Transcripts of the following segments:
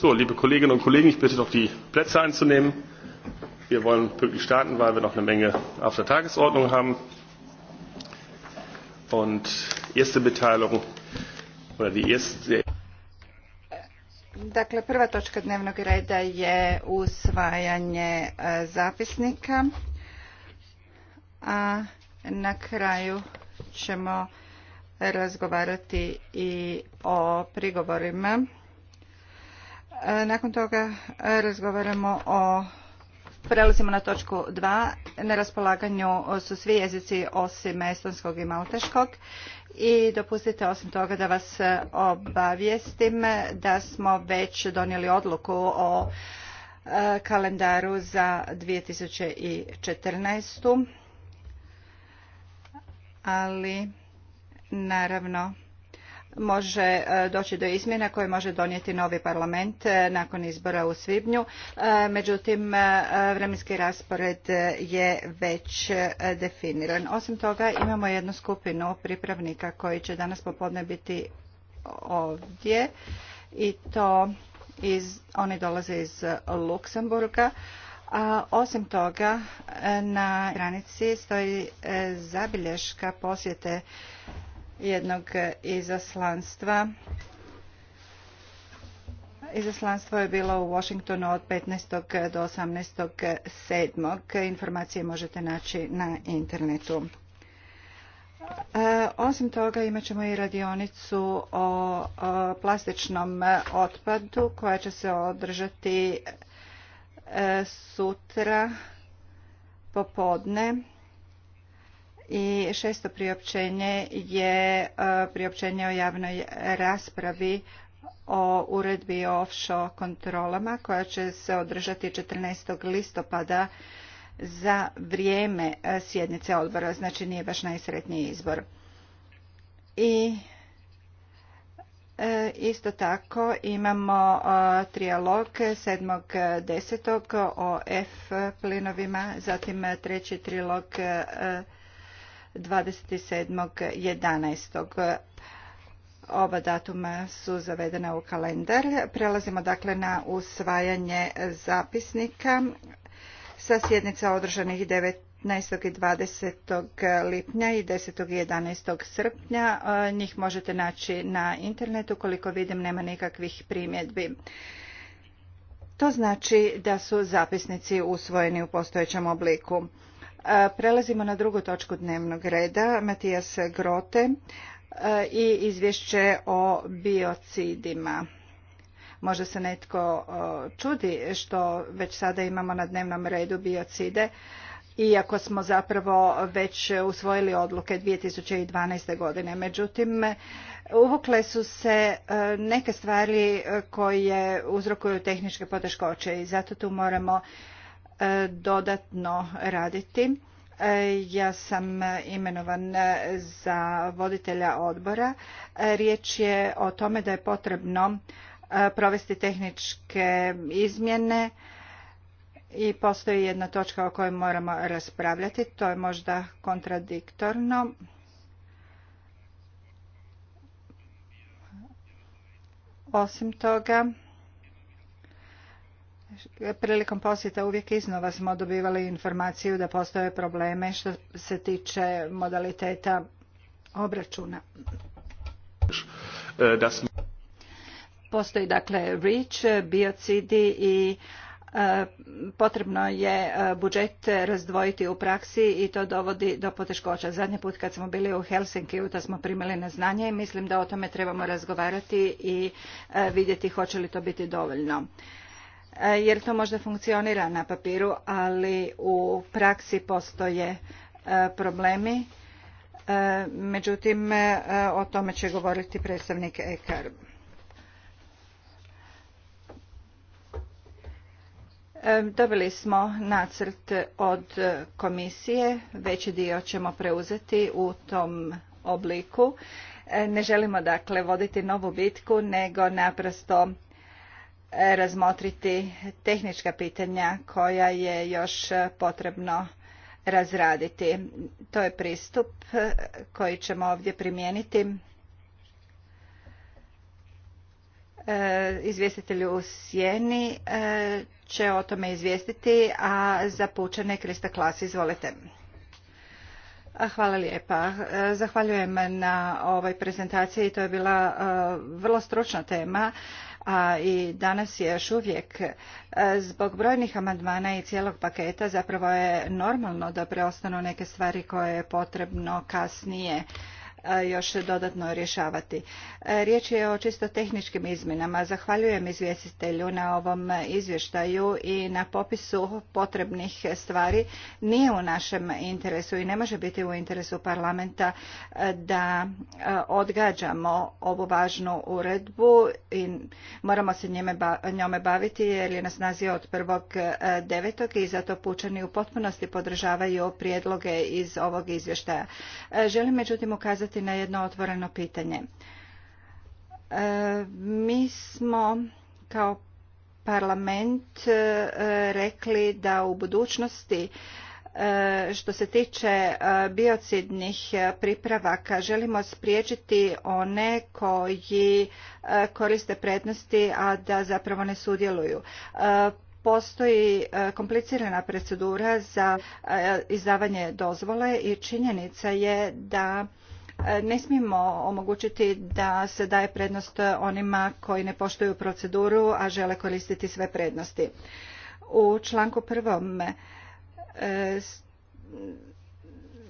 So, liebe Kolleginnen und Kollegen, ich bitte doch die Plätze einzunehmen. Wir wollen pünktlich starten, weil wir noch eine Menge auf der Tagesordnung haben. Und erste Mitteilung oder die erste Dakle, prva točka dnevnog reda je usvajanje e, zapisnika, a na kraju ćemo razgovarati i o prigovorima E, nakon toga e, razgovaramo o Prelazimo na točku dva. Na raspolaganju su svi jezici osim estonskog i malteškog. I dopustite osim toga da vas e, obavijestim da smo već donijeli odluku o kalendaru za 2014. Ali naravno može e, doći do izmjena koje može donijeti novi parlament e, nakon izbora u svibnju e, međutim vremenski raspored je već definiran. osim toga imamo jednu skupinu pripravnika koji će danas popodne biti ovdje i to iz, oni dolaze iz luksemburga a osim toga na granici stoji zabilješka posjete jednog izaslanstva. Izaslanstvo je bilo u Washingtonu od 15. do sedmog. Informacije možete naći na internetu. E, osim toga imat ćemo i radionicu o plastičnom otpadu koja će se održati e, sutra popodne. I šesto priopćenje je e, priopćenje o javnoj raspravi o uredbi o offshore kontrolama koja će se održati 14. listopada za vrijeme e, sjednice odbora, znači nije baš najsretniji izbor. I e, Isto tako imamo trijalog 7.10. o F plinovima, zatim treći trilog 27.11. Oba datuma su zavedena u kalendar. Prelazimo dakle na usvajanje zapisnika sa sjednica održanih 19. i 20. lipnja i 10. i 11. srpnja. E, njih možete naći na internetu, koliko vidim nema nikakvih primjedbi. To znači da su zapisnici usvojeni u postojećem obliku. Prelazimo na drugu točku dnevnog reda, Matijas Grote i izvješće o biocidima. Možda se netko čudi što već sada imamo na dnevnom redu biocide, iako smo zapravo već usvojili odluke 2012. godine. Međutim, uvukle su se e, neke stvari e, koje uzrokuju tehničke poteškoće i zato tu moramo dodatno raditi. E, ja sam imenovan za voditelja odbora. E, riječ je o tome da je potrebno e, provesti tehničke izmjene i postoji jedna točka o kojoj moramo raspravljati. To je možda kontradiktorno. Osim toga, prilikom posjeta uvijek iznova smo dobivali informaciju da postoje probleme što se tiče modaliteta obračuna. E, Postoji dakle REACH, biocidi i e, potrebno je e, budžet razdvojiti u praksi i to dovodi do poteškoća. Zadnji put kad smo bili u Helsinkiju to smo primili na znanje i mislim da o tome trebamo razgovarati i vidjeti hoće li to biti dovoljno. E, jer to možda funkcionira na papiru, ali u praksi postoje e, problemi. E, međutim, o tome će govoriti predstavnik EKAR. Dobili smo nacrt od komisije, veći dio ćemo preuzeti u tom obliku. Ne želimo dakle voditi novu bitku, nego naprosto razmotriti tehnička pitanja koja je još potrebno razraditi. To je pristup koji ćemo ovdje primijeniti. E, Izvjestitelj u Sjeni e, će o tome izvijestiti, a za pučene Krista Klas, izvolite. Hvala lijepa. E, zahvaljujem na ovoj prezentaciji. To je bila vrlo stručna tema a i danas je još uvijek e, zbog brojnih amandmana i cijelog paketa zapravo je normalno da preostanu neke stvari koje je potrebno kasnije još dodatno rješavati. E, riječ je o čisto tehničkim izmjenama. Zahvaljujem izvjestitelju na ovom izvještaju i na popisu potrebnih stvari. Nije u našem interesu i ne može biti u interesu parlamenta e, da e, odgađamo ovu važnu uredbu i moramo se njome baviti jer je na snazi od 1.9. i zato pučani u potpunosti podržavaju prijedloge iz ovog izvještaja. Želim međutim ukazati na jedno otvoreno pitanje. E, mi smo kao parlament e, rekli da u budućnosti e, što se tiče biocidnih pripravaka želimo spriječiti one koji koriste prednosti a da zapravo ne sudjeluju postoji komplicirana procedura za izdavanje dozvole i činjenica je da ne smijemo omogućiti da se daje prednost onima koji ne poštuju proceduru, a žele koristiti sve prednosti. U članku prvom e,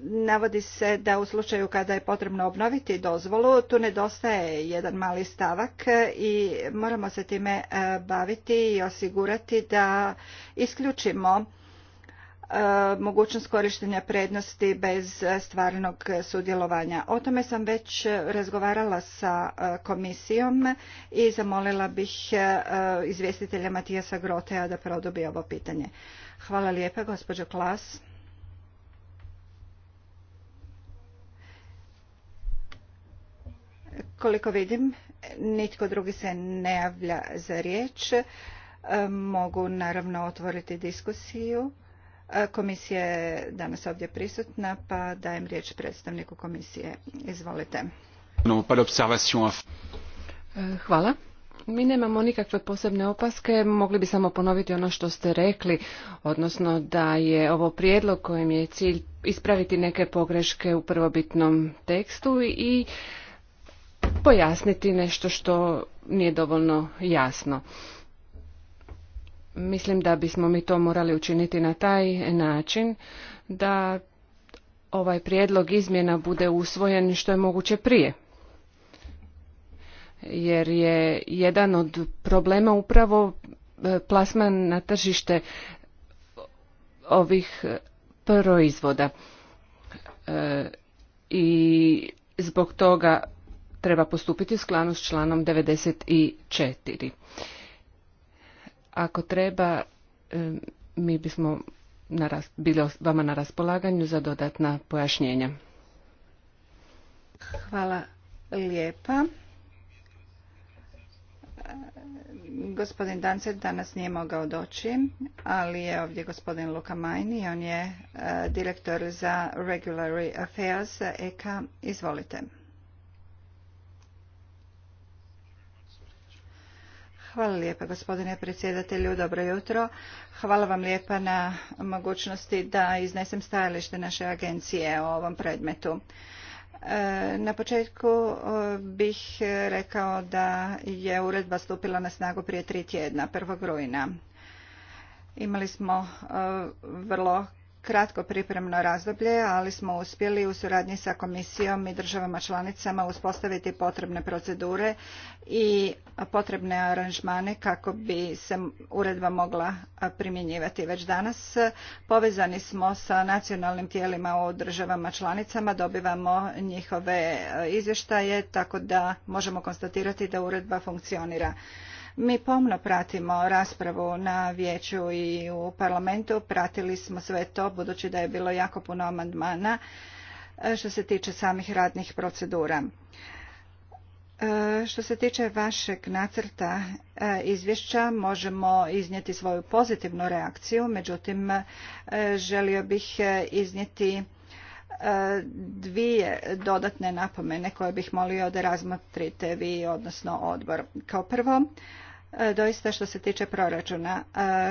navodi se da u slučaju kada je potrebno obnoviti dozvolu tu nedostaje jedan mali stavak i moramo se time e, baviti i osigurati da isključimo E, mogućnost korištenja prednosti bez stvarnog sudjelovanja. O tome sam već razgovarala sa e, komisijom i zamolila bih e, izvjestitelja Matijasa Grotea da produbi ovo pitanje. Hvala lijepa, gospođo Klas. Koliko vidim, nitko drugi se ne javlja za riječ. Mogu naravno otvoriti diskusiju. Komisija je danas ovdje prisutna, pa dajem riječ predstavniku komisije. Izvolite. E, hvala. Mi nemamo nikakve posebne opaske, mogli bi samo ponoviti ono što ste rekli, odnosno da je ovo prijedlog kojem je cilj ispraviti neke pogreške u prvobitnom tekstu i pojasniti nešto što nije dovoljno jasno. Mislim da bismo mi to morali učiniti na taj način da ovaj prijedlog izmjena bude usvojen što je moguće prije. Jer je jedan od problema upravo e, plasman na tržište ovih e, proizvoda. E, I zbog toga treba postupiti u skladu s članom 94. Ako treba, mi bismo bili vama na raspolaganju za dodatna pojašnjenja. Hvala lijepa. Gospodin Dancer danas nije mogao doći, ali je ovdje gospodin Luka Majni, on je e, direktor za Regulatory Affairs EKA. Izvolite. Hvala lijepa gospodine predsjedatelju, dobro jutro. Hvala vam lijepa na mogućnosti da iznesem stajalište naše agencije o ovom predmetu. E, na početku e, bih rekao da je uredba stupila na snagu prije tri tjedna, 1. rujna. Imali smo e, vrlo kratko pripremno razdoblje, ali smo uspjeli u suradnji sa komisijom i državama članicama uspostaviti potrebne procedure i potrebne aranžmane kako bi se uredba mogla primjenjivati. Već danas povezani smo sa nacionalnim tijelima u državama članicama, dobivamo njihove izvještaje, tako da možemo konstatirati da uredba funkcionira. Mi pomno pratimo raspravu na vijeću i u parlamentu, pratili smo sve to budući da je bilo jako puno amandmana e, što se tiče samih radnih procedura. E, što se tiče vašeg nacrta e, izvješća, možemo iznijeti svoju pozitivnu reakciju, međutim želio bih iznijeti dvije dodatne napomene koje bih molio da razmotrite vi, odnosno odbor. Kao prvo, E, doista što se tiče proračuna.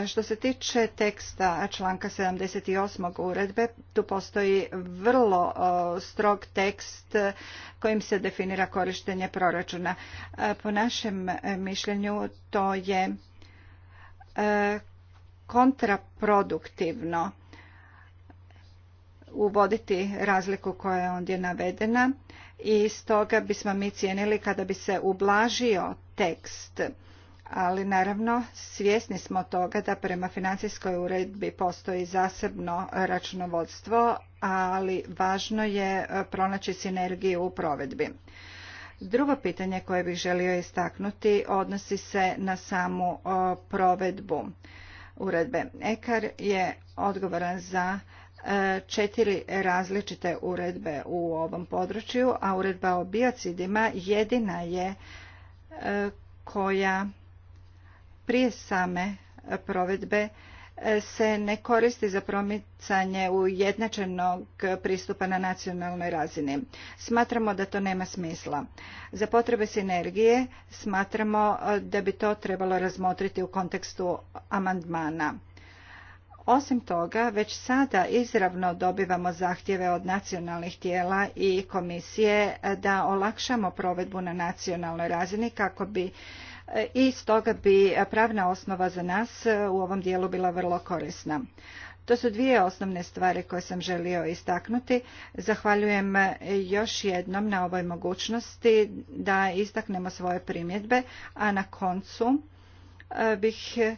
E, što se tiče teksta članka 78. uredbe, tu postoji vrlo e, strog tekst kojim se definira korištenje proračuna. Po našem mišljenju to je kontraproduktivno uvoditi razliku koja je ondje navedena i stoga bismo mi cijenili kada bi se ublažio tekst ali naravno svjesni smo toga da prema financijskoj uredbi postoji zasebno računovodstvo, ali važno je e, pronaći sinergiju u provedbi. Drugo pitanje koje bih želio istaknuti odnosi se na samu provedbu uredbe. Ekar je odgovoran za e, četiri različite uredbe u ovom području, a uredba o biocidima jedina je e, koja prije same e, provedbe e, se ne koristi za promicanje ujednačenog pristupa na nacionalnoj razini. Smatramo da to nema smisla. Za potrebe sinergije smatramo e, da bi to trebalo razmotriti u kontekstu amandmana. Osim toga, već sada izravno dobivamo zahtjeve od nacionalnih tijela i komisije da olakšamo provedbu na nacionalnoj razini kako bi i stoga bi pravna osnova za nas u ovom dijelu bila vrlo korisna. To su dvije osnovne stvari koje sam želio istaknuti. Zahvaljujem još jednom na ovoj mogućnosti da istaknemo svoje primjedbe, a na koncu e, bih e,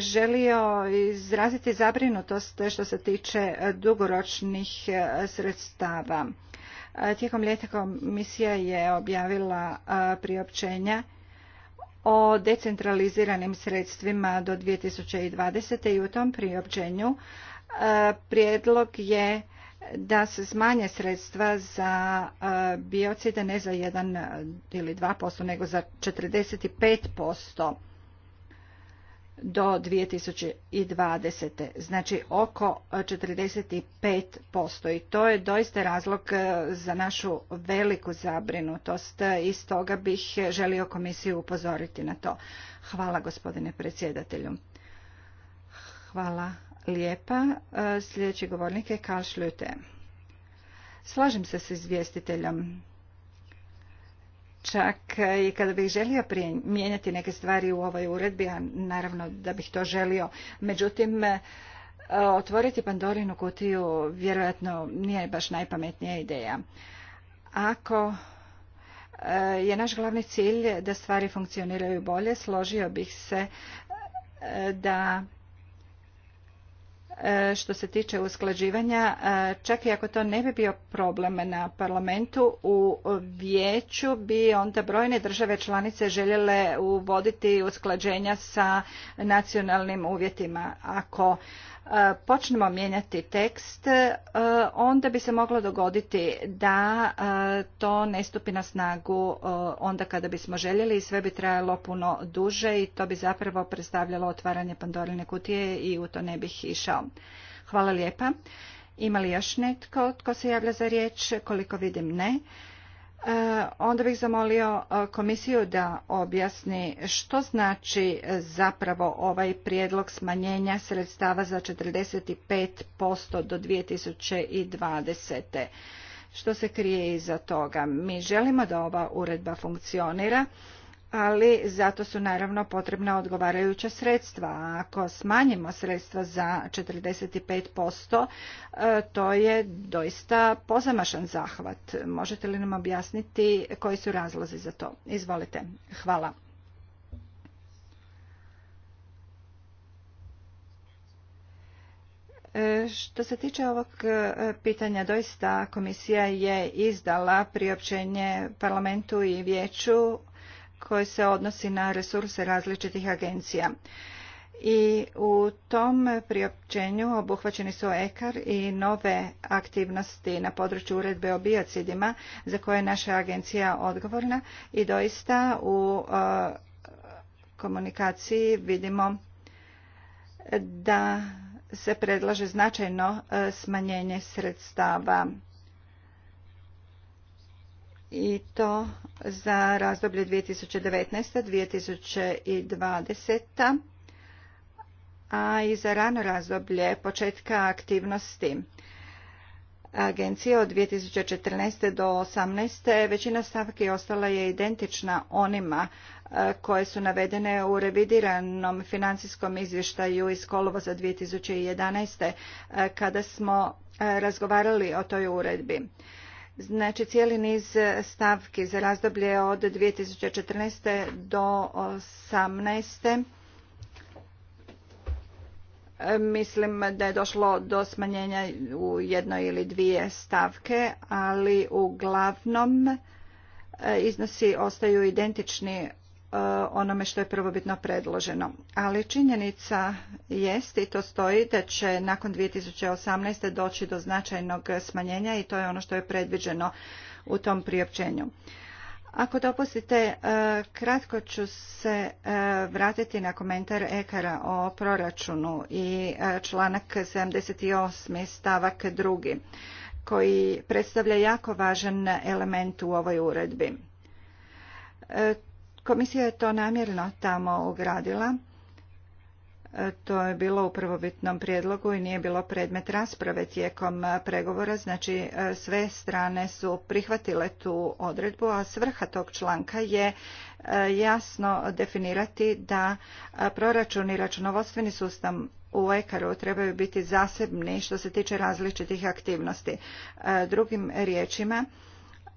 želio izraziti zabrinutost što se tiče dugoročnih e, sredstava. Tijekom ljeta komisija je objavila priopćenja o decentraliziranim sredstvima do 2020. i u tom priopćenju e, prijedlog je da se smanje sredstva za e, biocide ne za jedan ili 2% nego za 45% do 2020. Znači oko 45%. I to je doista razlog e, za našu veliku zabrinutost. E, I stoga bih želio komisiju upozoriti na to. Hvala gospodine predsjedatelju. Hvala lijepa. E, sljedeći govornik je Karl Schlüte. Slažem se s izvjestiteljom čak i kada bih želio mijenjati neke stvari u ovoj uredbi, a naravno da bih to želio. Međutim, e, otvoriti Pandorinu kutiju vjerojatno nije baš najpametnija ideja. Ako e, je naš glavni cilj da stvari funkcioniraju bolje, složio bih se e, da E, što se tiče usklađivanja, e, čak i ako to ne bi bio problem na parlamentu, u vijeću bi onda brojne države članice željele uvoditi usklađenja sa nacionalnim uvjetima. Ako počnemo mijenjati tekst, e, onda bi se moglo dogoditi da e, to ne stupi na snagu e, onda kada bismo željeli i sve bi trajalo puno duže i to bi zapravo predstavljalo otvaranje Pandorine kutije i u to ne bih išao. Hvala lijepa. Ima li još netko tko se javlja za riječ? Koliko vidim ne. E, onda bih zamolio e, komisiju da objasni što znači e, zapravo ovaj prijedlog smanjenja sredstava za 45% do 2020. Što se krije iza toga? Mi želimo da ova uredba funkcionira ali zato su naravno potrebna odgovarajuća sredstva. A ako smanjimo sredstva za 45%, e, to je doista pozamašan zahvat. Možete li nam objasniti koji su razlozi za to? Izvolite. Hvala. E, što se tiče ovog e, pitanja, doista komisija je izdala priopćenje parlamentu i vijeću koji se odnosi na resurse različitih agencija. I u tom priopćenju obuhvaćeni su EKAR i nove aktivnosti na području uredbe o biocidima za koje je naša agencija odgovorna i doista u e, komunikaciji vidimo da se predlaže značajno e, smanjenje sredstava i to za razdoblje 2019-2020, a i za rano razdoblje početka aktivnosti agencije od 2014. do 2018. većina stavki ostala je identična onima e, koje su navedene u revidiranom financijskom izvještaju iz za 2011. E, kada smo e, razgovarali o toj uredbi. Znači cijeli niz e, stavki za razdoblje od 2014. do 2018. E, mislim da je došlo do smanjenja u jednoj ili dvije stavke, ali uglavnom e, iznosi ostaju identični E, onome što je prvobitno predloženo. Ali činjenica jest i to stoji da će nakon 2018. doći do značajnog smanjenja i to je ono što je predviđeno u tom priopćenju. Ako dopustite, e, kratko ću se e, vratiti na komentar Ekara o proračunu i članak 78. stavak 2. koji predstavlja jako važan element u ovoj uredbi Komisija je to namjerno tamo ugradila. E, to je bilo u prvobitnom prijedlogu i nije bilo predmet rasprave tijekom e, pregovora, znači e, sve strane su prihvatile tu odredbu, a svrha tog članka je jasno definirati da proračun i računovodstveni sustav u ekaru trebaju biti zasebni što se tiče različitih aktivnosti. Drugim riječima,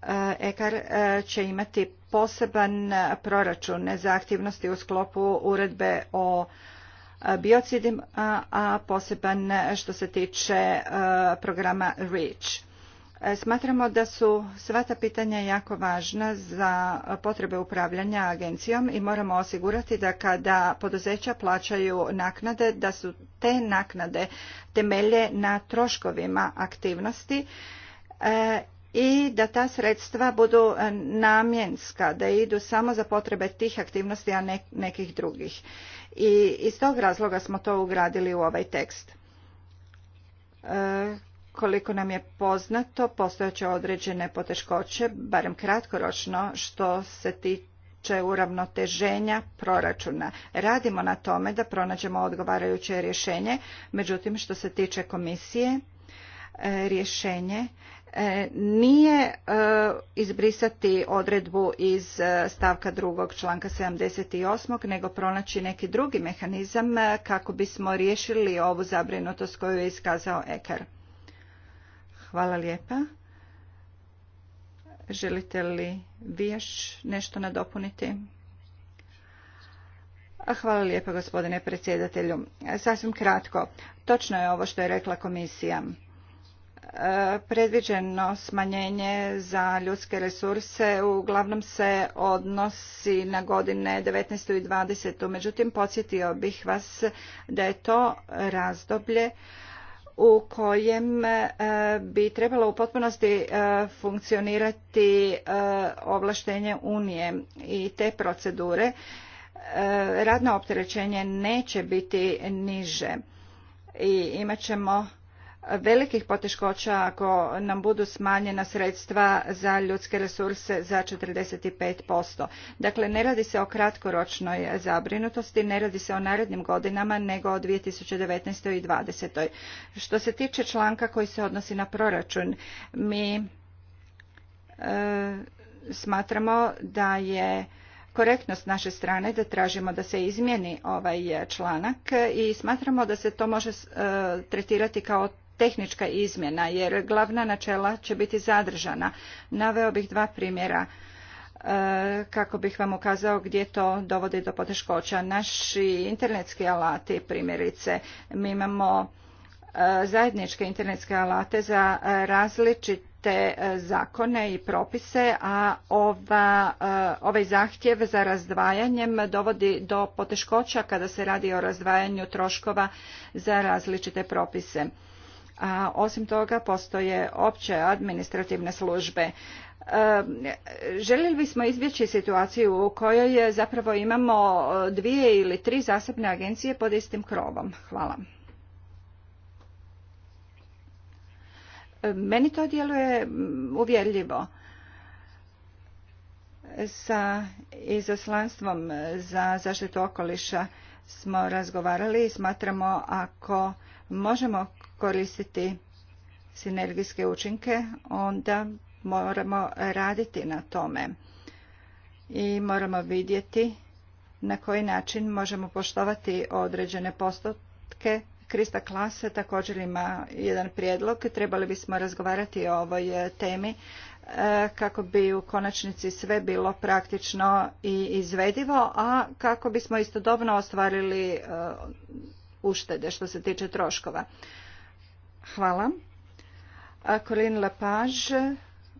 E, Ekar e, će imati poseban proračun za aktivnosti u sklopu uredbe o e, biocidima, a poseban što se tiče programa REACH. Smatramo da su sva ta pitanja jako važna za potrebe upravljanja agencijom i moramo osigurati da kada poduzeća plaćaju naknade, da su te naknade temelje na troškovima aktivnosti i da ta sredstva budu e, namjenska, da idu samo za potrebe tih aktivnosti, a ne nekih drugih. I iz tog razloga smo to ugradili u ovaj tekst. E, koliko nam je poznato, postojeće određene poteškoće, barem kratkoročno, što se tiče uravnoteženja proračuna. Radimo na tome da pronađemo odgovarajuće rješenje, međutim što se tiče komisije, e, rješenje E, nije e, izbrisati odredbu iz e, stavka drugog članka osam nego pronaći neki drugi mehanizam kako bismo riješili ovu zabrinutost koju je iskazao Ekar. Hvala lijepa. Želite li vi još nešto nadopuniti? Hvala lijepa gospodine predsjedatelju. Sasvim kratko. Točno je ovo što je rekla komisija predviđeno smanjenje za ljudske resurse uglavnom se odnosi na godine 19. i 20. Međutim, podsjetio bih vas da je to razdoblje u kojem e, bi trebalo u potpunosti e, funkcionirati e, ovlaštenje Unije i te procedure. Radno opterećenje neće biti niže i imat ćemo velikih poteškoća ako nam budu smanjena sredstva za ljudske resurse za 45%. Dakle, ne radi se o kratkoročnoj zabrinutosti, ne radi se o narednim godinama, nego o 2019. i 2020. Što se tiče članka koji se odnosi na proračun, mi e, smatramo da je korektnost naše strane da tražimo da se izmijeni ovaj članak i smatramo da se to može e, tretirati kao tehnička izmjena jer glavna načela će biti zadržana. Naveo bih dva primjera e, kako bih vam ukazao gdje to dovodi do poteškoća. Naši internetski alati, primjerice, mi imamo e, zajedničke internetske alate za različite e, zakone i propise, a ovaj zahtjev za razdvajanjem dovodi do poteškoća kada se radi o razdvajanju troškova za različite propise a osim toga postoje opće administrativne službe. E, željeli bismo izbjeći situaciju u kojoj zapravo imamo e, dvije ili tri zasebne agencije pod istim krovom. Hvala. E, meni to djeluje uvjerljivo. Sa izaslanstvom za zaštitu okoliša smo razgovarali i smatramo ako možemo koristiti sinergijske učinke, onda moramo raditi na tome i moramo vidjeti na koji način možemo poštovati određene postotke. Krista Klase također ima jedan prijedlog. Trebali bismo razgovarati o ovoj temi e, kako bi u konačnici sve bilo praktično i izvedivo, a kako bismo istodobno ostvarili e, uštede što se tiče troškova. Hvala. Corinne Lepage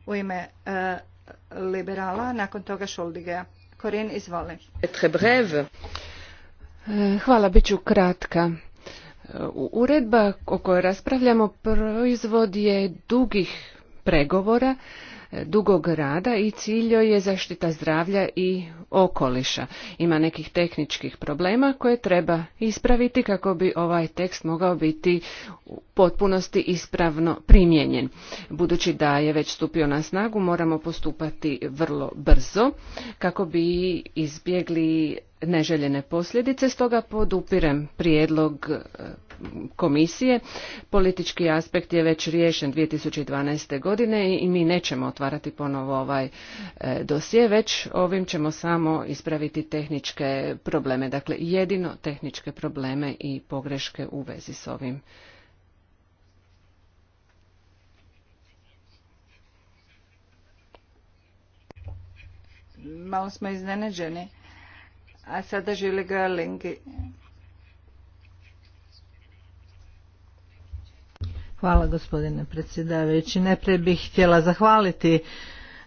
u ime e, liberala, nakon toga Šuldige. Corinne, izvoli. E, hvala, bit ću kratka. E, uredba o kojoj raspravljamo proizvod je dugih pregovora dugog rada i cilj je zaštita zdravlja i okoliša. Ima nekih tehničkih problema koje treba ispraviti kako bi ovaj tekst mogao biti u potpunosti ispravno primijenjen. Budući da je već stupio na snagu moramo postupati vrlo brzo kako bi izbjegli neželjene posljedice, stoga podupirem prijedlog e, komisije. Politički aspekt je već riješen 2012. godine i mi nećemo otvarati ponovo ovaj e, dosje, već ovim ćemo samo ispraviti tehničke probleme, dakle jedino tehničke probleme i pogreške u vezi s ovim. Malo smo iznenađeni a sada Lengi. Hvala gospodine predsjedavajući. Najprije bih htjela zahvaliti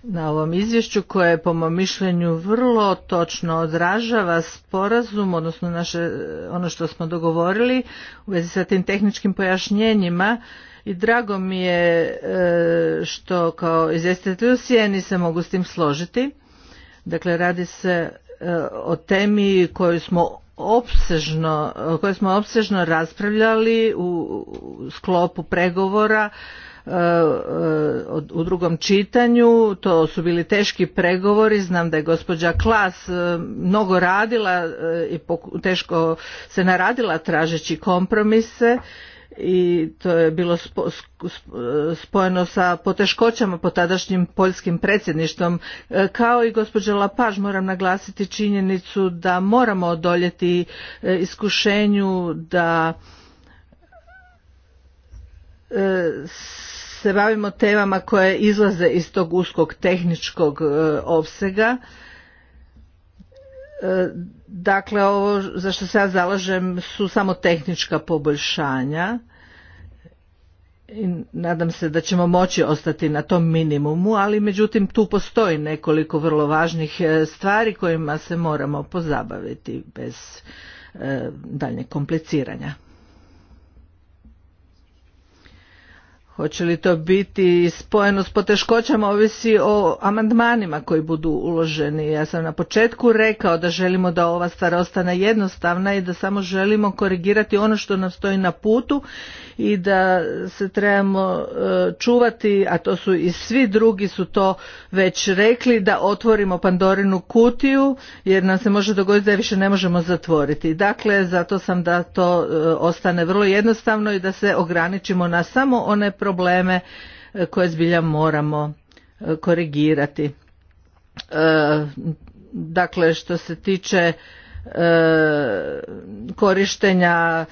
na ovom izvješću koje po mom mišljenju vrlo točno odražava sporazum, odnosno naše, ono što smo dogovorili u vezi sa tim tehničkim pojašnjenjima i drago mi je e, što kao izvjestitelj u Sijeni se mogu s tim složiti. Dakle, radi se o temi koju smo opsežno, koje smo opsežno raspravljali u sklopu pregovora e, e, u drugom čitanju. To su bili teški pregovori. Znam da je gospođa Klas e, mnogo radila i teško se naradila tražeći kompromise i to je bilo spojeno sa poteškoćama po tadašnjim poljskim predsjedništvom. E, kao i gospođa Lapaž moram naglasiti činjenicu da moramo odoljeti e, iskušenju da e, se bavimo temama koje izlaze iz tog uskog tehničkog opsega E, dakle, ovo za što se ja zalažem su samo tehnička poboljšanja i nadam se da ćemo moći ostati na tom minimumu, ali međutim tu postoji nekoliko vrlo važnih e, stvari kojima se moramo pozabaviti bez e, daljnjeg kompliciranja. Hoće li to biti spojeno s poteškoćama ovisi o amandmanima koji budu uloženi. Ja sam na početku rekao da želimo da ova stvar ostane jednostavna i da samo želimo korigirati ono što nam stoji na putu i da se trebamo e, čuvati, a to su i svi drugi su to već rekli, da otvorimo Pandorinu kutiju jer nam se može dogoditi da je više ne možemo zatvoriti. Dakle, zato sam da to e, ostane vrlo jednostavno i da se ograničimo na samo one probleme e, koje zbilja moramo korigirati. Dakle, što se tiče korištenja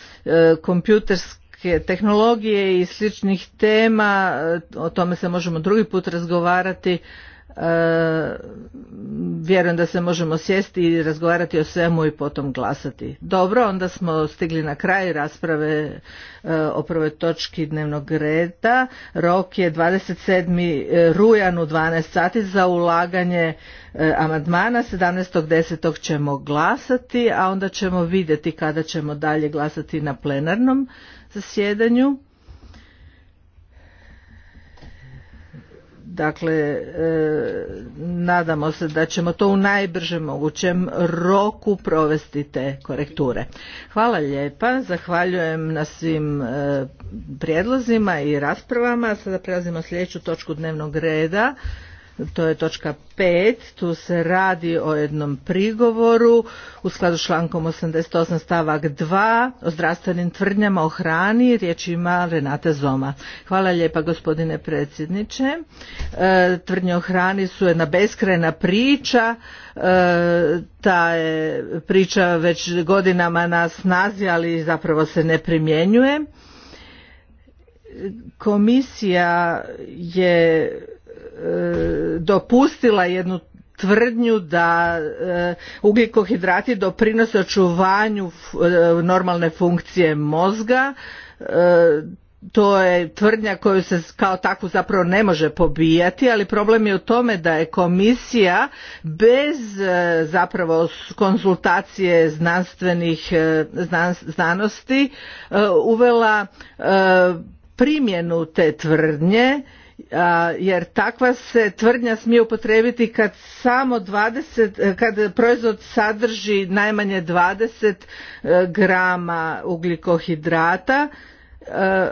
kompjuterskih tehnologije i sličnih tema, o tome se možemo drugi put razgovarati. E, vjerujem da se možemo sjesti i razgovarati o svemu i potom glasati. Dobro, onda smo stigli na kraj rasprave e, o prvoj točki dnevnog reda. Rok je 27. E, rujan u 12 sati za ulaganje amandmana. 17.10. ćemo glasati, a onda ćemo vidjeti kada ćemo dalje glasati na plenarnom zasjedanju. Dakle, e, nadamo se da ćemo to u najbržem mogućem roku provesti te korekture. Hvala lijepa, zahvaljujem na svim e, prijedlozima i raspravama. Sada prelazimo sljedeću točku dnevnog reda to je točka 5, tu se radi o jednom prigovoru u skladu s člankom 88 stavak 2 o zdravstvenim tvrdnjama o hrani, riječ ima Renate Zoma. Hvala lijepa gospodine predsjedniče. E, tvrdnje o hrani su jedna beskrajna priča, e, ta je priča već godinama na snazi, ali zapravo se ne primjenjuje. Komisija je dopustila jednu tvrdnju da e, ugljikohidrati doprinose očuvanju e, normalne funkcije mozga e, to je tvrdnja koju se kao takvu zapravo ne može pobijati ali problem je u tome da je komisija bez zapravo konzultacije znanstvenih znanosti uvela primjenu te tvrdnje jer takva se tvrdnja smije upotrijebiti kad samo 20, e, kad proizvod sadrži najmanje 20 e, grama ugljikohidrata e,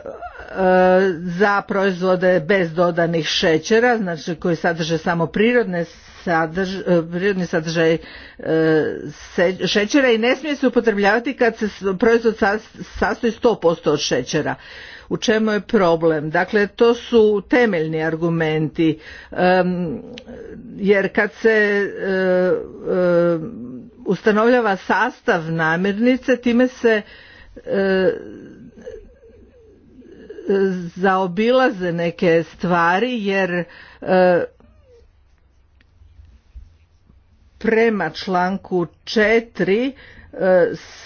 za proizvode bez dodanih šećera, znači koji sadrže samo prirodne prirodni sadržaj šećera i ne smije se upotrebljavati kad se proizvod sastoji 100% od šećera. U čemu je problem? Dakle, to su temeljni argumenti, jer kad se eh, eh, ustanovljava sastav namirnice, time se eh, zaobilaze neke stvari jer prema članku 4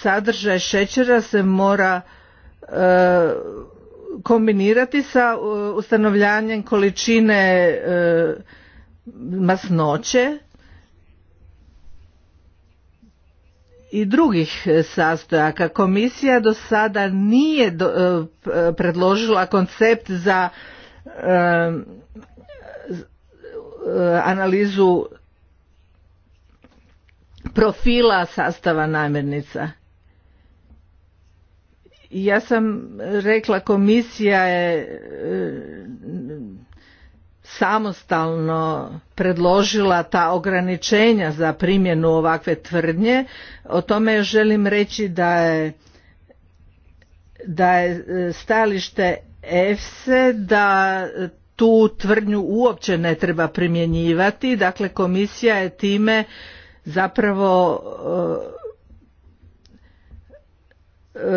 sadržaj šećera se mora kombinirati sa e, ustanovljanjem količine e, masnoće i drugih e, sastojaka. Komisija do sada nije predložila koncept za analizu profila sastava namirnica ja sam rekla komisija je e, samostalno predložila ta ograničenja za primjenu ovakve tvrdnje o tome želim reći da je da je e, stajalište EFSE da tu tvrdnju uopće ne treba primjenjivati dakle komisija je time zapravo e, E,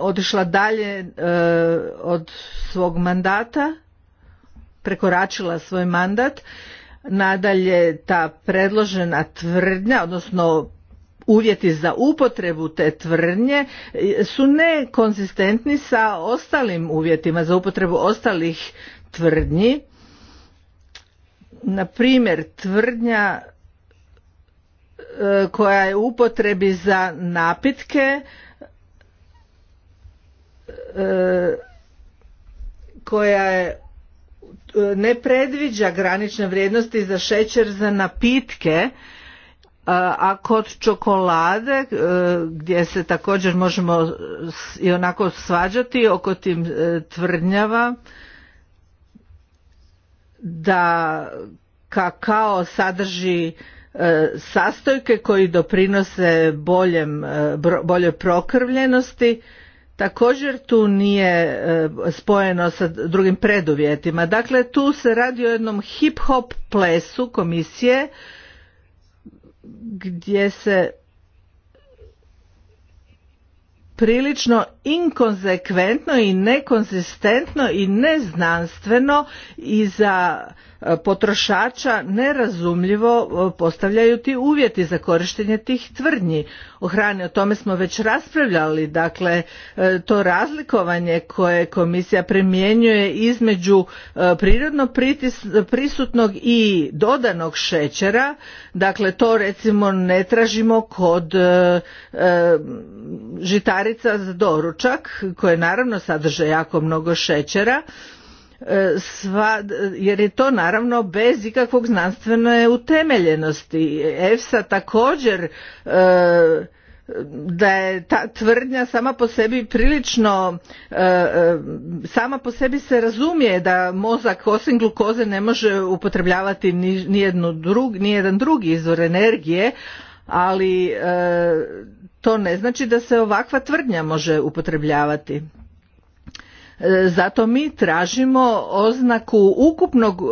otišla dalje e, od svog mandata, prekoračila svoj mandat. Nadalje ta predložena tvrdnja, odnosno uvjeti za upotrebu te tvrdnje e, su nekonzistentni sa ostalim uvjetima za upotrebu ostalih tvrdnji. Na primjer, tvrdnja koja je u upotrebi za napitke e, koja je e, ne predviđa granične vrijednosti za šećer za napitke e, a kod čokolade gdje se također možemo i onako svađati oko tim tvrdnjava da kakao sadrži E, sastojke koji doprinose boljem, e, boljoj prokrvljenosti također tu nije e, spojeno sa drugim preduvjetima. Dakle, tu se radi o jednom hip-hop plesu komisije gdje se prilično inkonzekventno i nekonzistentno i neznanstveno i za E, potrošača nerazumljivo e, postavljaju ti uvjeti za korištenje tih tvrdnji o hrani. O tome smo već raspravljali, dakle e, to razlikovanje koje komisija primjenjuje između prirodno prisutnog i dodanog šećera, dakle to recimo ne tražimo kod žitarica za doručak koje naravno sadrže jako mnogo šećera E, sva, jer je to naravno bez ikakvog znanstvene utemeljenosti. EFSA također e, da je ta tvrdnja sama po sebi prilično e, sama po sebi se razumije da mozak osim glukoze ne može upotrebljavati jednu drug, nijedan drugi izvor energije ali to ne znači da se ovakva tvrdnja može upotrebljavati zato mi tražimo oznaku ukupnog, e,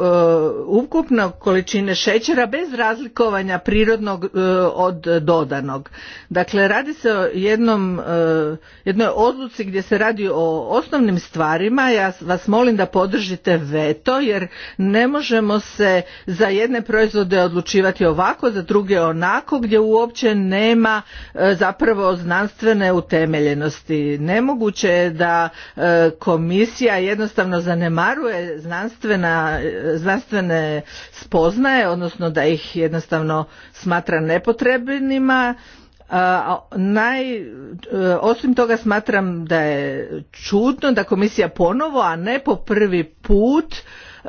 ukupnog količine šećera bez razlikovanja prirodnog e, od dodanog. Dakle, radi se o jednom, e, jednoj odluci gdje se radi o osnovnim stvarima. Ja vas molim da podržite veto jer ne možemo se za jedne proizvode odlučivati ovako, za druge onako gdje uopće nema zapravo znanstvene utemeljenosti. Nemoguće je da komisija jednostavno zanemaruje znanstvene spoznaje, odnosno da ih jednostavno smatra nepotrebnima. E, osim toga smatram da je čudno da komisija ponovo, a ne po prvi put,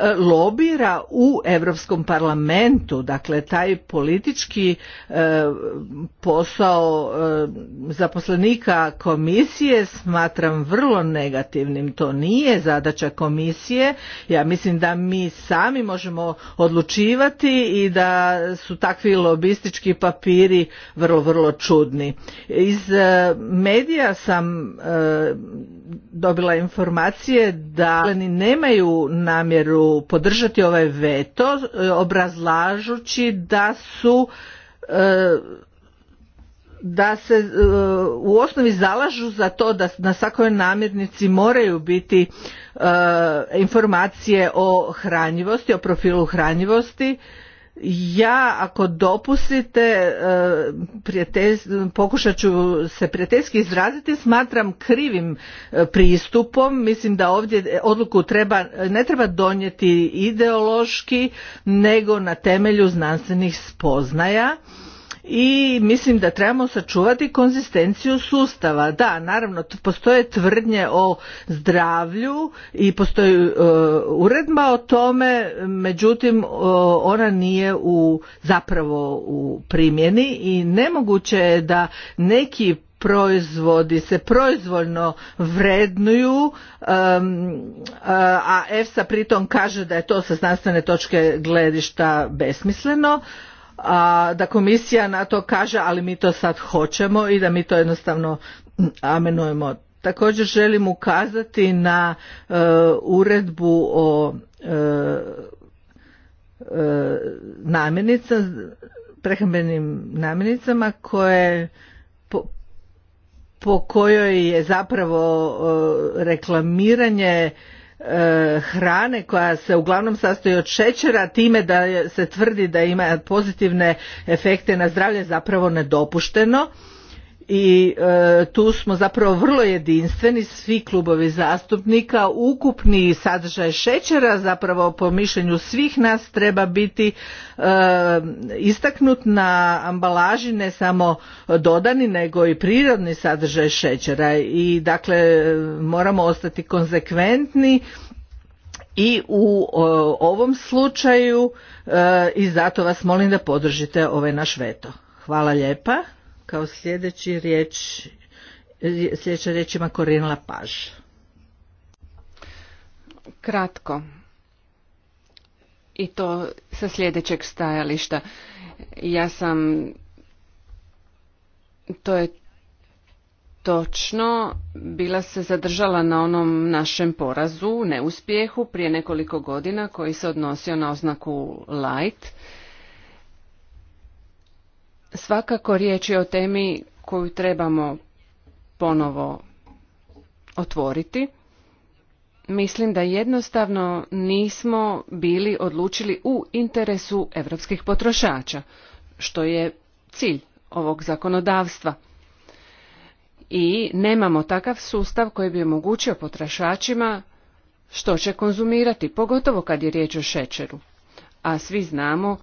E, lobira u Europskom parlamentu, dakle taj politički e, posao e, zaposlenika komisije smatram vrlo negativnim, to nije zadaća komisije, ja mislim da mi sami možemo odlučivati i da su takvi lobistički papiri vrlo, vrlo čudni. Iz medija sam dobila informacije da nemaju namjeru podržati ovaj veto e, obrazlažući da su e, da se e, u osnovi zalažu za to da na svakoj namirnici moraju biti informacije o hranjivosti, o profilu hranjivosti ja ako dopustite e, pokušat ću se prijateljski izraziti smatram krivim e, pristupom mislim da ovdje odluku treba, ne treba donijeti ideološki nego na temelju znanstvenih spoznaja i mislim da trebamo sačuvati konzistenciju sustava. Da, naravno, postoje tvrdnje o zdravlju i postoji e, uredba o tome, međutim, e, ona nije u, zapravo u primjeni i nemoguće je da neki proizvodi se proizvoljno vrednuju, e, a EFSA pritom kaže da je to sa znanstvene točke gledišta besmisleno a da komisija na to kaže ali mi to sad hoćemo i da mi to jednostavno mm, amenujemo. Također želim ukazati na e, uredbu o e, e prehrambenim namjenicama koje po kojoj je zapravo e, reklamiranje E, hrane koja se uglavnom sastoji od šećera time da se tvrdi da ima pozitivne efekte na zdravlje zapravo nedopušteno i e, tu smo zapravo vrlo jedinstveni svi klubovi zastupnika ukupni sadržaj šećera zapravo po mišljenju svih nas treba biti e, istaknut na ambalaži ne samo dodani nego i prirodni sadržaj šećera i dakle moramo ostati konzekventni i u ovom slučaju e, i zato vas molim da podržite ovaj naš veto hvala lijepa kao sljedeći riječ, sljedeća riječ ima Corinne Kratko. I to sa sljedećeg stajališta. Ja sam... To je točno bila se zadržala na onom našem porazu, neuspjehu prije nekoliko godina koji se odnosio na oznaku light Svakako riječ je o temi koju trebamo ponovo otvoriti. Mislim da jednostavno nismo bili odlučili u interesu europskih potrošača, što je cilj ovog zakonodavstva. I nemamo takav sustav koji bi omogućio potrošačima što će konzumirati, pogotovo kad je riječ o šećeru. A svi znamo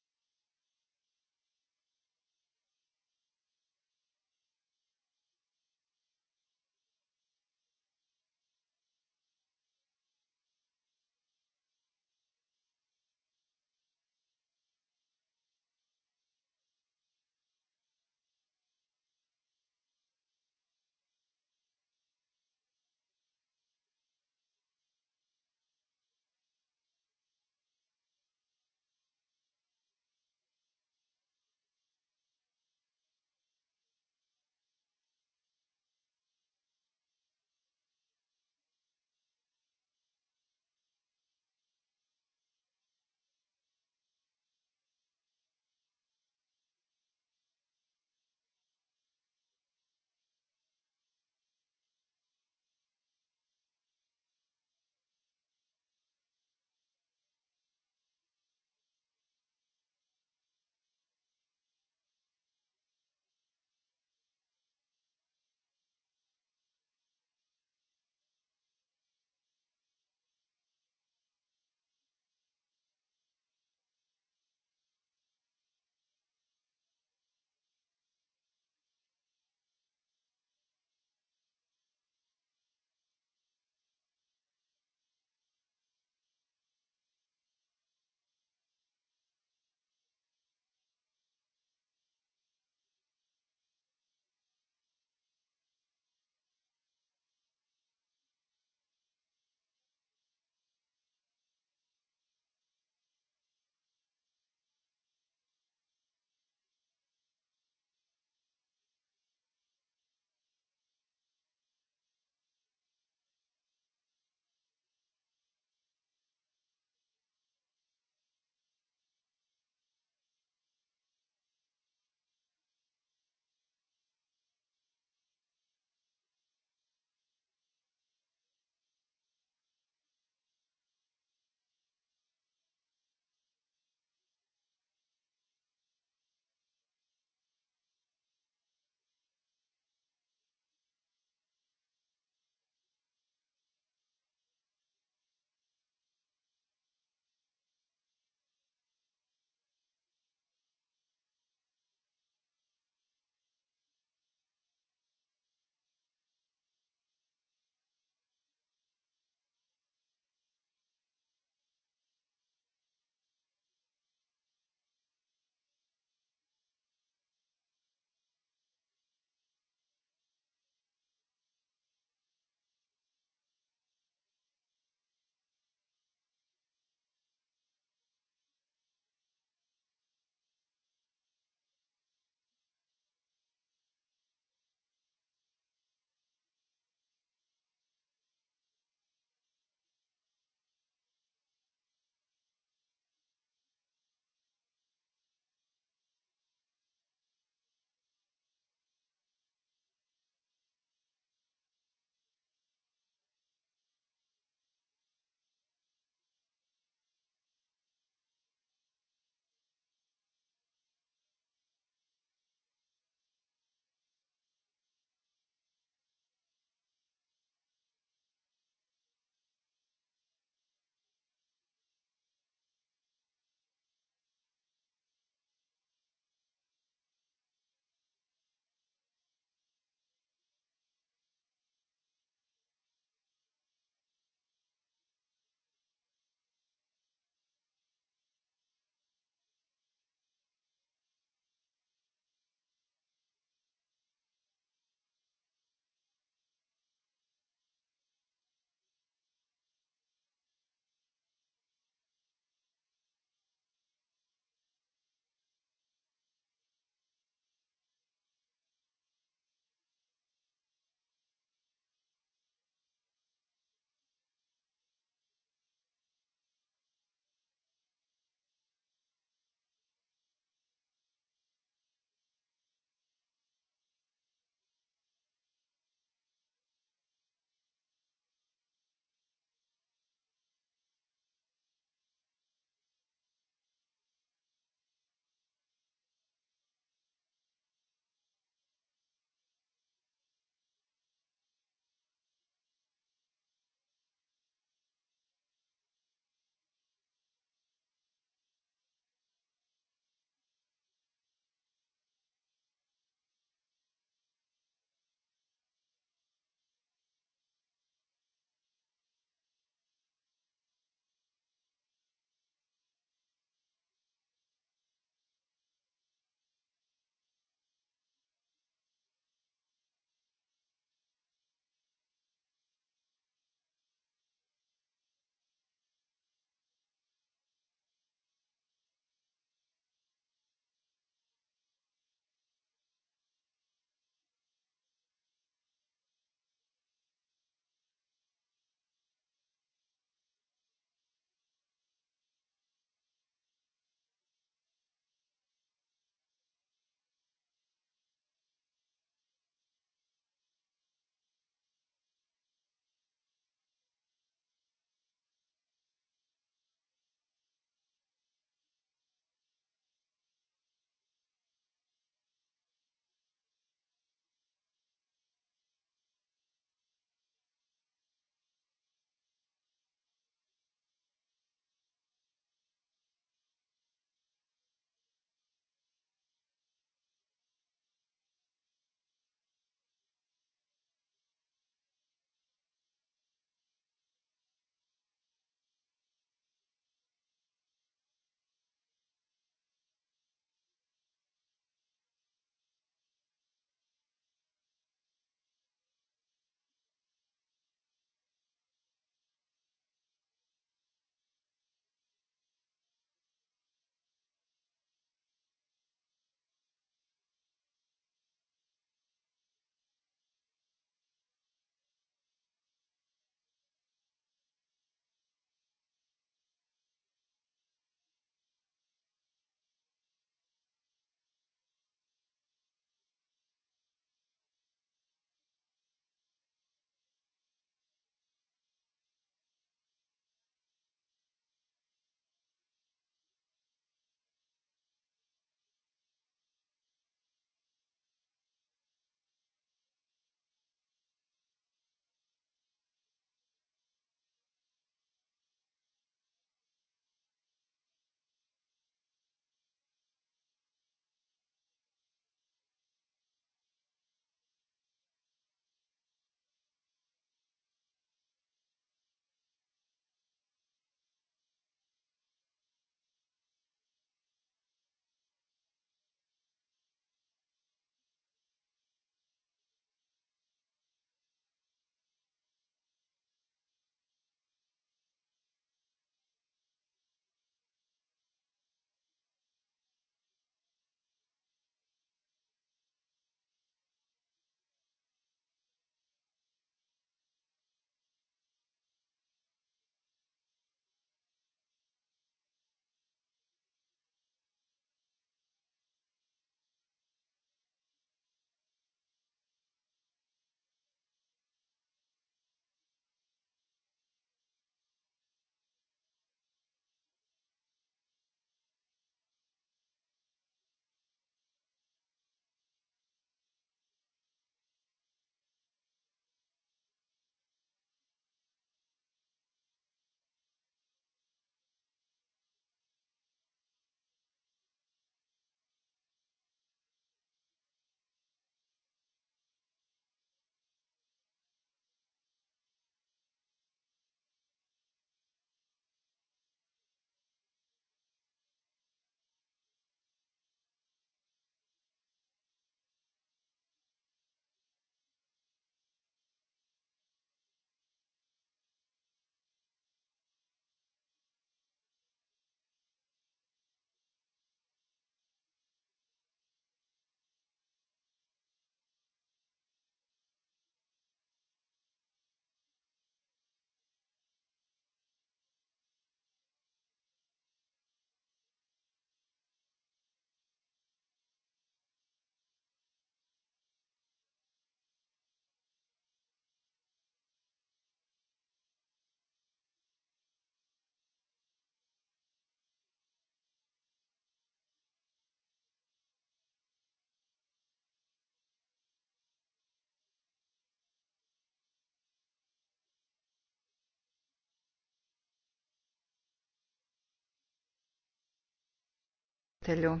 Telju.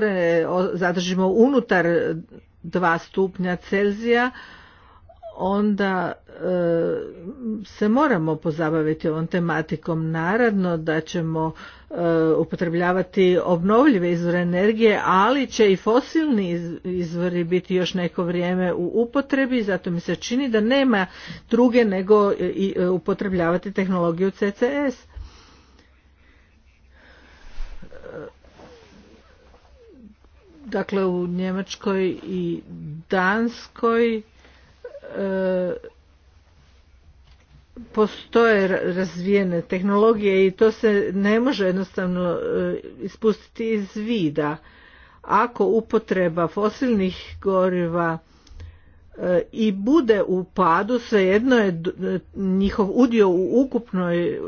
temperature zadržimo unutar 2 stupnja Celzija, onda e, se moramo pozabaviti ovom tematikom. Naravno da ćemo e, upotrebljavati obnovljive izvore energije, ali će i fosilni izvori biti još neko vrijeme u upotrebi, zato mi se čini da nema druge nego i upotrebljavati tehnologiju CCS. dakle u Njemačkoj i Danskoj e, postoje razvijene tehnologije i to se ne može jednostavno e, ispustiti iz vida. Ako upotreba fosilnih goriva e, i bude u padu, svejedno je njihov udio u ukupnoj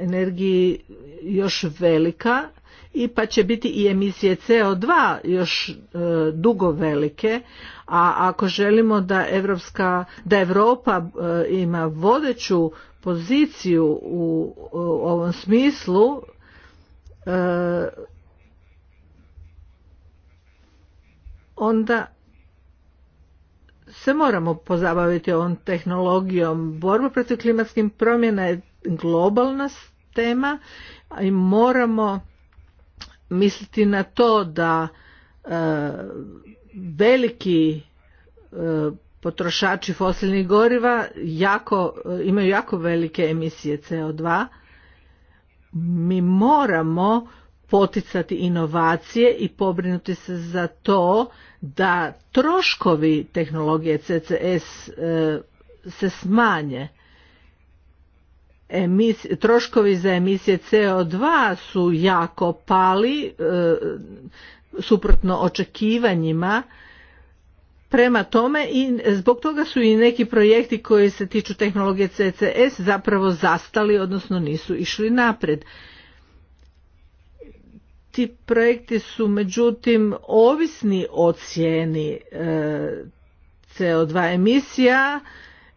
energiji još velika i pa će biti i emisije CO2 još e, dugo velike, a ako želimo da Evropska, da Europa e, ima vodeću poziciju u, ovom smislu e, onda se moramo pozabaviti ovom tehnologijom. Borba protiv klimatskim promjena je globalna tema i moramo misliti na to da e, veliki e, potrošači fosilnih goriva jako, e, imaju jako velike emisije CO2. Mi moramo poticati inovacije i pobrinuti se za to da troškovi tehnologije CCS se smanje emis, troškovi za emisije CO2 su jako pali e, suprotno očekivanjima prema tome i zbog toga su i neki projekti koji se tiču tehnologije CCS zapravo zastali odnosno nisu išli napred ti projekti su međutim ovisni o cijeni e, CO2 emisija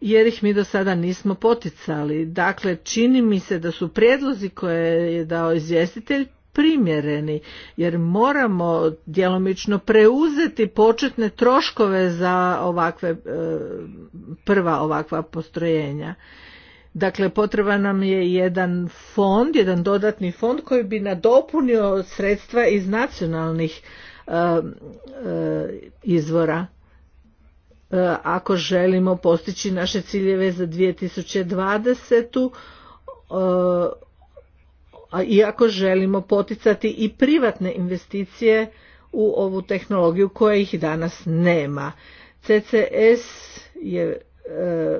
jer ih mi do sada nismo poticali. Dakle, čini mi se da su prijedlozi koje je dao izvjestitelj primjereni, jer moramo djelomično preuzeti početne troškove za ovakve, e, prva ovakva postrojenja. Dakle, potreba nam je jedan fond, jedan dodatni fond koji bi nadopunio sredstva iz nacionalnih e, e, izvora. E, ako želimo postići naše ciljeve za 2020. E, I ako želimo poticati i privatne investicije u ovu tehnologiju koja ih danas nema. CCS je e,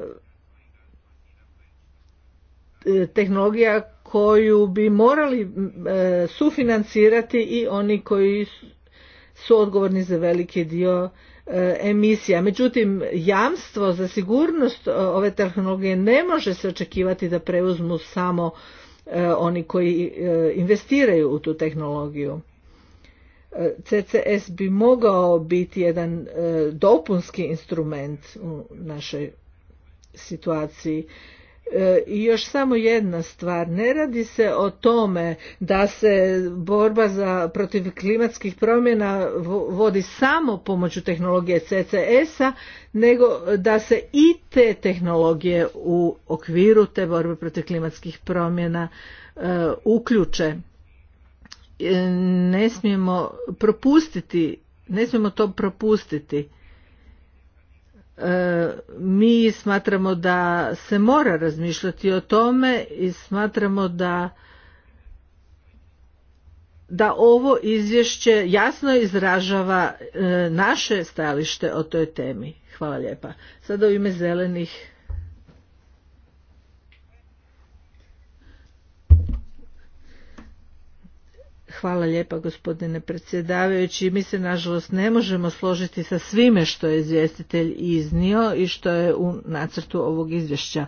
tehnologija koju bi morali sufinancirati i oni koji su odgovorni za veliki dio E, emisija. Međutim, jamstvo za sigurnost e, ove tehnologije ne može se očekivati da preuzmu samo e, oni koji investiraju u tu tehnologiju. CCS bi mogao biti jedan dopunski instrument u našoj situaciji E, I još samo jedna stvar, ne radi se o tome da se borba za protiv klimatskih promjena vodi samo pomoću tehnologije CCS-a, nego da se i te tehnologije u okviru te borbe protiv klimatskih promjena e, uključe. E, ne smijemo propustiti, ne smijemo to propustiti E, mi smatramo da se mora razmišljati o tome i smatramo da da ovo izvješće jasno izražava e, naše stajalište o toj temi. Hvala lijepa. Sada u ime zelenih Hvala lijepa gospodine predsjedavajući. Mi se nažalost ne možemo složiti sa svime što je izvjestitelj iznio i što je u nacrtu ovog izvješća.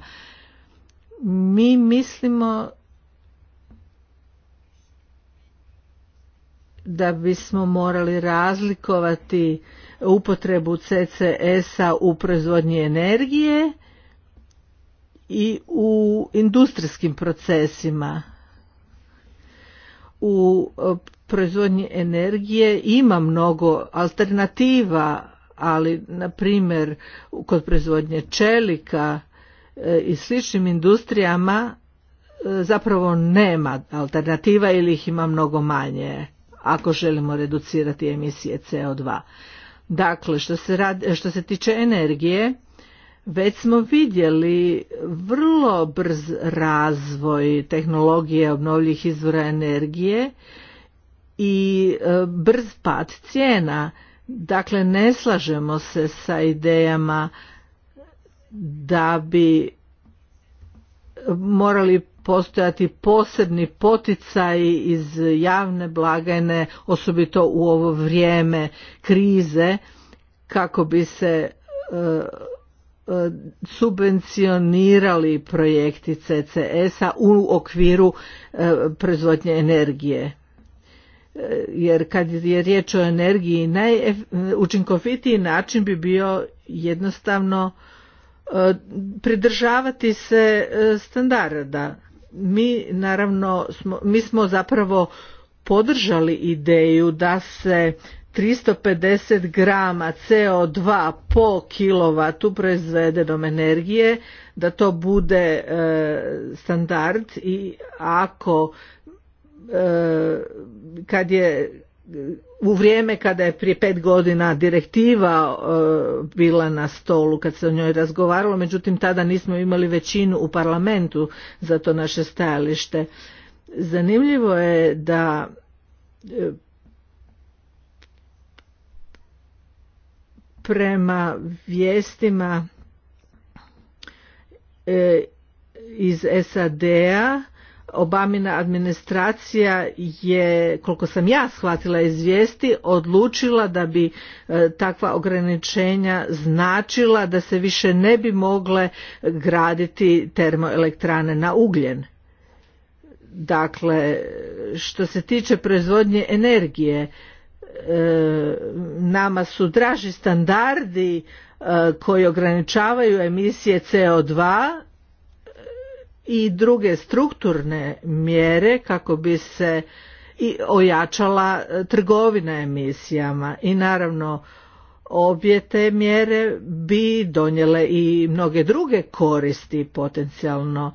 Mi mislimo da bismo morali razlikovati upotrebu CCS-a u proizvodnji energije i u industrijskim procesima u e, proizvodnji energije ima mnogo alternativa, ali na primjer kod proizvodnje čelika e, i sličnim industrijama e, zapravo nema alternativa ili ih ima mnogo manje ako želimo reducirati emisije CO2. Dakle, što se, što se tiče energije, već smo vidjeli vrlo brz razvoj tehnologije obnovljivih izvora energije i e, brz pad cijena. Dakle, ne slažemo se sa idejama da bi morali postojati posebni poticaji iz javne blagajne, osobito u ovo vrijeme krize, kako bi se e, E, subvencionirali projekti CCS-a u okviru e, proizvodnje energije. E, jer kad je riječ o energiji, najučinkovitiji način bi bio jednostavno pridržavati se standarda. Mi naravno, smo, mi smo zapravo podržali ideju da se 350 grama CO2 po kilovatu proizvedenom energije, da to bude e, standard i ako e, kad je u vrijeme kada je prije pet godina direktiva e, bila na stolu kad se o njoj razgovaralo, međutim tada nismo imali većinu u parlamentu za to naše stajalište. Zanimljivo je da prema vijestima e, iz SAD-a Obamina administracija je, koliko sam ja shvatila iz vijesti, odlučila da bi e, takva ograničenja značila da se više ne bi mogle graditi termoelektrane na ugljen. Dakle, što se tiče proizvodnje energije, E, nama su draži standardi e, koji ograničavaju emisije CO2 e, i druge strukturne mjere kako bi se i ojačala trgovina emisijama i naravno obje te mjere bi donijele i mnoge druge koristi potencijalno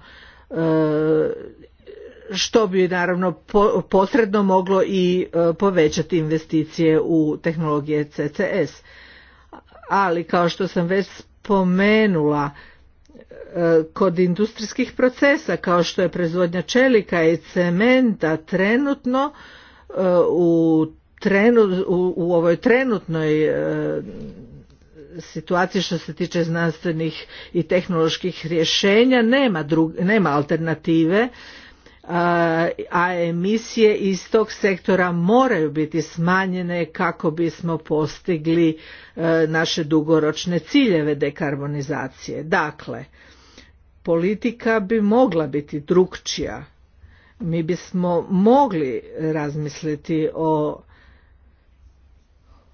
što bi naravno posredno moglo i e, povećati investicije u tehnologije CCS. Ali kao što sam već spomenula, e, kod industrijskih procesa kao što je proizvodnja čelika i cementa trenutno e, u, trenu, u, ovoj trenutnoj situaciji što se tiče znanstvenih i tehnoloških rješenja nema, nema alternative a emisije iz tog sektora moraju biti smanjene kako bismo postigli e, naše dugoročne ciljeve dekarbonizacije. Dakle, politika bi mogla biti drukčija. Mi bismo mogli razmisliti o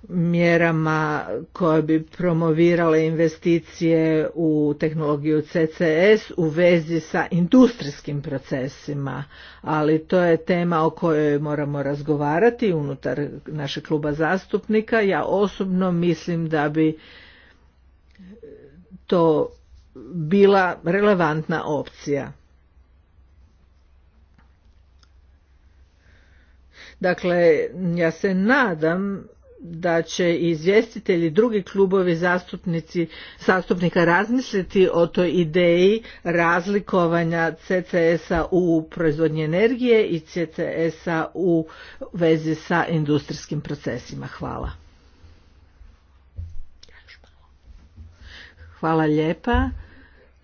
mjerama koje bi promovirale investicije u tehnologiju CCS u vezi sa industrijskim procesima, ali to je tema o kojoj moramo razgovarati unutar našeg kluba zastupnika. Ja osobno mislim da bi to bila relevantna opcija. Dakle, ja se nadam da će izvjestitelji drugi klubovi zastupnici, zastupnika razmisliti o toj ideji razlikovanja CCS-a u proizvodnji energije i CCS-a u vezi sa industrijskim procesima. Hvala. Hvala lijepa.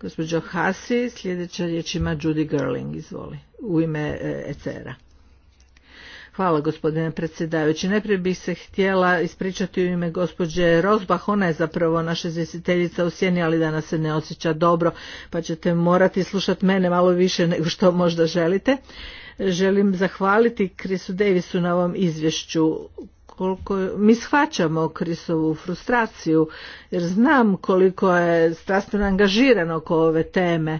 Gospođo Hasi, sljedeća riječ ima Judy Gerling, izvoli, u ime ECR-a. E Hvala gospodine predsjedavajući. Najprije bih se htjela ispričati u ime gospođe Rozbah. Ona je zapravo naša izvjestiteljica u sjeni, ali danas se ne osjeća dobro, pa ćete morati slušati mene malo više nego što možda želite. Želim zahvaliti Krisu Davisu na ovom izvješću koliko mi shvaćamo Krisovu frustraciju jer znam koliko je strastveno angažirano oko ove teme.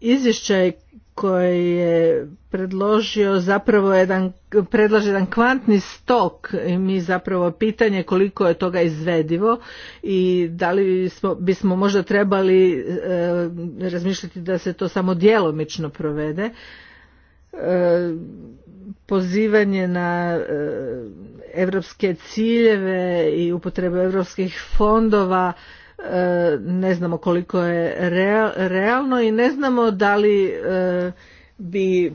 Izvješće je koji je predložio zapravo jedan, predlaže jedan kvantni stok i mi zapravo pitanje koliko je toga izvedivo i da li bismo možda trebali e, razmišljati da se to samo djelomično provede. E, pozivanje na europske ciljeve i upotrebu europskih fondova E, ne znamo koliko je realno i ne znamo da li e, bi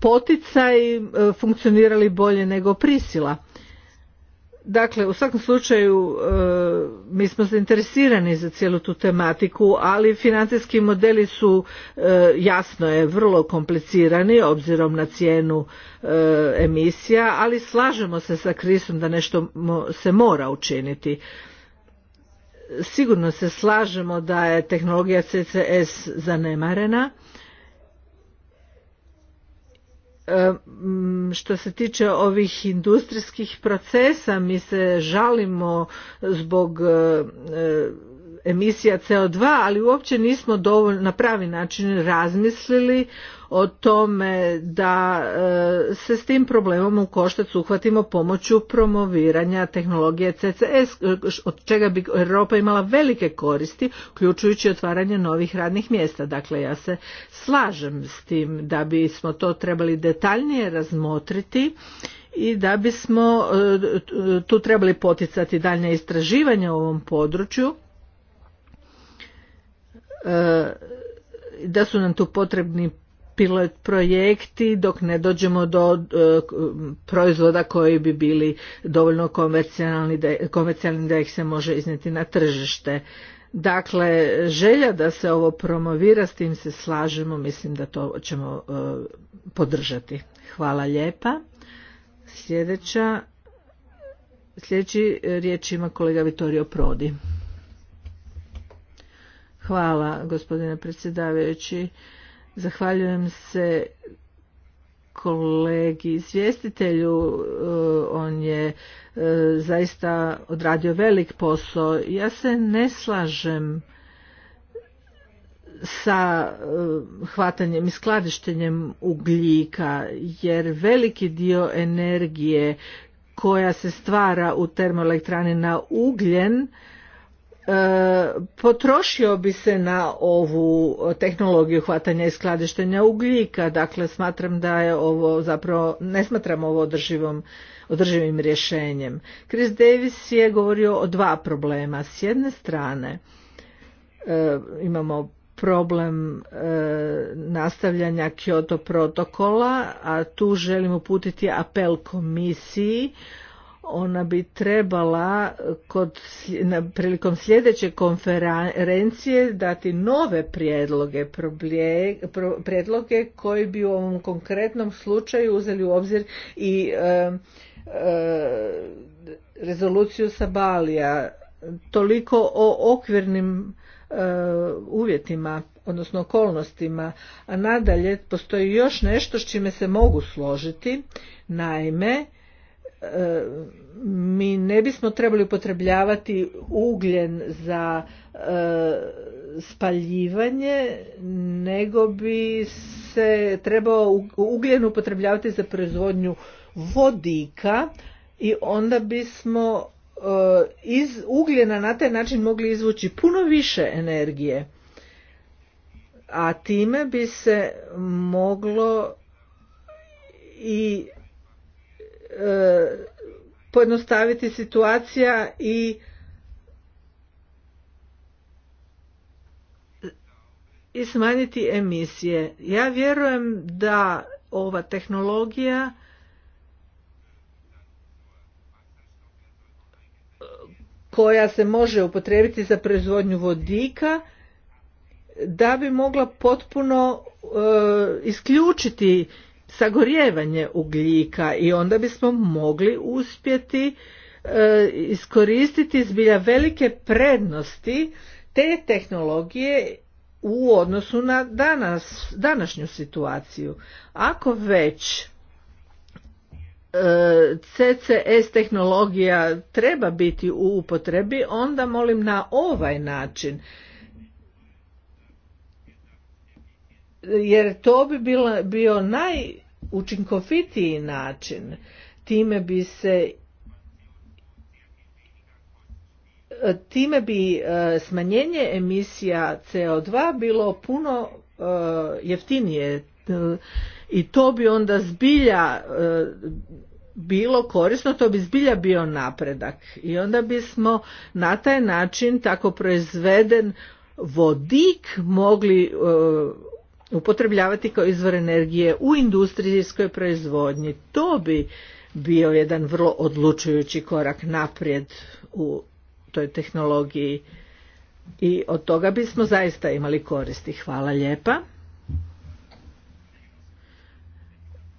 poticaj e, funkcionirali bolje nego prisila. Dakle, u svakom slučaju mi smo zainteresirani za cijelu tu tematiku, ali financijski modeli su jasno je vrlo komplicirani obzirom na cijenu emisija, ali slažemo se sa Krisom da nešto se mora učiniti sigurno se slažemo da je tehnologija CCS zanemarena. E, što se tiče ovih industrijskih procesa, mi se žalimo zbog e, emisija CO2, ali uopće nismo dovoljno na pravi način razmislili o tome da e, se s tim problemom u koštac uhvatimo pomoću promoviranja tehnologije CCS, od čega bi Europa imala velike koristi, uključujući otvaranje novih radnih mjesta. Dakle, ja se slažem s tim da bismo to trebali detaljnije razmotriti i da bismo e, tu trebali poticati daljnja istraživanja u ovom području E, da su nam tu potrebni pilot projekti dok ne dođemo do e, proizvoda koji bi bili dovoljno komercijalni da, da ih se može iznijeti na tržište. Dakle, želja da se ovo promovira, s tim se slažemo, mislim da to ćemo e, podržati. Hvala lijepa. Sljedeća, sljedeći riječ ima kolega Vitorio Prodi. Hvala gospodine predsjedavajući. Zahvaljujem se kolegi izvjestitelju, e, on je e, zaista odradio velik posao. Ja se ne slažem sa e, hvatanjem i skladištenjem ugljika, jer veliki dio energije koja se stvara u termoelektrani na ugljen E, potrošio bi se na ovu tehnologiju hvatanja i skladištenja ugljika dakle smatram da je ovo zapravo ne smatram ovo održivom održivim rješenjem Chris Davis je govorio o dva problema s jedne strane e, imamo problem e, nastavljanja Kyoto protokola a tu želim uputiti apel komisiji ona bi trebala kod, prilikom sljedeće konferencije dati nove prijedloge, prijedloge koji bi u ovom konkretnom slučaju uzeli u obzir i e, e rezoluciju Sabalija. Toliko o okvirnim e, uvjetima, odnosno okolnostima. A nadalje postoji još nešto s čime se mogu složiti. Naime, mi ne bismo trebali upotrebljavati ugljen za e, spaljivanje nego bi se trebao ugljen upotrebljavati za proizvodnju vodika i onda bismo e, iz ugljena na taj način mogli izvući puno više energije a time bi se moglo i pojednostaviti situacija i i smanjiti emisije. Ja vjerujem da ova tehnologija koja se može upotrijebiti za proizvodnju vodika da bi mogla potpuno e, isključiti sagorijevanje ugljika i onda bismo mogli uspjeti e, iskoristiti zbilja velike prednosti te tehnologije u odnosu na danas, današnju situaciju. Ako već e, CCS tehnologija treba biti u upotrebi, onda molim na ovaj način. Jer to bi bilo, bio naj učinkovitiji način. Time bi se time bi e, smanjenje emisija CO2 bilo puno e, jeftinije e, i to bi onda zbilja bilo korisno, to bi zbilja bio napredak i onda bismo na taj način tako proizveden vodik mogli upotrebljavati kao izvor energije u industrijskoj proizvodnji. To bi bio jedan vrlo odlučujući korak naprijed u toj tehnologiji i od toga bismo zaista imali koristi. Hvala lijepa.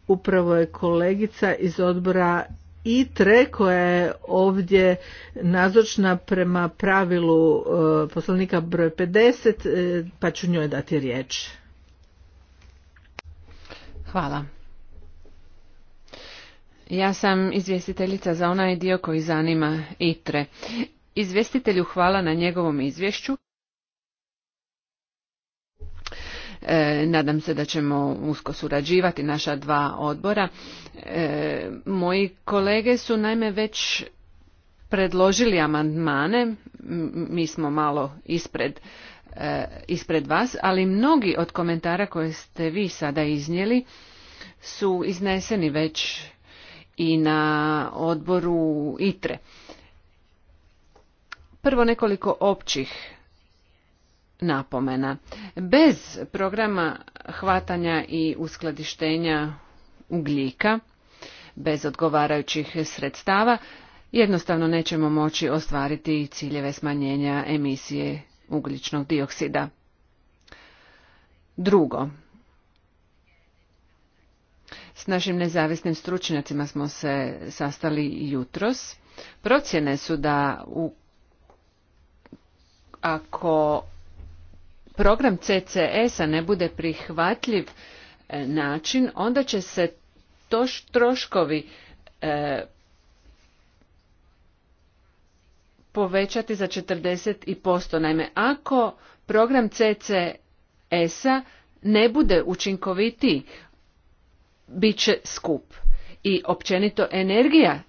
Upravo je kolegica iz odbora ITRE koja je ovdje nazočna prema pravilu e, poslovnika broj 50 e, pa ću njoj dati riječ. Hvala. Ja sam izvjestiteljica za onaj dio koji zanima ITRE. Izvjestitelju hvala na njegovom izvješću. E, nadam se da ćemo usko surađivati naša dva odbora. E, moji kolege su naime već predložili amandmane, mi smo malo ispred E, ispred vas, ali mnogi od komentara koje ste vi sada iznijeli su izneseni već i na odboru ITRE. Prvo nekoliko općih napomena. Bez programa hvatanja i uskladištenja ugljika, bez odgovarajućih sredstava, jednostavno nećemo moći ostvariti ciljeve smanjenja emisije ugljičnog dioksida. Drugo, s našim nezavisnim stručnjacima smo se sastali jutros. Procjene su da u, ako program CCS-a ne bude prihvatljiv e, način, onda će se to troškovi e, povećati za 40%. Naime, ako program CCS-a ne bude učinkovitiji, bit će skup i općenito energija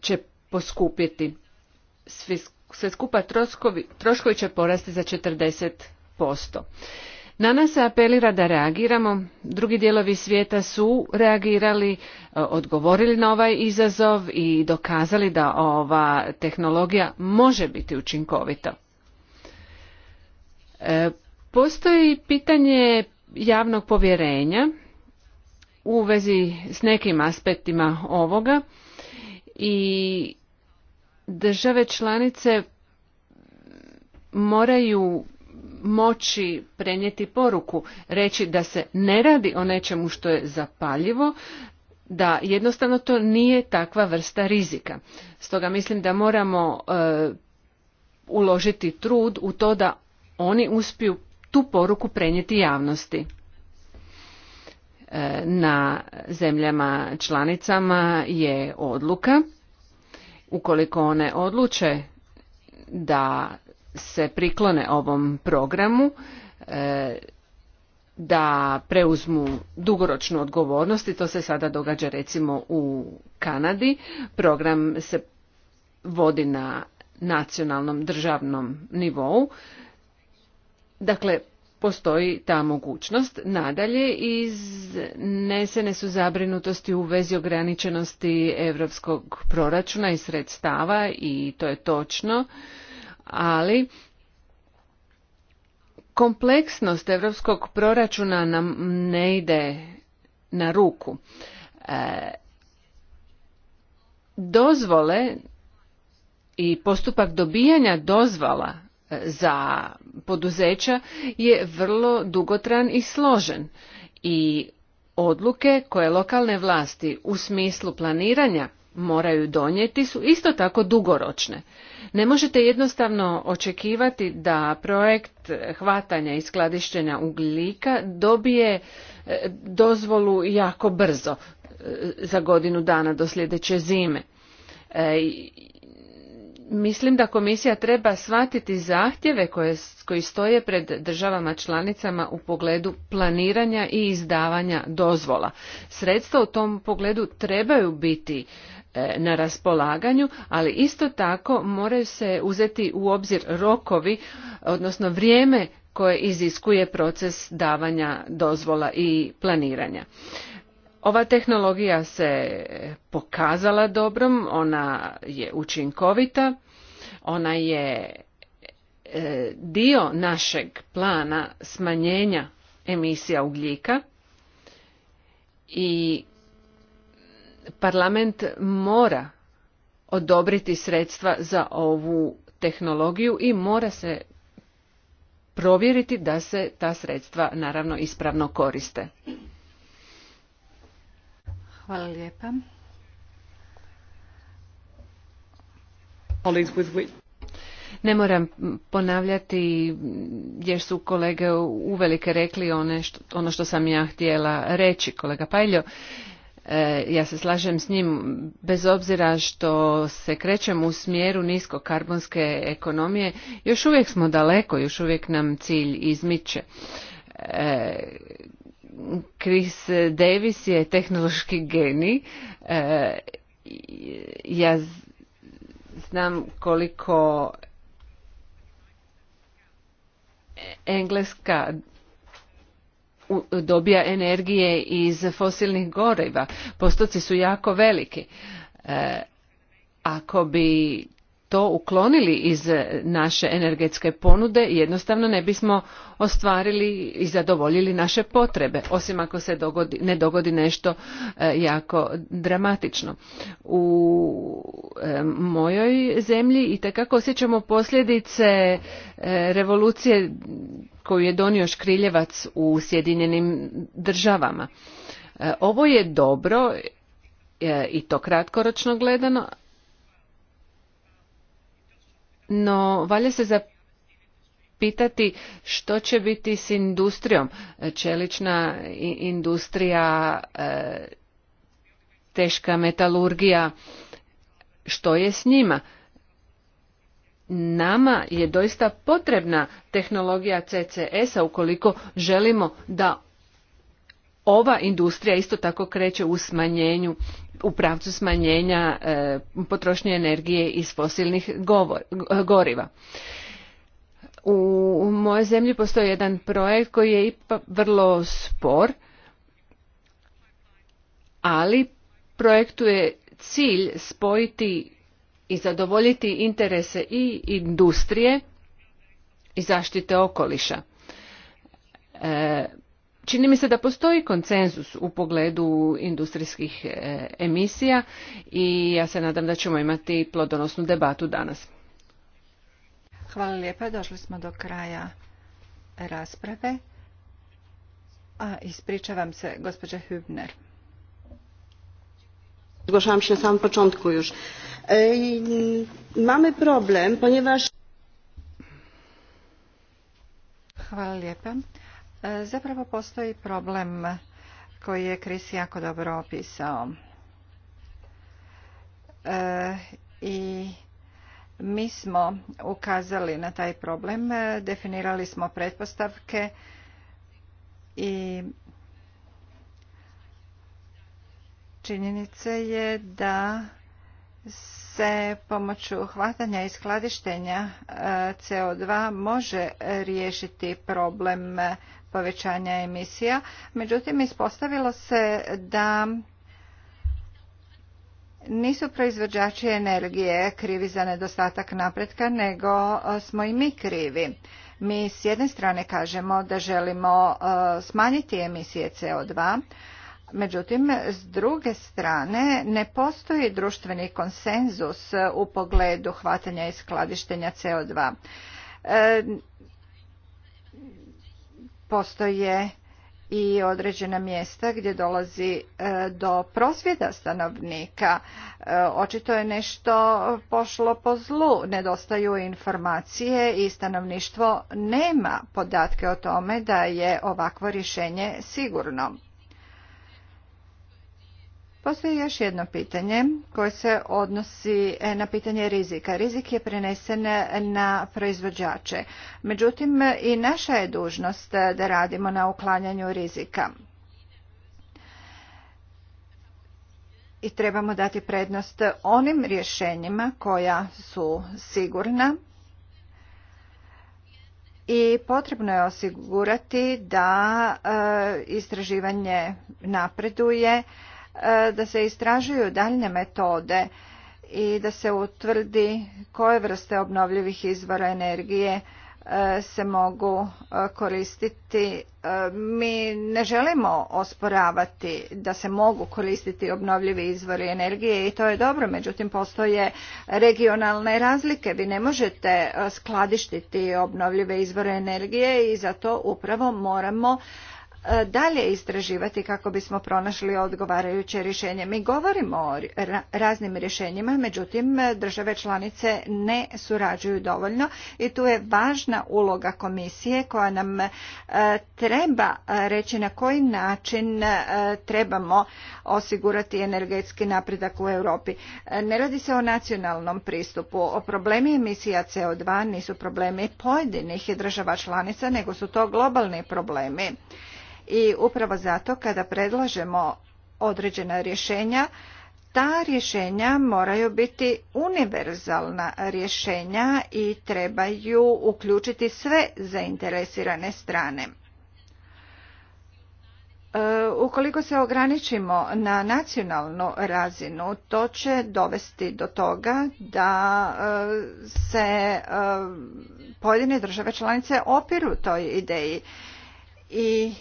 će poskupiti. Sve skupa troškovi, troškovi će porasti za 40%. Na nas se apelira da reagiramo, drugi dijelovi svijeta su reagirali, e, odgovorili na ovaj izazov i dokazali da ova tehnologija može biti učinkovita. E, postoji pitanje javnog povjerenja u vezi s nekim aspektima ovoga i države članice moraju moći prenijeti poruku, reći da se ne radi o nečemu što je zapaljivo, da jednostavno to nije takva vrsta rizika. Stoga mislim da moramo e, uložiti trud u to da oni uspiju tu poruku prenijeti javnosti e, na zemljama članicama je odluka ukoliko one odluče da se priklone ovom programu e, da preuzmu dugoročnu odgovornost i to se sada događa recimo u Kanadi. Program se vodi na nacionalnom državnom nivou. Dakle, postoji ta mogućnost. Nadalje, iznesene su zabrinutosti u vezi ograničenosti europskog proračuna i sredstava i to je točno ali kompleksnost europskog proračuna nam ne ide na ruku. E, dozvole i postupak dobijanja dozvala e, za poduzeća je vrlo dugotran i složen i odluke koje lokalne vlasti u smislu planiranja moraju donijeti su isto tako dugoročne. Ne možete jednostavno očekivati da projekt hvatanja i skladištenja ugljika dobije e, dozvolu jako brzo e, za godinu dana do sljedeće zime. E, mislim da komisija treba shvatiti zahtjeve koje, koji stoje pred državama članicama u pogledu planiranja i izdavanja dozvola. Sredstva u tom pogledu trebaju biti E, na raspolaganju, ali isto tako moraju se uzeti u obzir rokovi, odnosno vrijeme koje iziskuje proces davanja dozvola i planiranja. Ova tehnologija se pokazala dobrom, ona je učinkovita, ona je e, dio našeg plana smanjenja emisija ugljika i parlament mora odobriti sredstva za ovu tehnologiju i mora se provjeriti da se ta sredstva naravno ispravno koriste. Hvala lijepa. Ne moram ponavljati jer su kolege uvelike rekli ono što sam ja htjela reći. Kolega Pajljo, E, ja se slažem s njim bez obzira što se krećemo u smjeru niskokarbonske ekonomije još uvijek smo daleko još uvijek nam cilj izmiče e, Chris Davis je tehnološki geni. E, ja znam koliko Engleska dobija energije iz fosilnih goriva. Postoci su jako veliki. E, ako bi to uklonili iz e, naše energetske ponude jednostavno ne bismo ostvarili i zadovoljili naše potrebe osim ako se dogodi, ne dogodi nešto e, jako dramatično u e, mojoj zemlji i tekako osjećamo posljedice revolucije koju je donio škriljevac u sjedinjenim državama ovo je dobro i to kratkoročno gledano no, valja se zapitati što će biti s industrijom. Čelična industrija, e, teška metalurgija, što je s njima? Nama je doista potrebna tehnologija CCS-a ukoliko želimo da ova industrija isto tako kreće u smanjenju u pravcu smanjenja e, potrošnje energije iz fosilnih goriva. U mojoj zemlji postoji jedan projekt koji je i vrlo spor, ali projektu je cilj spojiti i zadovoljiti interese i industrije i zaštite okoliša. E, Čini mi se da postoji konsenzus u pogledu industrijskih e, emisija i ja se nadam da ćemo imati plodonosnu debatu danas. Hvala lijepa, došli smo do kraja rasprave. A ispričavam se, gospođa Hübner. Zgłaszałam se na samym początku już. E, mamy problem, ponieważ... Hvala lijepa. Zapravo postoji problem koji je Kris jako dobro opisao. E, I mi smo ukazali na taj problem, definirali smo pretpostavke i činjenica je da se pomoću hvatanja i skladištenja e, CO2 može riješiti problem povećanja emisija. Međutim, ispostavilo se da nisu proizvođači energije krivi za nedostatak napretka, nego e, smo i mi krivi. Mi s jedne strane kažemo da želimo e, smanjiti emisije CO2, Međutim, s druge strane, ne postoji društveni konsenzus u pogledu hvatanja i skladištenja CO2. E, postoje i određena mjesta gdje dolazi e, do prosvjeda stanovnika. E, očito je nešto pošlo po zlu, nedostaju informacije i stanovništvo nema podatke o tome da je ovakvo rješenje sigurno. Postoji još jedno pitanje koje se odnosi e, na pitanje rizika. Rizik je prenesen na proizvođače. Međutim, i naša je dužnost da radimo na uklanjanju rizika. I trebamo dati prednost onim rješenjima koja su sigurna i potrebno je osigurati da e, istraživanje napreduje E, da se istražuju daljne metode i da se utvrdi koje vrste obnovljivih izvora energije e, se mogu e, koristiti. Mi ne želimo osporavati da se mogu koristiti obnovljivi izvori energije i to je dobro, međutim postoje regionalne razlike. Vi ne možete skladištiti obnovljive izvore energije i zato upravo moramo E, dalje istraživati kako bismo pronašli odgovarajuće rješenje. Mi govorimo o raznim rješenjima, međutim e, države članice ne surađuju dovoljno i tu je važna uloga komisije koja nam e, treba reći na koji način trebamo osigurati energetski napredak u Europi. Ne radi se o nacionalnom pristupu, o problemi emisija CO2 nisu problemi pojedinih država članica, nego su to globalni problemi. I upravo zato kada predlažemo određena rješenja, ta rješenja moraju biti univerzalna rješenja i trebaju uključiti sve zainteresirane strane. E, ukoliko se ograničimo na nacionalnu razinu, to će dovesti do toga da e, se e, pojedine države članice opiru toj ideji i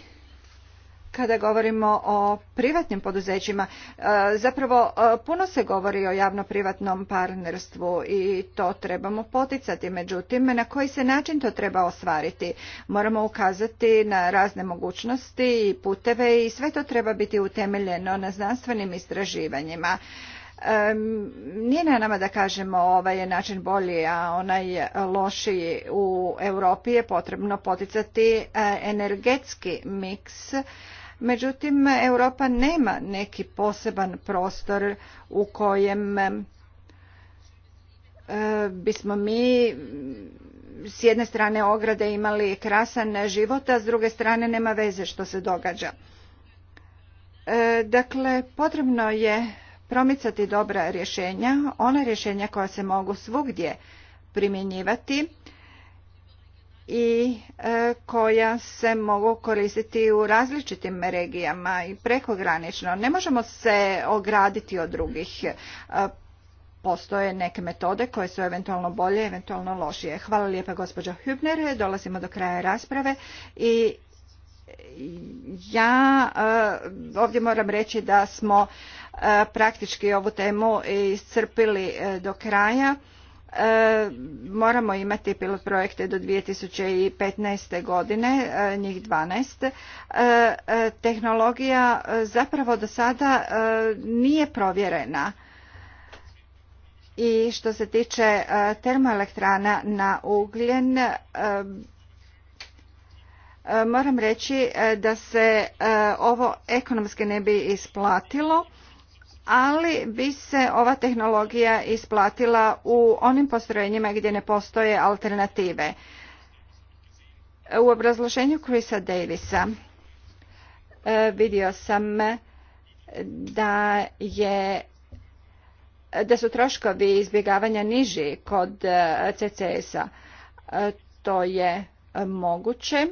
kada govorimo o privatnim poduzećima e, zapravo e, puno se govori o javno privatnom partnerstvu i to trebamo poticati međutim na koji se način to treba ostvariti moramo ukazati na razne mogućnosti i puteve i sve to treba biti utemeljeno na znanstvenim istraživanjima e, nije na nama da kažemo ovaj je način bolji, a onaj lošiji u Europi je potrebno poticati energetski miks Međutim, Europa nema neki poseban prostor u kojem e, bismo mi s jedne strane ograde imali krasan život, a s druge strane nema veze što se događa. E, dakle, potrebno je promicati dobra rješenja, ona rješenja koja se mogu svugdje primjenjivati i e, koja se mogu koristiti u različitim regijama i prekogranično. Ne možemo se ograditi od drugih. E, postoje neke metode koje su eventualno bolje, eventualno lošije. Hvala lijepa gospođo Hübner. Dolazimo do kraja rasprave i ja e, ovdje moram reći da smo praktički ovu temu iscrpili do kraja. E, moramo imati pilot projekte do 2015. godine, e, njih 12. E, tehnologija zapravo do sada nije provjerena. I što se tiče termoelektrana na ugljen, moram reći da se ovo ekonomski ne bi isplatilo ali bi se ova tehnologija isplatila u onim postrojenjima gdje ne postoje alternative. U obrazloženju Chrisa Davisa e, vidio sam e, da je da su troškovi izbjegavanja niži kod e, CCS-a. To je moguće.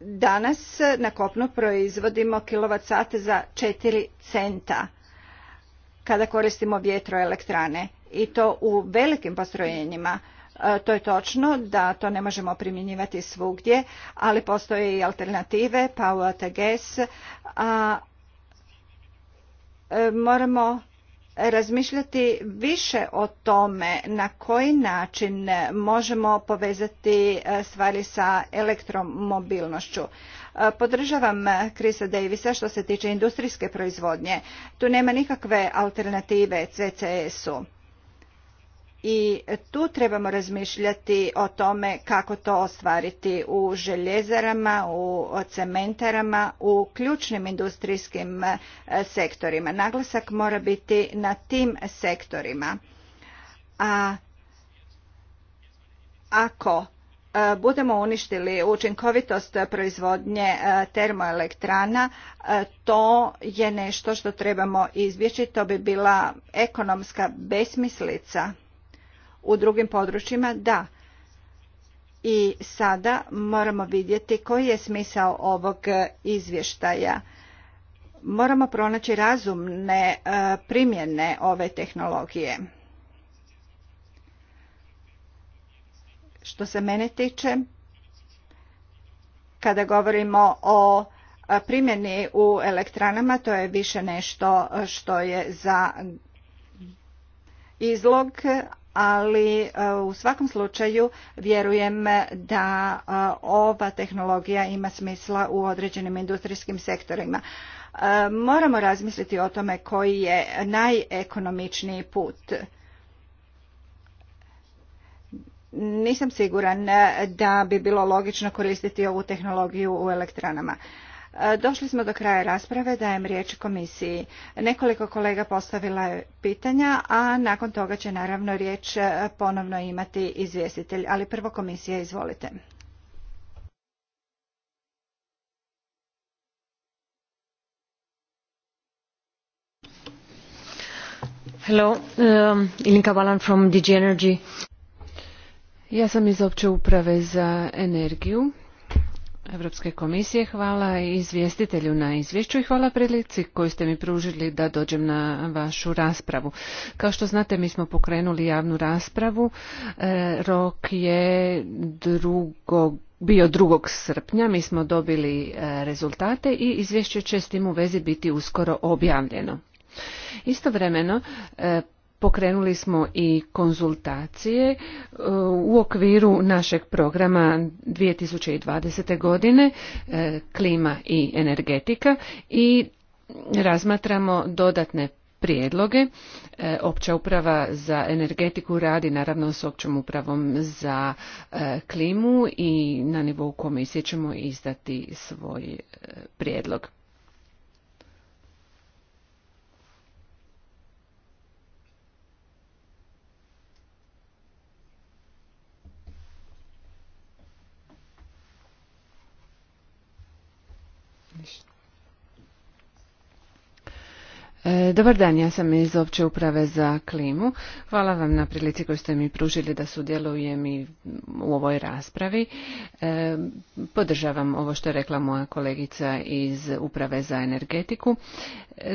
danas na kopnu proizvodimo kilovat sate za četiri centa kada koristimo vjetroelektrane i to u velikim postrojenjima. E, to je točno da to ne možemo primjenjivati svugdje, ali postoje i alternative, power to gas. A, e, moramo razmišljati više o tome na koji način možemo povezati e, stvari sa elektromobilnošću. E, podržavam Krisa Davisa što se tiče industrijske proizvodnje. Tu nema nikakve alternative CCS-u i tu trebamo razmišljati o tome kako to ostvariti u željezarama, u cementarama, u ključnim industrijskim e, sektorima. Naglasak mora biti na tim sektorima. A ako e, budemo uništili učinkovitost proizvodnje e, termoelektrana, to je nešto što trebamo izbjeći, to bi bila ekonomska besmislica u drugim područjima da. I sada moramo vidjeti koji je smisao ovog e, izvještaja. Moramo pronaći razumne e, primjene ove tehnologije. Što se mene tiče, kada govorimo o e, primjeni u elektranama, to je više nešto što je za izlog, ali e, u svakom slučaju vjerujem da e, ova tehnologija ima smisla u određenim industrijskim sektorima. E, moramo razmisliti o tome koji je najekonomičniji put. Nisam siguran da bi bilo logično koristiti ovu tehnologiju u elektranama. E, došli smo do kraja rasprave, dajem riječ komisiji. Nekoliko kolega postavila je pitanja, a nakon toga će naravno riječ e, ponovno imati izvjestitelj, ali prvo komisija izvolite. Hello, um, Ilinka from DG Energy. Ja sam iz opće uprave za energiju Europske komisije. Hvala izvjestitelju na izvješću i hvala prilici koju ste mi pružili da dođem na vašu raspravu. Kao što znate, mi smo pokrenuli javnu raspravu. E, rok je drugog bio 2. srpnja, mi smo dobili e, rezultate i izvješće će s tim u vezi biti uskoro objavljeno. Istovremeno, e, Pokrenuli smo i konzultacije e, u okviru našeg programa 2020. godine e, klima i energetika i razmatramo dodatne prijedloge. E, opća uprava za energetiku radi naravno s općom upravom za klimu i na nivou komisije ćemo izdati svoj prijedlog. E, dobar dan, ja sam iz opće uprave za klimu. Hvala vam na prilici koju ste mi pružili da sudjelujem i u ovoj raspravi. E, podržavam ovo što je rekla moja kolegica iz uprave za energetiku,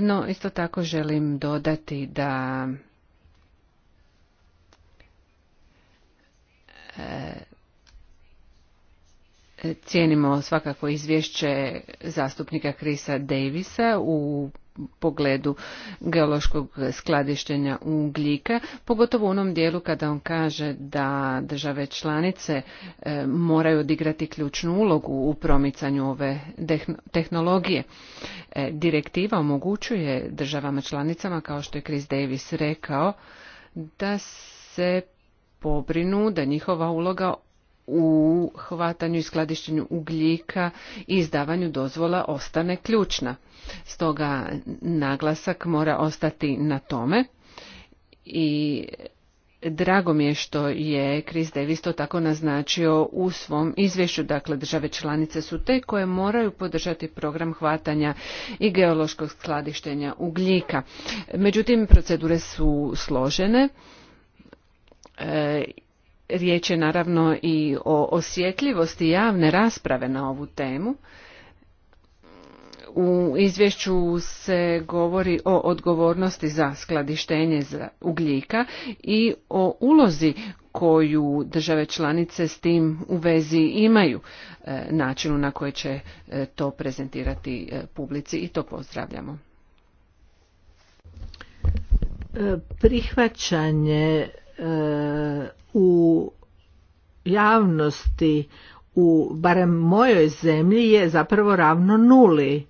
no isto tako želim dodati da e, E, cijenimo svakako izvješće zastupnika Krisa Davisa u pogledu geološkog skladištenja ugljika, pogotovo u onom dijelu kada on kaže da države članice e, moraju odigrati ključnu ulogu u promicanju ove tehnologije. E, direktiva omogućuje državama članicama, kao što je Chris Davis rekao, da se pobrinu da njihova uloga u hvatanju i skladištenju ugljika i izdavanju dozvola ostane ključna. Stoga naglasak mora ostati na tome i drago mi je što je Chris Davis to tako naznačio u svom izvješću. Dakle, države članice su te koje moraju podržati program hvatanja i geološkog skladištenja ugljika. Međutim, procedure su složene e, Riječ je naravno i o osjetljivosti javne rasprave na ovu temu. U izvješću se govori o odgovornosti za skladištenje ugljika i o ulozi koju države članice s tim u vezi imaju, e, načinu na koji će e, to prezentirati e, publici i to pozdravljamo. Prihvaćanje u javnosti u barem mojoj zemlji je zapravo ravno nuli.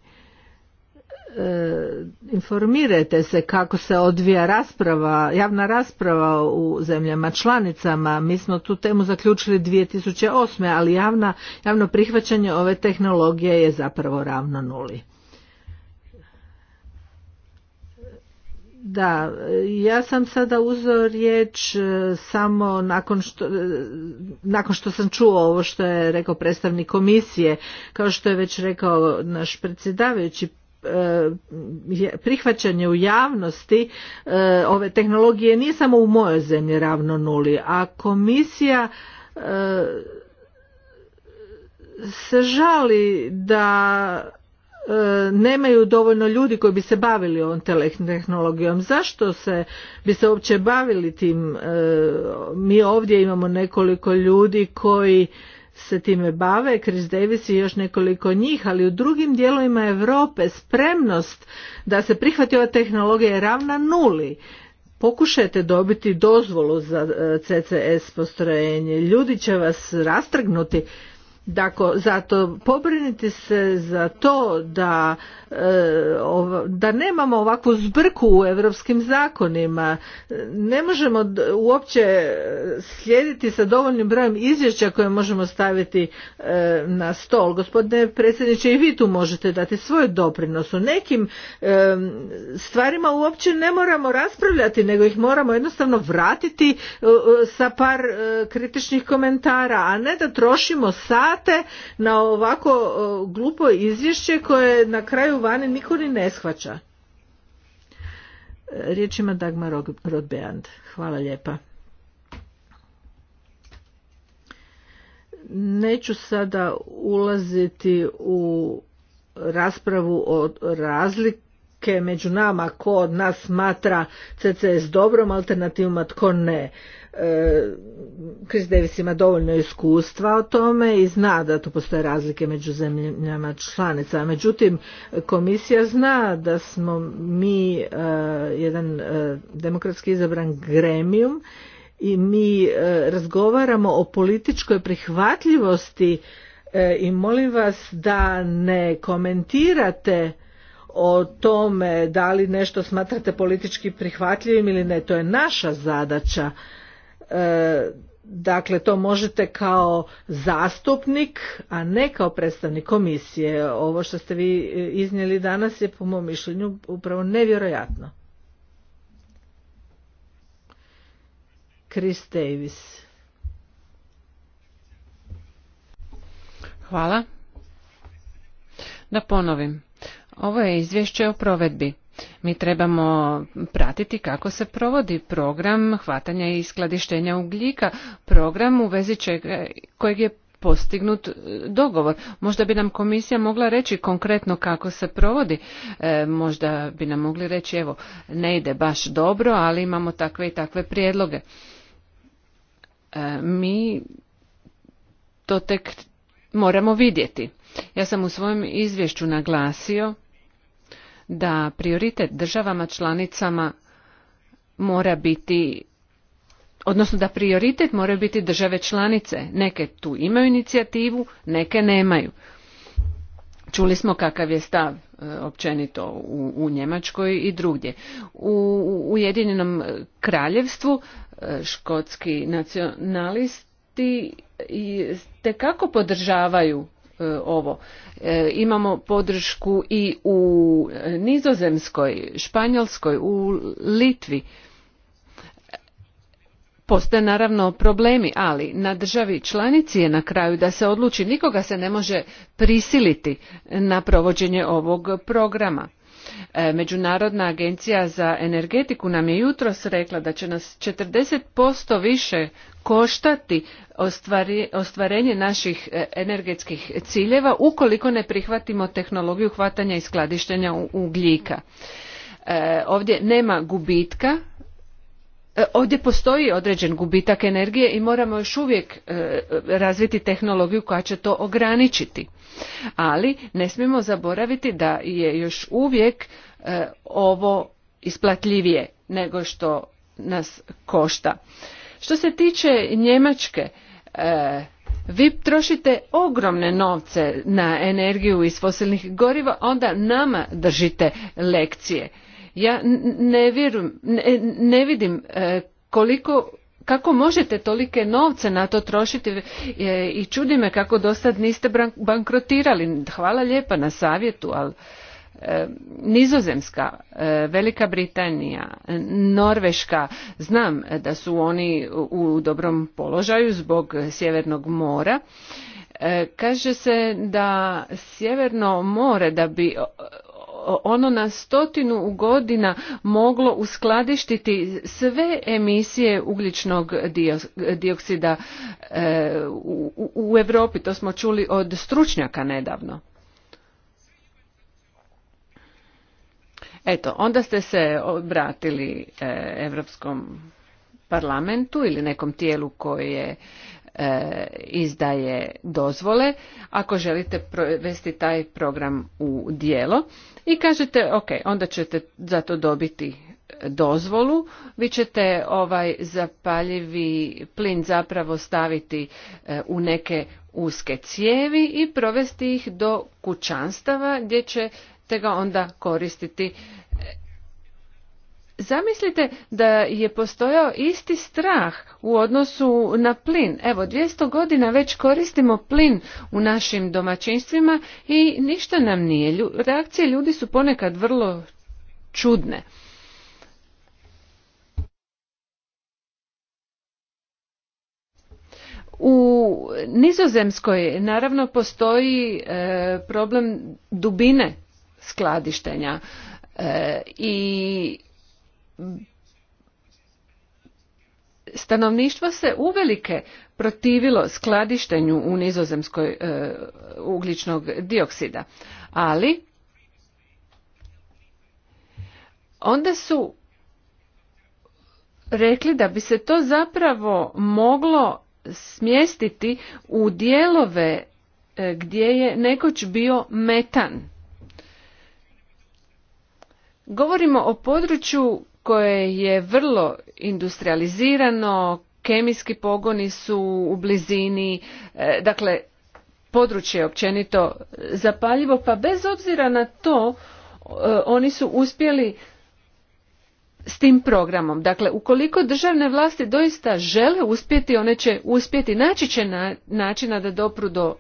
E, informirajte se kako se odvija rasprava, javna rasprava u zemljama članicama. Mi smo tu temu zaključili 2008. ali javna, javno prihvaćanje ove tehnologije je zapravo ravno nuli. Da, ja sam sada uzeo riječ e, samo nakon što, e, nakon što sam čuo ovo što je rekao predstavnik komisije, kao što je već rekao naš predsjedavajući e, prihvaćanje u javnosti ove tehnologije nije samo u mojoj zemlji ravno nuli, a komisija se žali da E, nemaju dovoljno ljudi koji bi se bavili ovom tehnologijom. Zašto se bi se uopće bavili tim? E, mi ovdje imamo nekoliko ljudi koji se time bave, Chris Davis i još nekoliko njih, ali u drugim dijelovima Europe spremnost da se prihvati ova tehnologija je ravna nuli. Pokušajte dobiti dozvolu za e, CCS postrojenje, ljudi će vas rastrgnuti Dakle, zato pobrinite se za to da da nemamo ovakvu zbrku u europskim zakonima ne možemo uopće slijediti sa dovoljnim brojem izvješća koje možemo staviti e, na stol gospodine predsjedniče i vi tu možete dati svoj doprinos u nekim e, stvarima uopće ne moramo raspravljati nego ih moramo jednostavno vratiti e, sa par kritičnih komentara a ne da trošimo sate na ovako glupo izvješće koje na kraju vani niko ni ne shvaća. E, riječ ima Dagmar Rodbeand. Hvala lijepa. Neću sada ulaziti u raspravu o razlike među nama ko od nas smatra CCS dobrom alternativom, a tko ne. E, Chris Davis ima dovoljno iskustva o tome i zna da tu postoje razlike među zemljama članica. Međutim, komisija zna da smo mi e, jedan e, demokratski izabran gremium i mi razgovaramo o političkoj prihvatljivosti i molim vas da ne komentirate o tome da li nešto smatrate politički prihvatljivim ili ne. To je naša zadaća E, dakle, to možete kao zastupnik, a ne kao predstavnik komisije. Ovo što ste vi e, iznijeli danas je po mom mišljenju upravo nevjerojatno. Chris Davis. Hvala. Da ponovim. Ovo je izvješće o provedbi. Mi trebamo pratiti kako se provodi program hvatanja i skladištenja ugljika, program u vezi kojeg je postignut e, dogovor. Možda bi nam komisija mogla reći konkretno kako se provodi. E, možda bi nam mogli reći evo ne ide baš dobro, ali imamo takve i takve prijedloge. E, mi to tek moramo vidjeti. Ja sam u svojem izvješću naglasio da prioritet državama članicama mora biti odnosno da prioritet moraju biti države članice. Neke tu imaju inicijativu, neke nemaju. Čuli smo kakav je stav e, općenito u, Njemačkoj i drugdje. U Ujedinjenom kraljevstvu e, škotski nacionalisti te kako podržavaju E, ovo. E, imamo podršku i u Nizozemskoj, Španjolskoj, u Litvi. Postoje naravno problemi, ali na državi članici je na kraju da se odluči, nikoga se ne može prisiliti na provođenje ovog programa. E, Međunarodna agencija za energetiku nam je jutros rekla da će nas 40% više koštati ostvarenje naših e, energetskih ciljeva ukoliko ne prihvatimo tehnologiju hvatanja i skladištenja ugljika. E, ovdje nema gubitka E, ovdje postoji određen gubitak energije i moramo još uvijek e, razviti tehnologiju koja će to ograničiti. Ali ne smijemo zaboraviti da je još uvijek e, ovo isplativije nego što nas košta. Što se tiče Njemačke, vi trošite ogromne novce na energiju iz fosilnih goriva, onda nama držite lekcije. Ja ne, vjerujem, ne, vidim e, koliko kako možete tolike novce na to trošiti e, i čudi me kako dosad niste bankrotirali. Hvala lijepa na savjetu, ali e, Nizozemska, Velika Britanija, Norveška, znam da su oni u dobrom položaju zbog Sjevernog mora. Kaže se da Sjeverno more da bi ono na stotinu godina moglo uskladištiti sve emisije ugljičnog dioksida e, u, Europi, to smo čuli od stručnjaka nedavno. Eto, onda ste se obratili Europskom parlamentu ili nekom tijelu koje E, izdaje dozvole ako želite provesti taj program u dijelo i kažete ok, onda ćete za to dobiti dozvolu, vi ćete ovaj zapaljivi plin zapravo staviti e, u neke uske cijevi i provesti ih do kućanstava gdje ćete ga onda koristiti Zamislite da je postojao isti strah u odnosu na plin. Evo, 200 godina već koristimo plin u našim domaćinstvima i ništa nam nije. Reakcije ljudi su ponekad vrlo čudne. U Nizozemskoj naravno postoji e, problem dubine skladištenja e, i stanovništvo se uvelike protivilo skladištenju u nizozemskoj e, ugljičnog dioksida ali onda su rekli da bi se to zapravo moglo smjestiti u dijelove e, gdje je nekoć bio metan govorimo o području koje je vrlo industrializirano, kemijski pogoni su u blizini, e, dakle područje općenito zapaljivo, pa bez obzira na to e, oni su uspjeli s tim programom. Dakle, ukoliko državne vlasti doista žele uspjeti, one će uspjeti, naći će načina da dopru do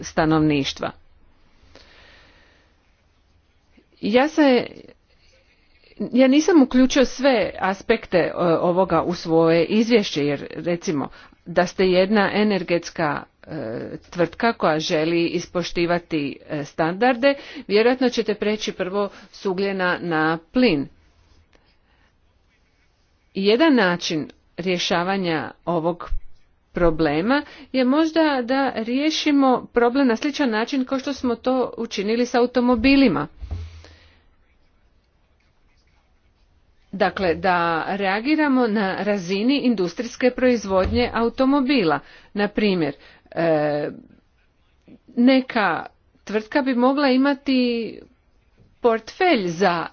stanovništva. Ja se ja nisam uključio sve aspekte e, ovoga u svoje izvješće jer recimo da ste jedna energetska e, tvrtka koja želi ispoštivati e, standarde vjerojatno ćete preći prvo s ugljena na plin jedan način rješavanja ovog problema je možda da riješimo problem na sličan način kao što smo to učinili s automobilima Dakle, da reagiramo na razini industrijske proizvodnje automobila. Na primjer, e, neka tvrtka bi mogla imati portfelj za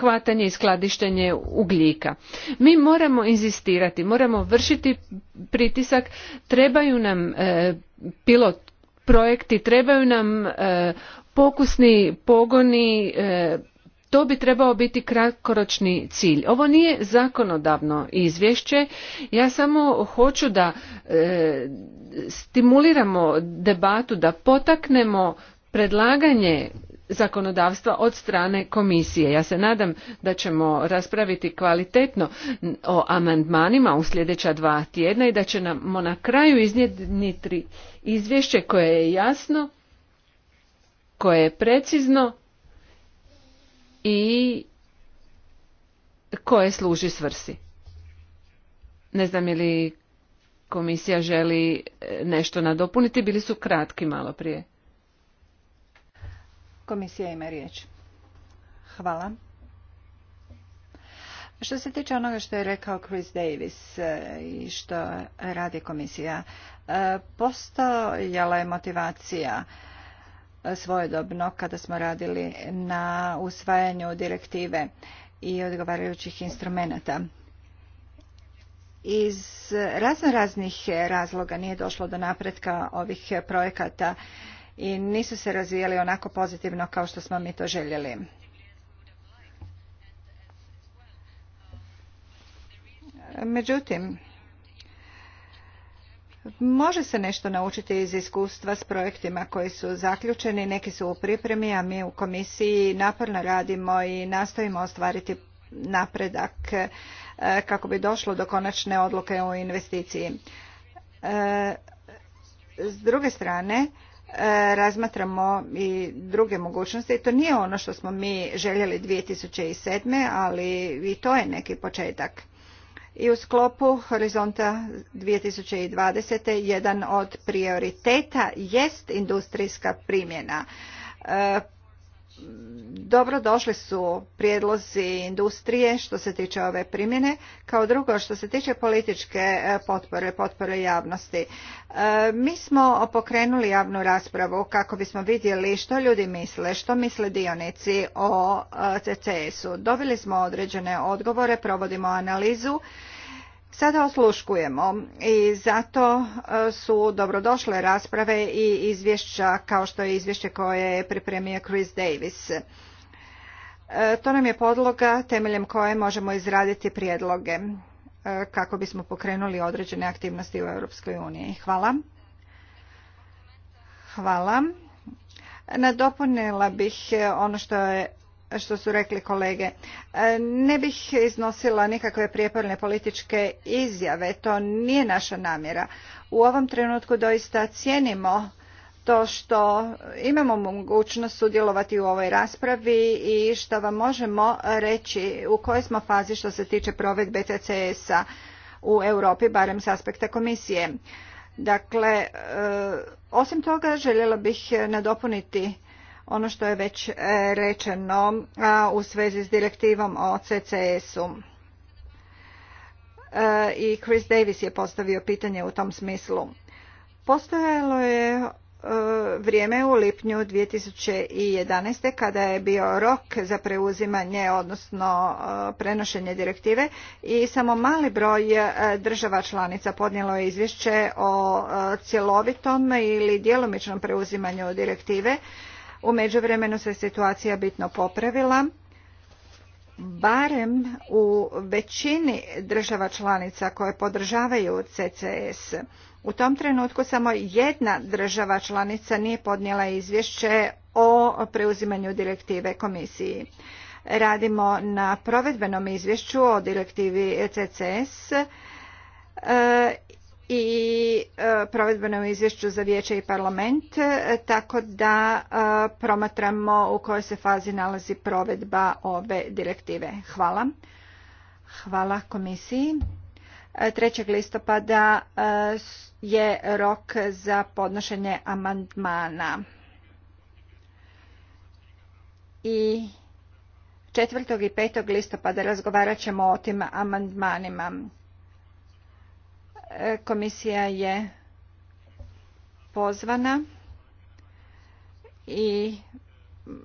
hvatanje i skladištenje ugljika. Mi moramo inzistirati, moramo vršiti pritisak, trebaju nam e, pilot projekti, trebaju nam e, pokusni pogoni, to bi trebao biti kratkoročni cilj. Ovo nije zakonodavno izvješće, ja samo hoću da e, stimuliramo debatu, da potaknemo predlaganje zakonodavstva od strane komisije. Ja se nadam da ćemo raspraviti kvalitetno o amandmanima u sljedeća dva tjedna i da će nam na kraju tri izvješće koje je jasno, koje je precizno i koje služi svrsi. Ne znam je li komisija želi e, nešto nadopuniti, bili su kratki malo prije. Komisija ima riječ. Hvala. Što se tiče onoga što je rekao Chris Davis e, i što radi komisija, e, postojala je motivacija svojedobno kada smo radili na usvajanju direktive i odgovarajućih instrumenata. Iz razno raznih razloga nije došlo do napretka ovih projekata i nisu se razvijali onako pozitivno kao što smo mi to željeli. Međutim, Može se nešto naučiti iz iskustva s projektima koji su zaključeni, neki su u pripremi, a mi u komisiji naporno radimo i nastojimo ostvariti napredak e, kako bi došlo do konačne odluke o investiciji. E, s druge strane, e, razmatramo i druge mogućnosti. To nije ono što smo mi željeli 2007. ali i to je neki početak i u sklopu Horizonta 2020. jedan od prioriteta jest industrijska primjena e, dobro došli su prijedlozi industrije što se tiče ove primjene. Kao drugo, što se tiče političke e, potpore, potpore javnosti. E, mi smo pokrenuli javnu raspravu kako bismo vidjeli što ljudi misle, što misle dionici o e, CCS-u. Dobili smo određene odgovore, provodimo analizu Sada osluškujemo i zato e, su dobrodošle rasprave i izvješća kao što je izvješće koje je pripremio Chris Davis. E, to nam je podloga temeljem koje možemo izraditi prijedloge e, kako bismo pokrenuli određene aktivnosti u Europskoj uniji. Hvala. Hvala. Nadopunila bih ono što je što su rekli kolege. E, ne bih iznosila nikakve prijeporne političke izjave, to nije naša namjera. U ovom trenutku doista cijenimo to što imamo mogućnost sudjelovati u ovoj raspravi i što vam možemo reći u kojoj smo fazi što se tiče provedbe TCS-a u Europi, barem s aspekta komisije. Dakle, e, osim toga željela bih nadopuniti ono što je već e, rečeno u svezi s direktivom o CCS-u. E, I Chris Davis je postavio pitanje u tom smislu. Postojalo je e, vrijeme u lipnju 2011. kada je bio rok za preuzimanje, odnosno prenošenje direktive i samo mali broj država članica podnijelo je izvješće o cjelovitom ili djelomičnom preuzimanju direktive u međuvremenu se situacija bitno popravila barem u većini država članica koje podržavaju CCS. U tom trenutku samo jedna država članica nije podnijela izvješće o preuzimanju direktive komisiji. Radimo na provedbenom izvješću o direktivi CCS e, i e, provedbenom izvješću za vijeće i parlament e, tako da e, promatramo u kojoj se fazi nalazi provedba ove direktive. Hvala. Hvala komisiji. 3. listopada je rok za podnošenje amandmana. I 4. i 5. listopada razgovarat ćemo o tim amandmanima. Komisija je pozvana i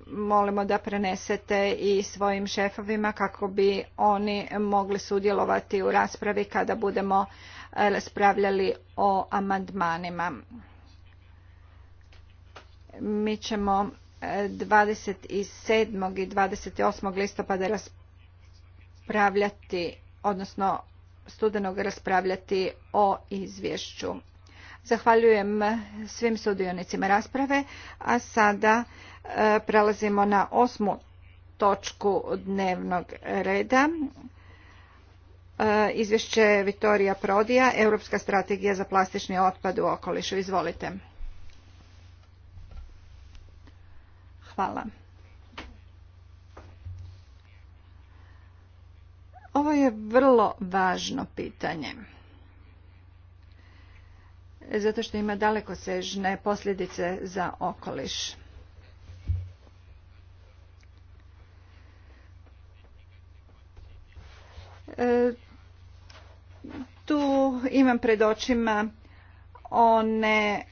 molimo da prenesete i svojim šefovima kako bi oni mogli sudjelovati u raspravi kada budemo raspravljali o amandmanima. Mi ćemo 27. E, i 28. listopada raspravljati, odnosno studenog raspravljati o izvješću. Zahvaljujem svim sudionicima rasprave, a sada e, prelazimo na osmu točku dnevnog reda. E, izvješće Vitorija Prodija, Europska strategija za plastični otpad u okolišu. Izvolite. Hvala. Ovo je vrlo važno pitanje. Zato što ima sežne posljedice za okoliš. E, tu imam pred očima one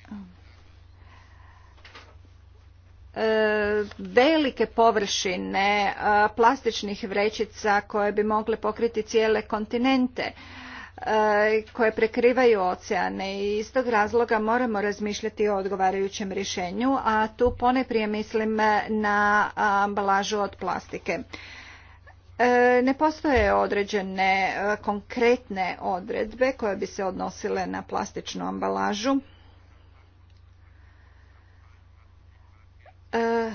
E, velike površine e, plastičnih vrećica koje bi mogle pokriti cijele kontinente e, koje prekrivaju oceane i iz tog razloga moramo razmišljati o odgovarajućem rješenju, a tu poneprije mislim na ambalažu od plastike. Ne postoje određene konkretne odredbe koje bi se odnosile na plastičnu ambalažu. E,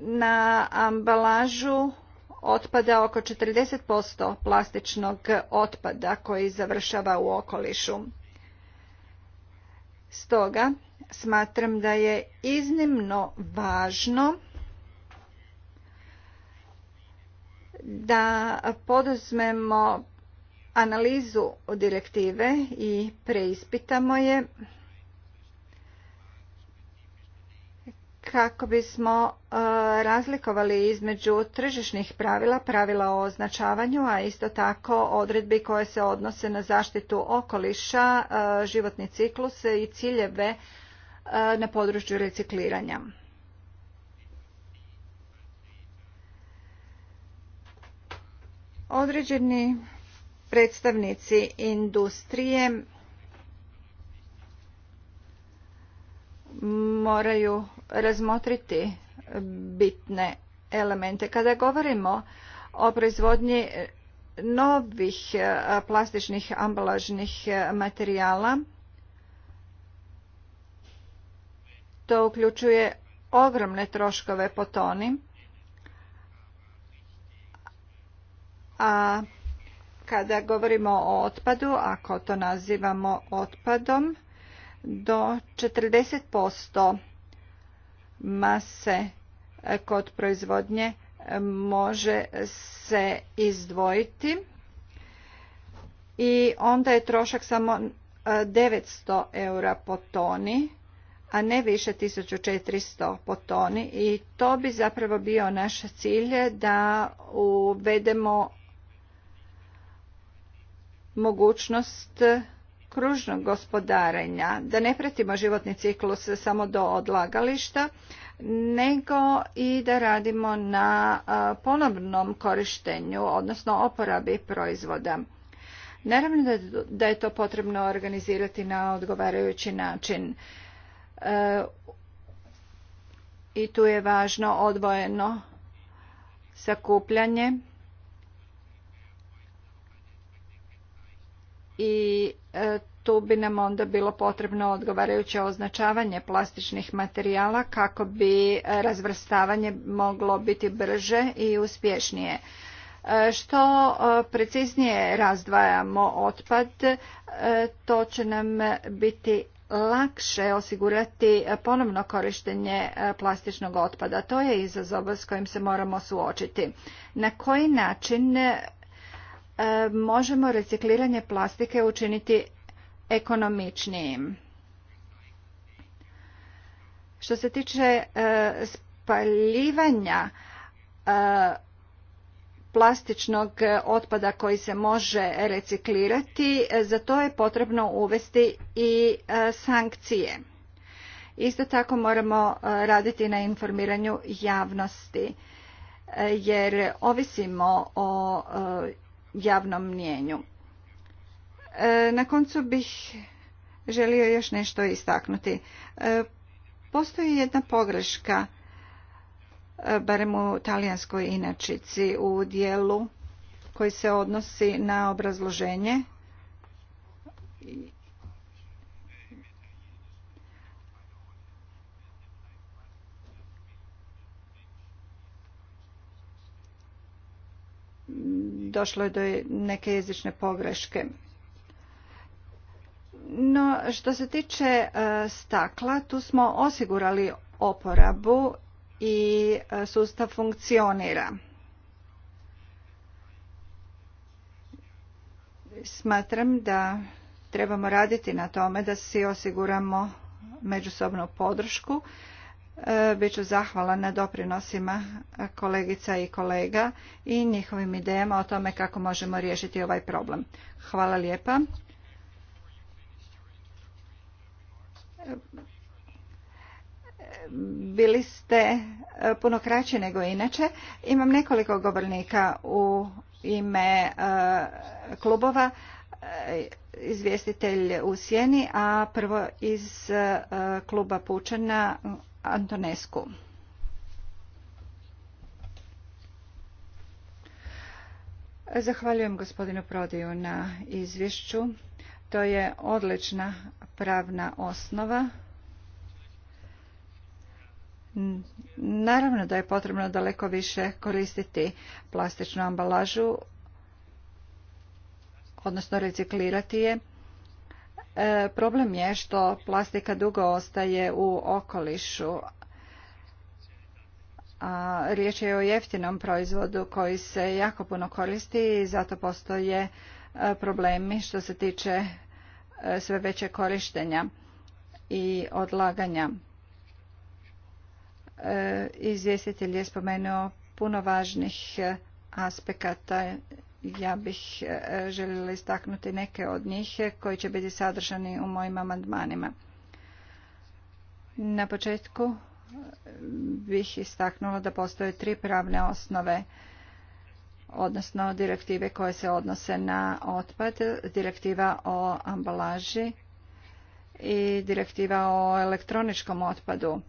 na ambalažu otpada oko 40% plastičnog otpada koji završava u okolišu. Stoga smatram da je iznimno važno da poduzmemo analizu direktive i preispitamo je kako bismo e, razlikovali između tržišnih pravila, pravila o označavanju, a isto tako odredbi koje se odnose na zaštitu okoliša, e, životni ciklus i ciljeve e, na području recikliranja. Određeni predstavnici industrije moraju razmotriti bitne elemente. Kada govorimo o proizvodnji novih e, plastičnih ambalažnih e, materijala, to uključuje ogromne troškove po toni, a kada govorimo o otpadu, ako to nazivamo otpadom, do 40% mase e, kod proizvodnje e, može se izdvojiti i onda je trošak samo 900 e, eura po toni, a ne više 1400 po toni i to bi zapravo bio naš cilj da uvedemo mogućnost kružnog gospodarenja, da ne pratimo životni ciklus samo do odlagališta, nego i da radimo na ponovnom korištenju, odnosno oporabi proizvoda. Naravno da je to potrebno organizirati na odgovarajući način. E, I tu je važno odvojeno sakupljanje i e, tu bi nam onda bilo potrebno odgovarajuće označavanje plastičnih materijala kako bi e, razvrstavanje moglo biti brže i uspješnije. E, što e, preciznije razdvajamo otpad, to će nam biti lakše osigurati ponovno korištenje plastičnog otpada. To je izazov s kojim se moramo suočiti. Na koji način možemo recikliranje plastike učiniti ekonomičnijim. Što se tiče e, spaljivanja e, plastičnog otpada koji se može reciklirati, e, za to je potrebno uvesti i sankcije. Isto tako moramo raditi na informiranju javnosti jer ovisimo o javnom mnjenju. E, na koncu bih želio još nešto istaknuti. E, postoji jedna pogreška, e, barem u talijanskoj inačici, u dijelu koji se odnosi na obrazloženje. Došlo je do neke jezične pogreške. No, što se tiče e, stakla, tu smo osigurali oporabu i e, sustav funkcionira. Smatram da trebamo raditi na tome da si osiguramo međusobnu podršku. E, Biću zahvala na doprinosima kolegica i kolega i njihovim idejama o tome kako možemo riješiti ovaj problem. Hvala lijepa. bili ste e, puno kraći nego inače. Imam nekoliko govornika u ime e, klubova, e, izvjestitelj u Sjeni, a prvo iz kluba Pučana Antonesku. Zahvaljujem gospodinu Prodiju na izvješću. To je odlična pravna osnova. Naravno da je potrebno daleko više koristiti plastičnu ambalažu, odnosno reciklirati je. E, problem je što plastika dugo ostaje u okolišu, a riječ je o jeftinom proizvodu koji se jako puno koristi i zato postoje problemi što se tiče e, sve veće korištenja i odlaganja. E, izvjestitelj je spomenuo puno važnih aspekata. Ja bih e, željela istaknuti neke od njih koji će biti sadržani u mojim amandmanima. Na početku bih istaknula da postoje tri pravne osnove odnosno direktive koje se odnose na otpad, direktiva o ambalaži i direktiva o elektroničkom otpadu.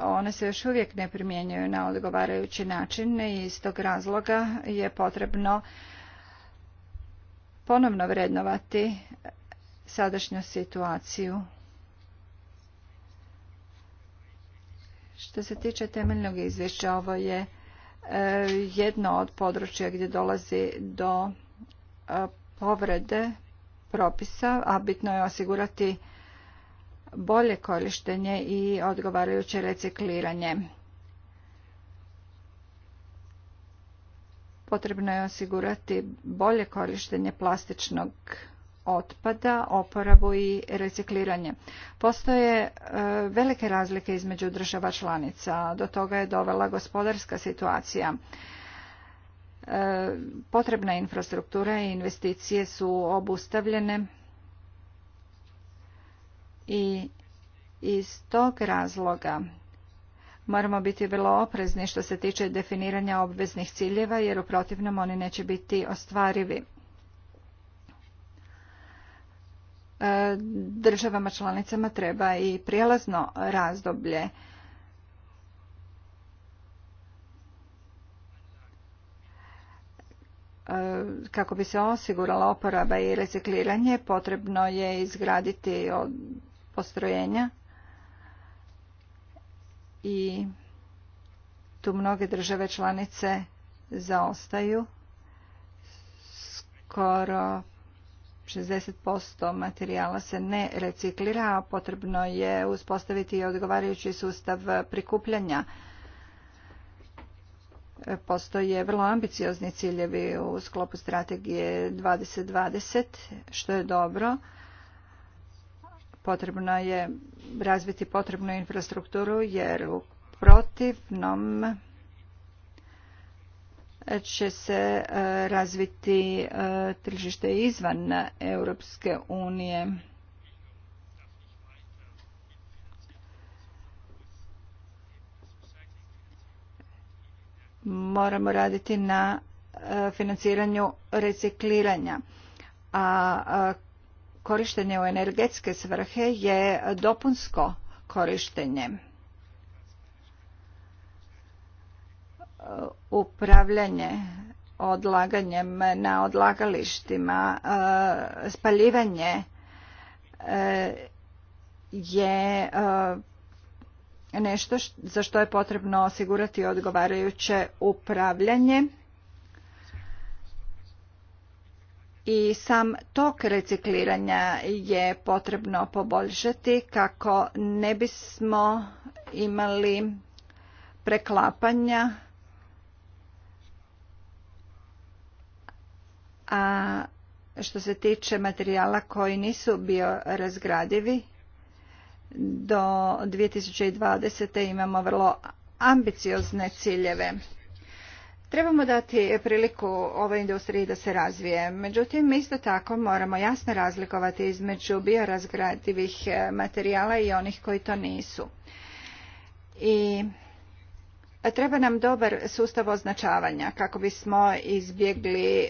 One se još uvijek ne primjenjuju na odgovarajući način i iz tog razloga je potrebno ponovno vrednovati sadašnju situaciju. Što se tiče temeljnog izvješća, ovo je E, jedno od područja gdje dolazi do e, povrede propisa, a bitno je osigurati bolje korištenje i odgovarajuće recikliranje. Potrebno je osigurati bolje korištenje plastičnog otpada, oporabu i recikliranje. Postoje e, velike razlike između država članica, do toga je dovela gospodarska situacija. E, potrebna infrastruktura i investicije su obustavljene i iz tog razloga moramo biti vrlo oprezni što se tiče definiranja obveznih ciljeva jer u protivnom oni neće biti ostvarivi. državama članicama treba i prijelazno razdoblje e, kako bi se osigurala oporaba i recikliranje potrebno je izgraditi postrojenja i tu mnoge države članice zaostaju skoro 60% materijala se ne reciklira, a potrebno je uspostaviti i odgovarajući sustav prikupljanja. Postoje vrlo ambiciozni ciljevi u sklopu strategije 2020, što je dobro. Potrebno je razviti potrebnu infrastrukturu, jer u protivnom će se e, razviti e, tržište izvan Europske unije. Moramo raditi na e, financiranju recikliranja, a korištenje u energetske svrhe je dopunsko korištenje. upravljanje odlaganjem na odlagalištima, e, spaljivanje e, je e, nešto za što je potrebno osigurati odgovarajuće upravljanje i sam tok recikliranja je potrebno poboljšati kako ne bismo imali preklapanja a što se tiče materijala koji nisu bio razgradivi do 2020. imamo vrlo ambiciozne ciljeve. Trebamo dati priliku ovoj industriji da se razvije. Međutim, isto tako moramo jasno razlikovati između biorazgradivih eh, materijala i onih koji to nisu. I Treba nam dobar sustav označavanja kako bismo izbjegli e,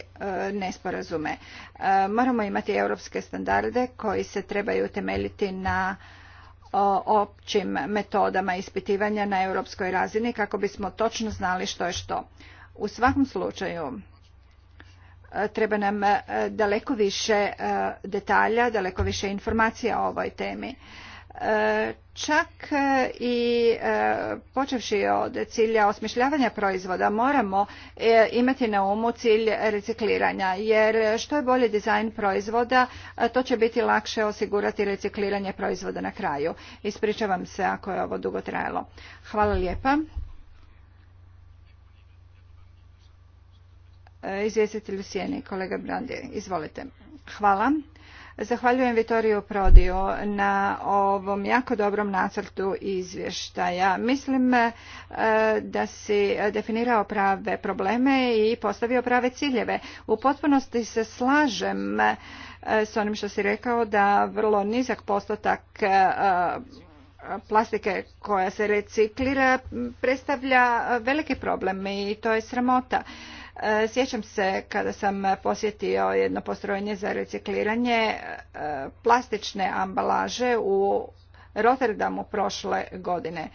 nesporazume. E, moramo imati europske standarde koji se trebaju temeljiti na općim metodama ispitivanja na europskoj razini kako bismo točno znali što je što. U svakom slučaju e, treba nam daleko više detalja, daleko više informacija o ovoj temi. E, čak e, i e, počevši od cilja osmišljavanja proizvoda moramo imati na umu cilj recikliranja jer što je bolji dizajn proizvoda to će biti lakše osigurati recikliranje proizvoda na kraju. Ispričavam se ako je ovo dugo trajalo. Hvala lijepa. Izvjestitelj u kolega Brandi, izvolite. Hvala. Zahvaljujem Vitoriju Prodiju na ovom jako dobrom nacrtu izvještaja. Mislim eh, da si definirao prave probleme i postavio prave ciljeve. U potpunosti se slažem eh, s onim što si rekao da vrlo nizak postotak eh, plastike koja se reciklira predstavlja veliki problem i to je sramota. Sjećam se kada sam posjetio jedno postrojenje za recikliranje e, plastične ambalaže u Rotterdamu prošle godine.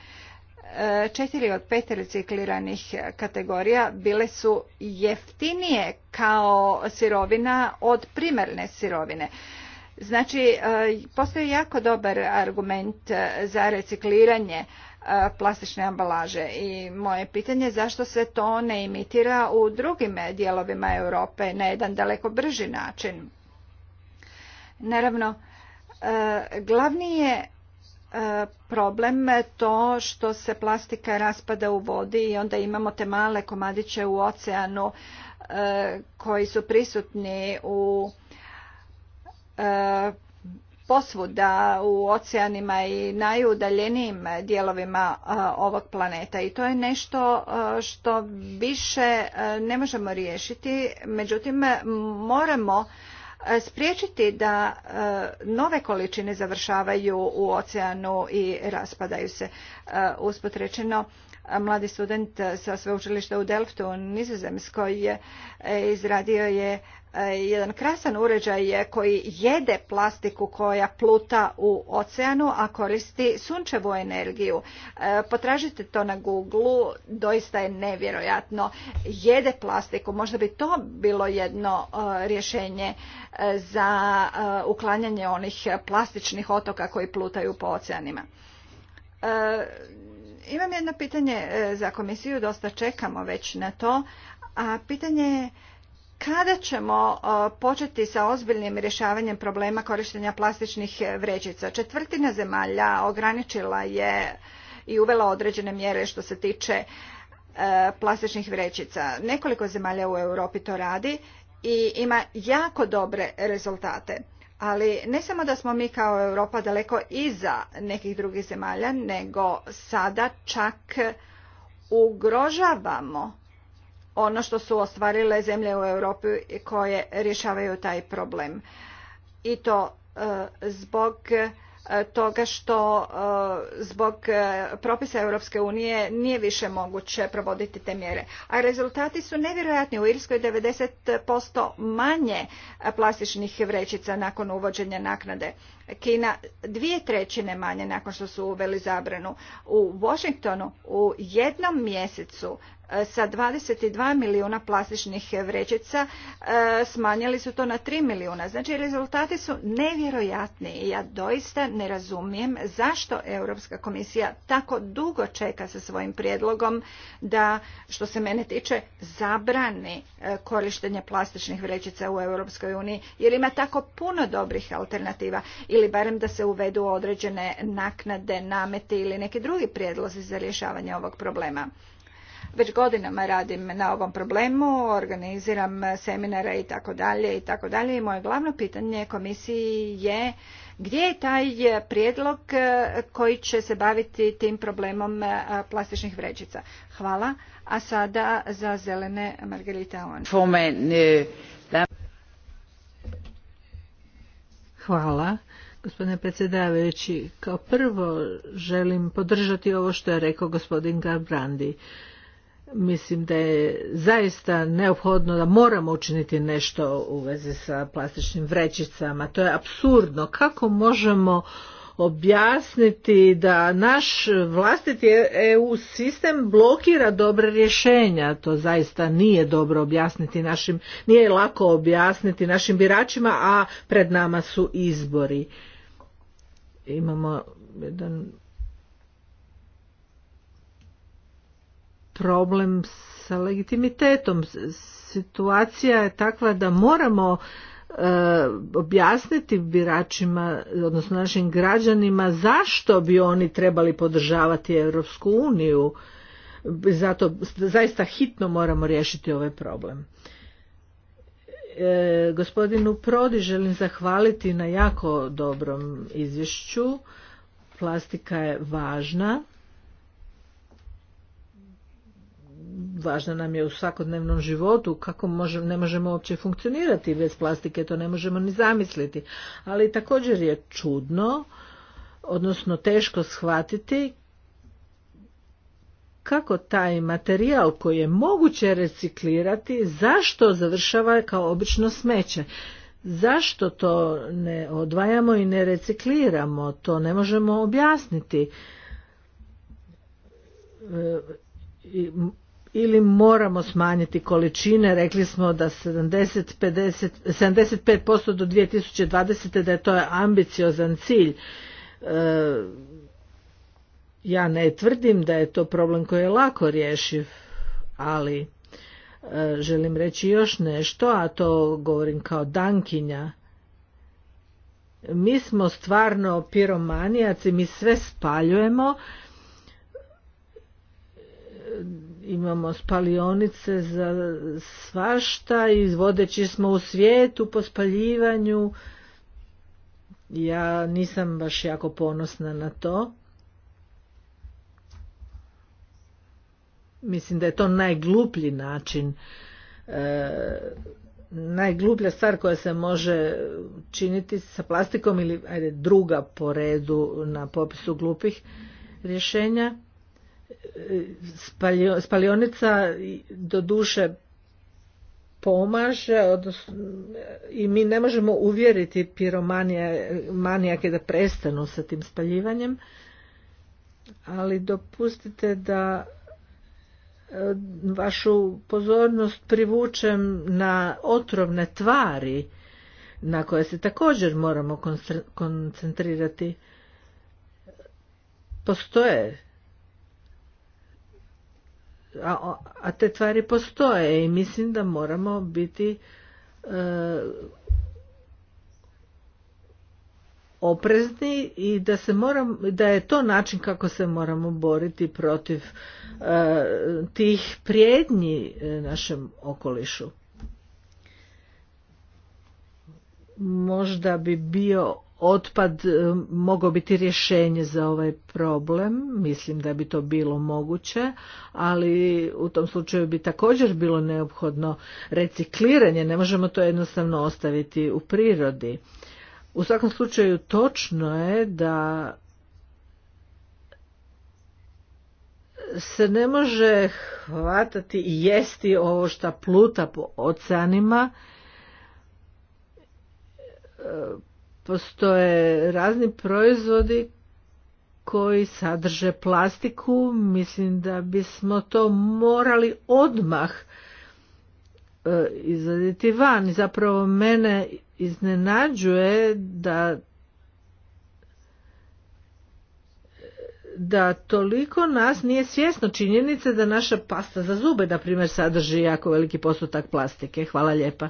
E, četiri od pet recikliranih kategorija bile su jeftinije kao sirovina od primarne sirovine. Znači, e, postoji jako dobar argument za recikliranje, plastične ambalaže i moje pitanje je zašto se to ne imitira u drugim dijelovima Europe na jedan daleko brži način. Naravno, e, glavni je e, problem to što se plastika raspada u vodi i onda imamo te male komadiće u oceanu e, koji su prisutni u posvuda u oceanima i najudaljenijim dijelovima ovog planeta i to je nešto što više ne možemo riješiti. Međutim, moramo spriječiti da nove količine završavaju u oceanu i raspadaju se usput rečeno mladi student sa sveučilišta u Delftu u Nizozemskoj e, izradio je e, jedan krasan uređaj koji jede plastiku koja pluta u oceanu, a koristi sunčevu energiju. E, potražite to na googlu doista je nevjerojatno. Jede plastiku, možda bi to bilo jedno rješenje za uklanjanje onih plastičnih otoka koji plutaju po oceanima imam jedno pitanje e, za komisiju, dosta čekamo već na to, a pitanje je kada ćemo e, početi sa ozbiljnim rješavanjem problema korištenja plastičnih vrećica? Četvrtina zemalja ograničila je i uvela određene mjere što se tiče e, plastičnih vrećica. Nekoliko zemalja u Europi to radi i ima jako dobre rezultate ali ne samo da smo mi kao Europa daleko iza nekih drugih zemalja, nego sada čak ugrožavamo ono što su ostvarile zemlje u Europi koje rješavaju taj problem. I to e, zbog toga što e, zbog e, propisa Europske unije nije više moguće provoditi te mjere. A rezultati su nevjerojatni. U Irskoj 90% manje plastičnih vrećica nakon uvođenja naknade. Kina dvije trećine manje nakon što su uveli zabranu. U Washingtonu u jednom mjesecu e, sa 22 milijuna plastičnih vrećica e, smanjili su to na 3 milijuna. Znači rezultati su nevjerojatni i ja doista ne razumijem zašto Europska komisija tako dugo čeka sa svojim prijedlogom da što se mene tiče zabrani e, korištenje plastičnih vrećica u Europskoj uniji jer ima tako puno dobrih alternativa ili barem da se uvedu određene naknade, namete ili neki drugi prijedlozi za rješavanje ovog problema. Već godinama radim na ovom problemu, organiziram seminare i tako dalje i tako dalje i moje glavno pitanje komisiji je gdje je taj prijedlog e, koji će se baviti tim problemom e, plastičnih vrećica? Hvala. A sada za zelene Margarita On. Hvala. Gospodine predsjedavajući, kao prvo želim podržati ovo što je rekao gospodin Garbrandi. Mislim da je zaista neophodno da moramo učiniti nešto u vezi sa plastičnim vrećicama. To je absurdno. Kako možemo objasniti da naš vlastiti EU sistem blokira dobre rješenja. To zaista nije dobro objasniti našim, nije lako objasniti našim biračima, a pred nama su izbori imamo jedan problem sa legitimitetom. Situacija je takva da moramo e, objasniti biračima, odnosno našim građanima zašto bi oni trebali podržavati Europsku uniju. Zato zaista hitno moramo riješiti ovaj problem. E, gospodinu Prodi želim zahvaliti na jako dobrom izvješću. Plastika je važna. Važna nam je u svakodnevnom životu, kako možemo, ne možemo uopće funkcionirati bez plastike, to ne možemo ni zamisliti. Ali također je čudno, odnosno teško shvatiti kako taj materijal koji je moguće reciklirati, zašto završava kao obično smeće? Zašto to ne odvajamo i ne recikliramo? To ne možemo objasniti. E, ili moramo smanjiti količine, rekli smo da 70, 50, 75% do 2020. da je to ambiciozan cilj e, ja ne tvrdim da je to problem koji je lako rješiv, ali e, želim reći još nešto, a to govorim kao dankinja. Mi smo stvarno piromanijaci, mi sve spaljujemo. Imamo spalionice za svašta i smo u svijetu po spaljivanju. Ja nisam baš jako ponosna na to. mislim da je to najgluplji način e, najgluplja stvar koja se može činiti sa plastikom ili ajde druga po redu na popisu glupih rješenja Spalio, spalionica do duše pomaže odnosno i mi ne možemo uvjeriti piromanijake da prestanu sa tim spaljivanjem ali dopustite da vašu pozornost privučem na otrovne tvari na koje se također moramo koncentrirati. Postoje a te tvari postoje i mislim da moramo biti e, oprezni i da se moram, da je to način kako se moramo boriti protiv e, tih prijednji e, našem okolišu. Možda bi bio otpad e, mogao biti rješenje za ovaj problem, mislim da bi to bilo moguće, ali u tom slučaju bi također bilo neophodno recikliranje, ne možemo to jednostavno ostaviti u prirodi. U svakom slučaju točno je da se ne može hvatati i jesti ovo šta pluta po oceanima. E, postoje razni proizvodi koji sadrže plastiku. Mislim da bismo to morali odmah e, izvaditi van. Zapravo mene iznenađuje da da toliko nas nije svjesno činjenice da naša pasta za zube, na primjer, sadrži jako veliki postotak plastike. Hvala lijepa.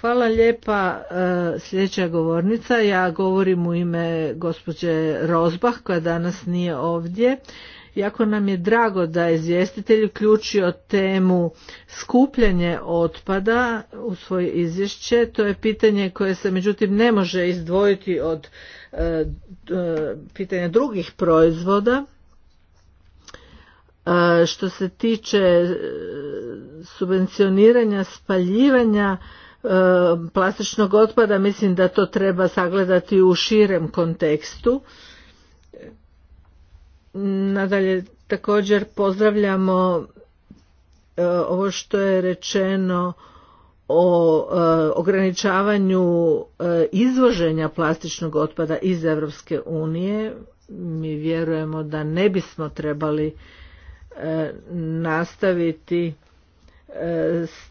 Hvala lijepa e, sljedeća govornica. Ja govorim u ime gospođe Rozbah koja danas nije ovdje. Jako nam je drago da je izvjestitelj uključio temu skupljanje otpada u svoje izvješće. To je pitanje koje se međutim ne može izdvojiti od e, e, pitanja drugih proizvoda. E, što se tiče subvencioniranja, spaljivanja, plastičnog otpada mislim da to treba sagledati u širem kontekstu Nadalje također pozdravljamo e, ovo što je rečeno o e, ograničavanju e, izvoženja plastičnog otpada iz Europske unije. Mi vjerujemo da ne bismo trebali nastaviti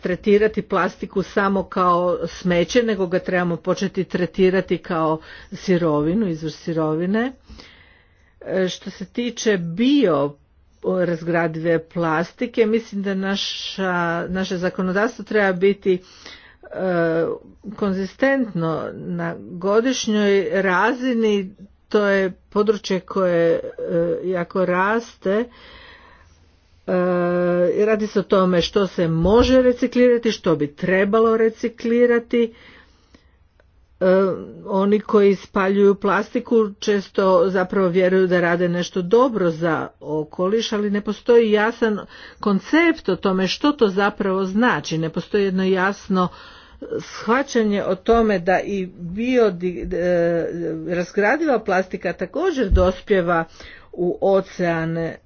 tretirati plastiku samo kao smeće, nego ga trebamo početi tretirati kao sirovinu, izvor sirovine. Što se tiče bio razgradive plastike, mislim da naše zakonodavstvo treba biti e, konzistentno na godišnjoj razini, to je područje koje e, jako raste, e, radi se o tome što se može reciklirati, što bi trebalo reciklirati, E, oni koji spaljuju plastiku često zapravo vjeruju da rade nešto dobro za okoliš, ali ne postoji jasan koncept o tome što to zapravo znači, ne postoji jedno jasno shvaćanje o tome da i bio e, razgradiva plastika također dospjeva u oceane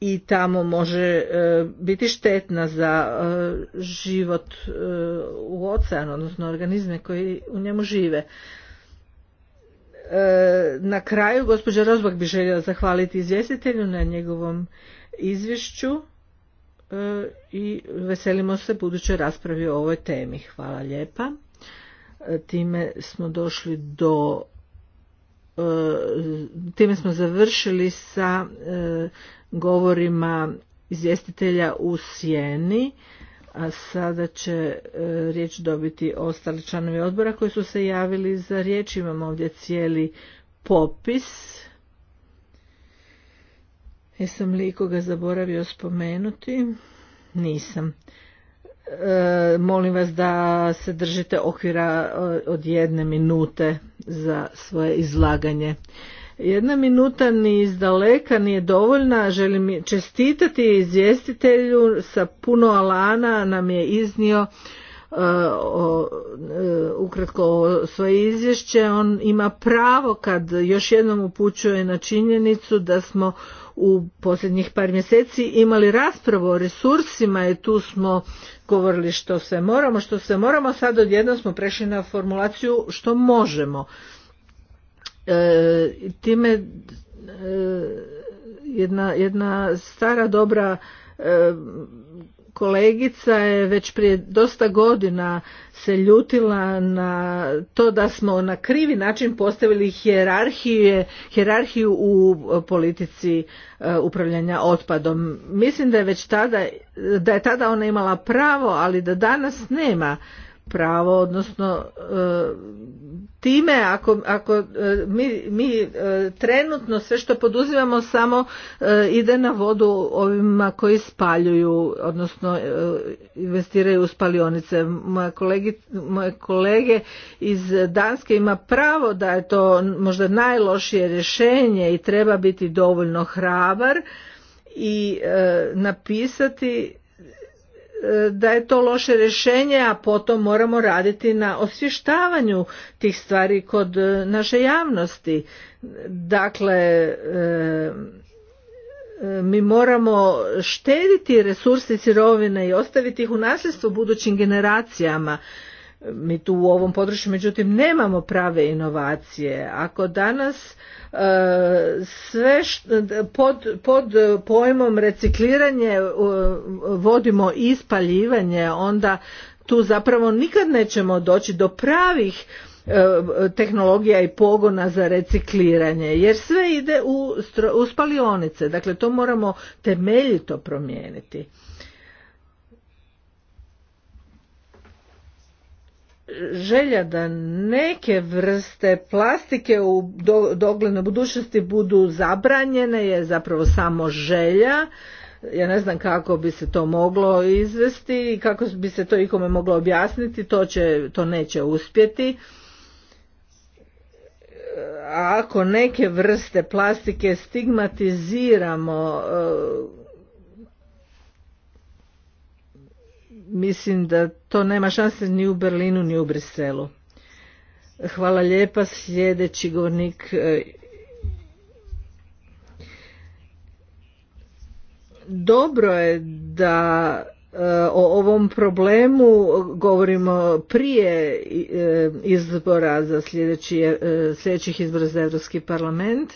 i tamo može e, biti štetna za e, život e, u oceanu, odnosno organizme koji u njemu žive. Na kraju, gospođa Rozbak bi željela zahvaliti izvjestitelju na njegovom izvješću i veselimo se budućoj raspravi o ovoj temi. Hvala lijepa. Time smo došli do time smo završili sa govorima izvjestitelja u sjeni a sada će e, riječ dobiti ostali članovi odbora koji su se javili za riječ imamo ovdje cijeli popis jesam li ikoga zaboravio spomenuti nisam e, molim vas da se držite okvira e, od jedne minute za svoje izlaganje jedna minuta ni iz daleka nije dovoljna. Želim čestitati izvjestitelju sa puno alana nam je iznio e, e, ukratko svoje izvješće. On ima pravo kad još jednom upućuje na činjenicu da smo u posljednjih par mjeseci imali raspravu o resursima i tu smo govorili što se moramo, što se moramo, sad odjedno smo prešli na formulaciju što možemo. E, time e, jedna, jedna stara dobra e, kolegica je već prije dosta godina se ljutila na to da smo na krivi način postavili hijerarhiju u politici e, upravljanja otpadom. Mislim da je već tada, da je tada ona imala pravo, ali da danas nema pravo, odnosno e, time ako, ako e, mi, mi e, trenutno sve što poduzimamo samo ide na vodu ovima koji spaljuju, odnosno investiraju u spalionice. Moje, kolegi, moje kolege iz Danske ima pravo da je to možda najlošije rješenje i treba biti dovoljno hrabar i napisati da je to loše rješenje, a potom moramo raditi na osvještavanju tih stvari kod e, naše javnosti. Dakle, e, e, mi moramo štediti resurse sirovine i ostaviti ih u nasljedstvo budućim generacijama mi tu u ovom području međutim nemamo prave inovacije ako danas e, sve pod, pod pojmom recikliranje e, vodimo ispaljivanje onda tu zapravo nikad nećemo doći do pravih e, tehnologija i pogona za recikliranje jer sve ide u spalionice dakle to moramo temeljito promijeniti želja da neke vrste plastike u doglednoj budućnosti budu zabranjene je zapravo samo želja ja ne znam kako bi se to moglo izvesti i kako bi se to ikome moglo objasniti to, će, to neće uspjeti ako neke vrste plastike stigmatiziramo mislim da to nema šanse ni u Berlinu ni u Briselu. Hvala lijepa, sljedeći govornik e, dobro je da e, o ovom problemu govorimo prije e, izbora za sljedeći, sljedećih izbora za Europski parlament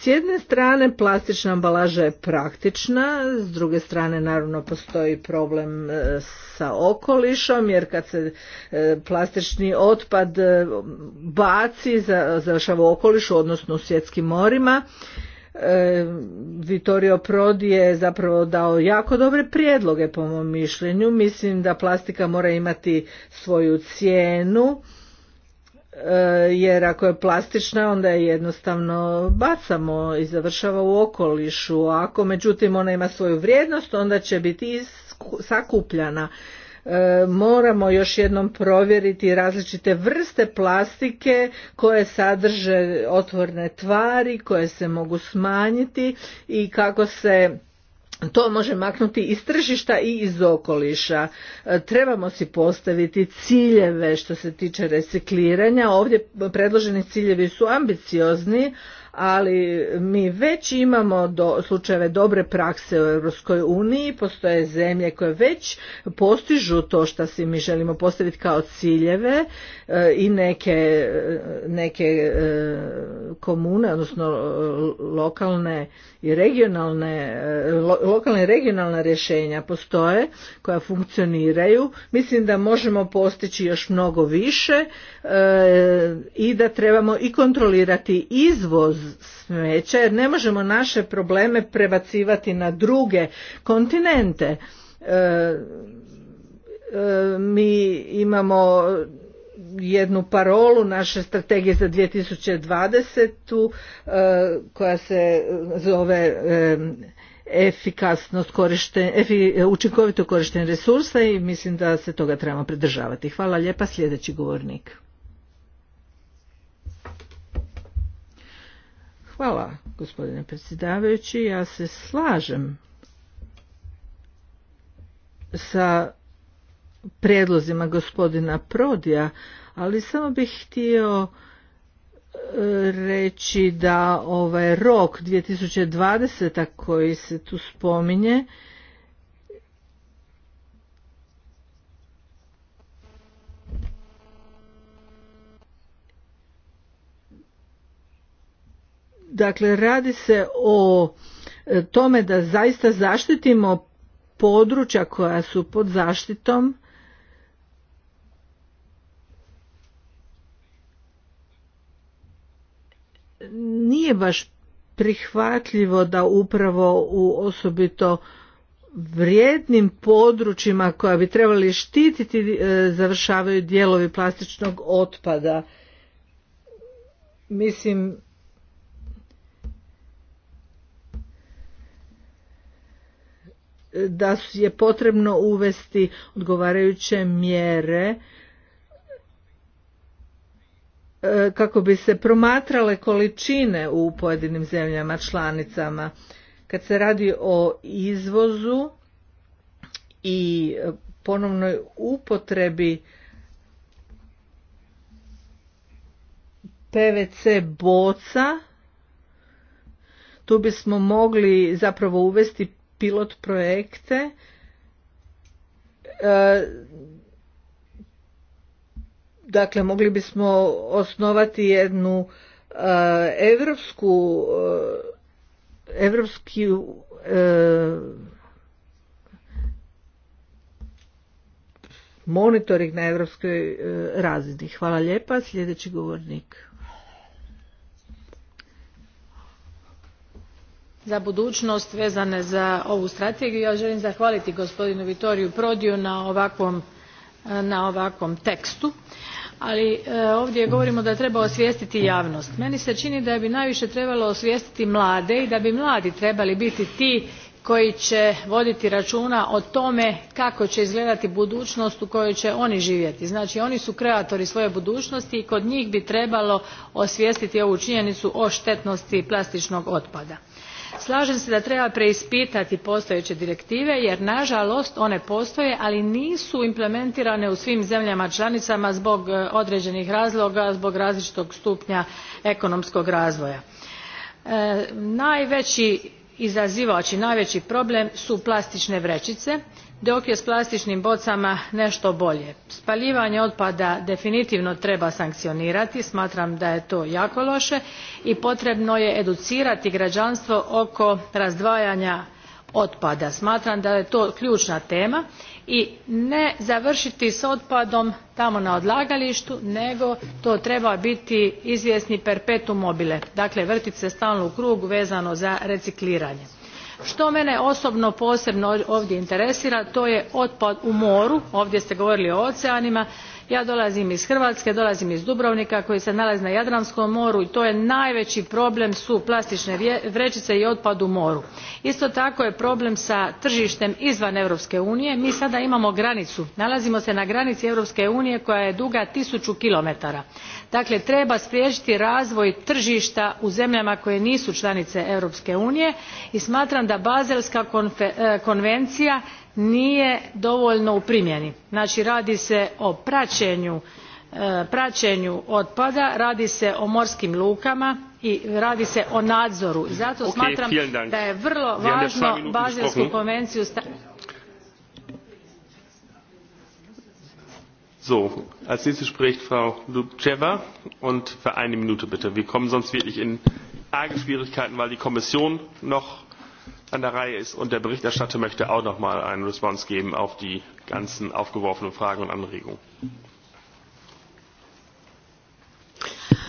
s jedne strane plastična ambalaža je praktična, s druge strane naravno postoji problem e, sa okolišom jer kad se e, plastični otpad e, baci završava u okolišu odnosno u svjetskim morima. Vittorio Prodi je zapravo dao jako dobre prijedloge po mom mišljenju. Mislim da plastika mora imati svoju cijenu jer ako je plastična onda je jednostavno bacamo i završava u okolišu, ako međutim ona ima svoju vrijednost onda će biti sakupljana. E, moramo još jednom provjeriti različite vrste plastike koje sadrže otvorne tvari koje se mogu smanjiti i kako se to može maknuti iz tržišta i iz okoliša. E, trebamo si postaviti ciljeve što se tiče recikliranja. Ovdje predloženi ciljevi su ambiciozni, ali mi već imamo do, slučajeve dobre prakse u Europskoj uniji, postoje zemlje koje već postižu to što si mi želimo postaviti kao ciljeve e, i neke, e, neke e, komune, odnosno lokalne i regionalne, lokalne i regionalna rješenja postoje koja funkcioniraju. Mislim da možemo postići još mnogo više, E, i da trebamo i kontrolirati izvoz smeća jer ne možemo naše probleme prebacivati na druge kontinente. E, e, mi imamo jednu parolu naše strategije za 2020. koja se zove efikasnost korišten, učinkovito korištenje resursa i mislim da se toga trebamo pridržavati. Hvala lijepa sljedeći govornik. Hvala, gospodine predsjedavajući. Ja se slažem sa predlozima gospodina Prodija, ali samo bih htio e, reći da ovaj rok 2020. koji se tu spominje Dakle, radi se o e, tome da zaista zaštitimo područja koja su pod zaštitom nije baš prihvatljivo da upravo u osobito vrijednim područjima koja bi trebali štititi e, završavaju dijelovi plastičnog otpada. Mislim da je potrebno uvesti odgovarajuće mjere e, kako bi se promatrale količine u pojedinim zemljama članicama kad se radi o izvozu i ponovnoj upotrebi PVC boca tu bismo mogli zapravo uvesti pilot projekte e, dakle mogli bismo osnovati jednu e, evropsku e, evropski monitoring na evropskoj razini. Hvala lijepa. Sljedeći govornik. za budućnost vezane za ovu strategiju. ja želim zahvaliti gospodinu Vitoriju prodiju na ovakvom tekstu ali e, ovdje govorimo da treba osvijestiti javnost. meni se čini da bi najviše trebalo osvijestiti mlade i da bi mladi trebali biti ti koji će voditi računa o tome kako će izgledati budućnost u kojoj će oni živjeti. znači oni su kreatori svoje budućnosti i kod njih bi trebalo osvijestiti ovu činjenicu o štetnosti plastičnog otpada slažem se da treba preispitati postojeće direktive jer nažalost one postoje ali nisu implementirane u svim zemljama članicama zbog e, određenih razloga zbog različitog stupnja ekonomskog razvoja. E, najveći izazivač i najveći problem su plastične vrećice dok je s plastičnim bocama nešto bolje. spaljivanje otpada definitivno treba sankcionirati smatram da je to jako loše i potrebno je educirati građanstvo oko razdvajanja otpada. smatram da je to ključna tema i ne završiti s otpadom tamo na odlagalištu nego to treba biti izvjesni perpetuum mobile dakle vrtit se stalno u krug vezano za recikliranje što mene osobno posebno ovdje interesira to je otpad u moru ovdje ste govorili o oceanima ja dolazim iz hrvatske dolazim iz dubrovnika koji se nalazi na jadranskom moru i to je najveći problem su plastične vrećice i otpad u moru. isto tako je problem s tržištem izvan europske unije. mi sada imamo granicu nalazimo se na granici europske unije koja je duga tisuću kilometara. dakle treba spriječiti razvoj tržišta u zemljama koje nisu članice europske unije i smatram da Bazelska e, konvencija nije dovoljno u primjeni znači radi se o praćenju, e, praćenju otpada radi se o morskim lukama i radi se o nadzoru zato smatram da je vrlo važno bazelsku konvenciju So, als nächste spricht Frau Lubcheva und für eine Minute bitte. Wir kommen sonst wirklich in arge Schwierigkeiten, weil die Kommission noch an der Reihe ist. Und der Berichterstatter möchte auch noch mal einen Response geben auf die ganzen aufgeworfenen Fragen und Anregungen.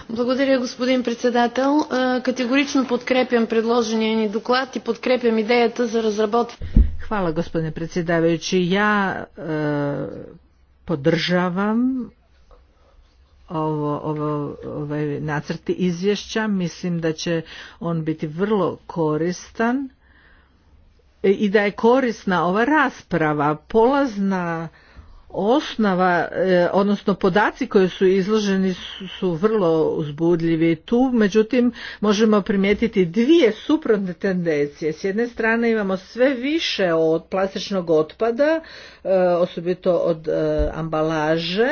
Благодаря, господин председател. Категорично подкрепям предложения ни доклад и подкрепям идеята за разработване. Хвала, господин председавайчи. Я e, podržavam ovo, ovo, ovaj nacrt izvješća. Mislim da će on biti vrlo koristan i da je korisna ova rasprava polazna osnova e, odnosno podaci koji su izloženi su vrlo uzbudljivi tu međutim možemo primijetiti dvije suprotne tendencije s jedne strane imamo sve više od plastičnog otpada e, osobito od e, ambalaže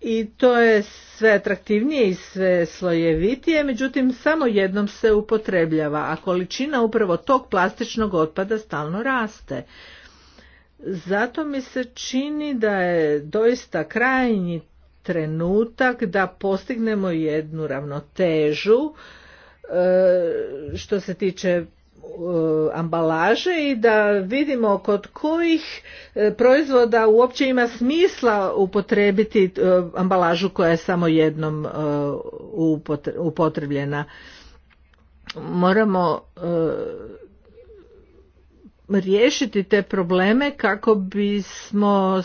i to je sve atraktivnije i sve slojevitije, međutim samo jednom se upotrebljava, a količina upravo tog plastičnog otpada stalno raste. Zato mi se čini da je doista krajnji trenutak da postignemo jednu ravnotežu e, što se tiče E, ambalaže i da vidimo kod kojih e, proizvoda uopće ima smisla upotrebiti e, ambalažu koja je samo jednom upotrebljena. Moramo riješiti te probleme kako bismo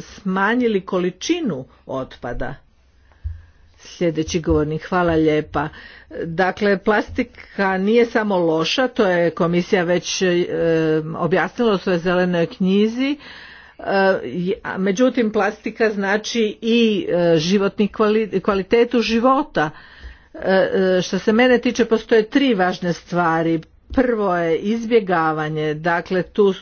smanjili količinu otpada sljedeći govornik. Hvala lijepa. Dakle, plastika nije samo loša, to je komisija već e, objasnila u svojoj zelenoj knjizi. E, međutim, plastika znači i e, životni kvalitetu života. Što se mene tiče, postoje tri važne stvari. Prvo je izbjegavanje, dakle tu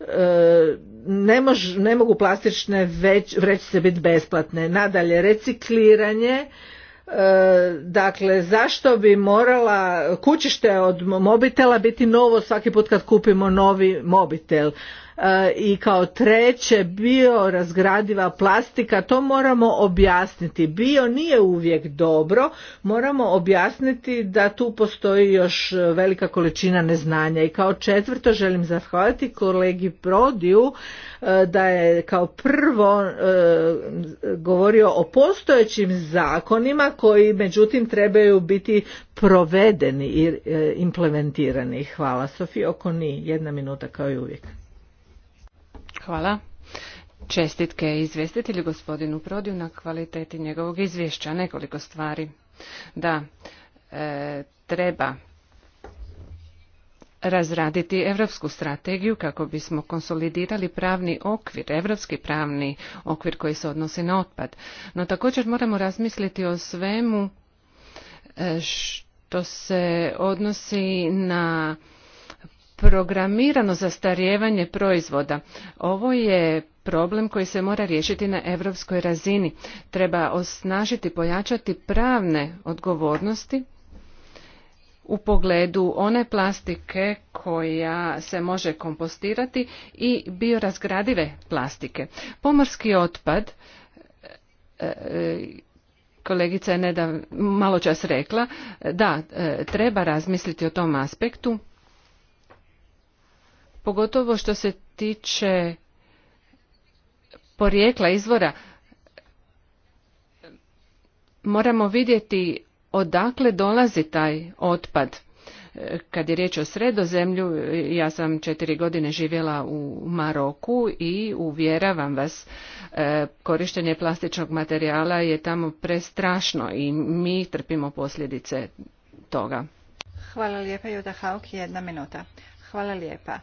E, ne, mož, ne mogu plastične vrećice biti besplatne. Nadalje, recikliranje, e, dakle zašto bi morala kućište od mobitela biti novo svaki put kad kupimo novi mobitel E, i kao treće bio razgradiva plastika to moramo objasniti bio nije uvijek dobro moramo objasniti da tu postoji još velika količina neznanja i kao četvrto želim zahvaliti kolegi Prodiju e, da je kao prvo e, govorio o postojećim zakonima koji međutim trebaju biti provedeni i implementirani hvala Sofija ni jedna minuta kao i uvijek Hvala. Čestitke izvjestitelju gospodinu Prodiju na kvaliteti njegovog izvješća. Nekoliko stvari. Da, e, treba razraditi europsku strategiju kako bismo konsolidirali pravni okvir, europski pravni okvir koji se odnosi na otpad. No također moramo razmisliti o svemu e, što se odnosi na programirano zastarijevanje proizvoda. Ovo je problem koji se mora riješiti na europskoj razini. Treba osnažiti, pojačati pravne odgovornosti u pogledu one plastike koja se može kompostirati i biorazgradive plastike. Pomorski otpad e, kolegica je malo čas rekla da e, treba razmisliti o tom aspektu pogotovo što se tiče porijekla izvora moramo vidjeti odakle dolazi taj otpad kad je riječ o sredozemlju ja sam četiri godine živjela u maroku i uvjeravam vas e, korištenje plastičnog materijala je tamo prestrašno i mi trpimo posljedice toga hvala lijepa Juda Hauk, jedna minuta hvala lijepa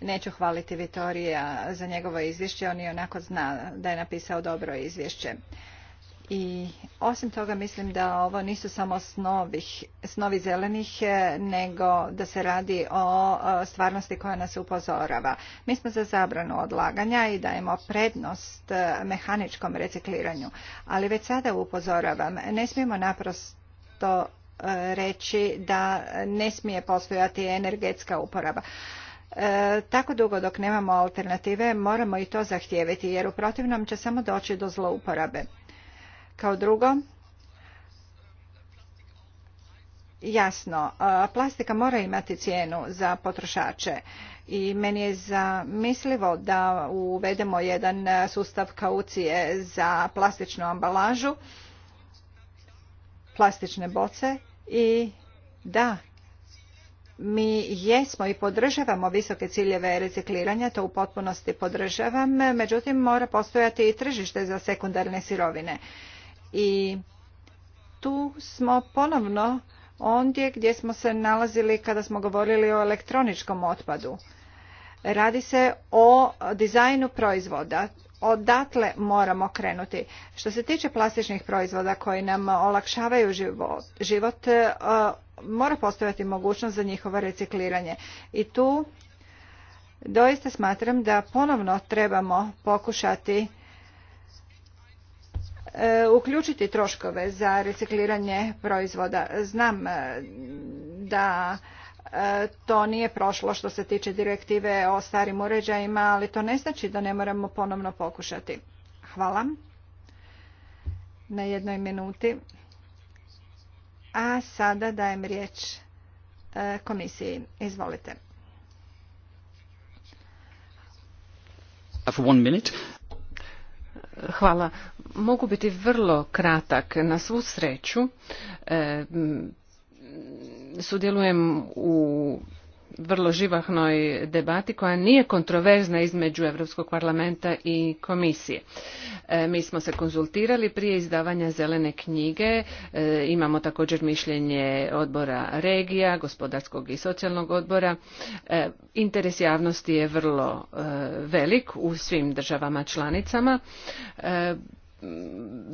Neću hvaliti Vitorija za njegovo izvješće, on i onako zna da je napisao dobro izvješće. I osim toga mislim da ovo nisu samo snovi, snovi zelenih, e, nego da se radi o stvarnosti koja nas upozorava. Mi smo za zabranu odlaganja i dajemo prednost e, mehaničkom recikliranju, ali već sada upozoravam, ne smijemo naprosto e, reći da ne smije postojati energetska uporaba. E, tako dugo dok nemamo alternative moramo i to zahtijevati jer u protivnom će samo doći do zlouporabe. Kao drugo, jasno, e, plastika mora imati cijenu za potrošače i meni je zamislivo da uvedemo jedan e, sustav kaucije za plastičnu ambalažu, plastične boce i da, mi jesmo i podržavamo visoke ciljeve recikliranja, to u potpunosti podržavam, međutim mora postojati i tržište za sekundarne sirovine. I tu smo ponovno ondje gdje smo se nalazili kada smo govorili o elektroničkom otpadu. Radi se o dizajnu proizvoda. Odatle moramo krenuti. Što se tiče plastičnih proizvoda koji nam olakšavaju život, e, mora postojati mogućnost za njihovo recikliranje. I tu doista smatram da ponovno trebamo pokušati e, uključiti troškove za recikliranje proizvoda. Znam e, da e, to nije prošlo što se tiče direktive o starim uređajima, ali to ne znači da ne moramo ponovno pokušati. Hvala. Na jednoj minuti. A sada dajem riječ e, komisiji. Izvolite. Hvala. Mogu biti vrlo kratak. Na svu sreću e, sudjelujem u vrlo živahnoj debati koja nije kontroverzna između Europskog parlamenta i komisije. E, mi smo se konzultirali prije izdavanja zelene knjige, e, imamo također mišljenje odbora regija, gospodarskog i socijalnog odbora. E, interes javnosti je vrlo velik u svim državama članicama.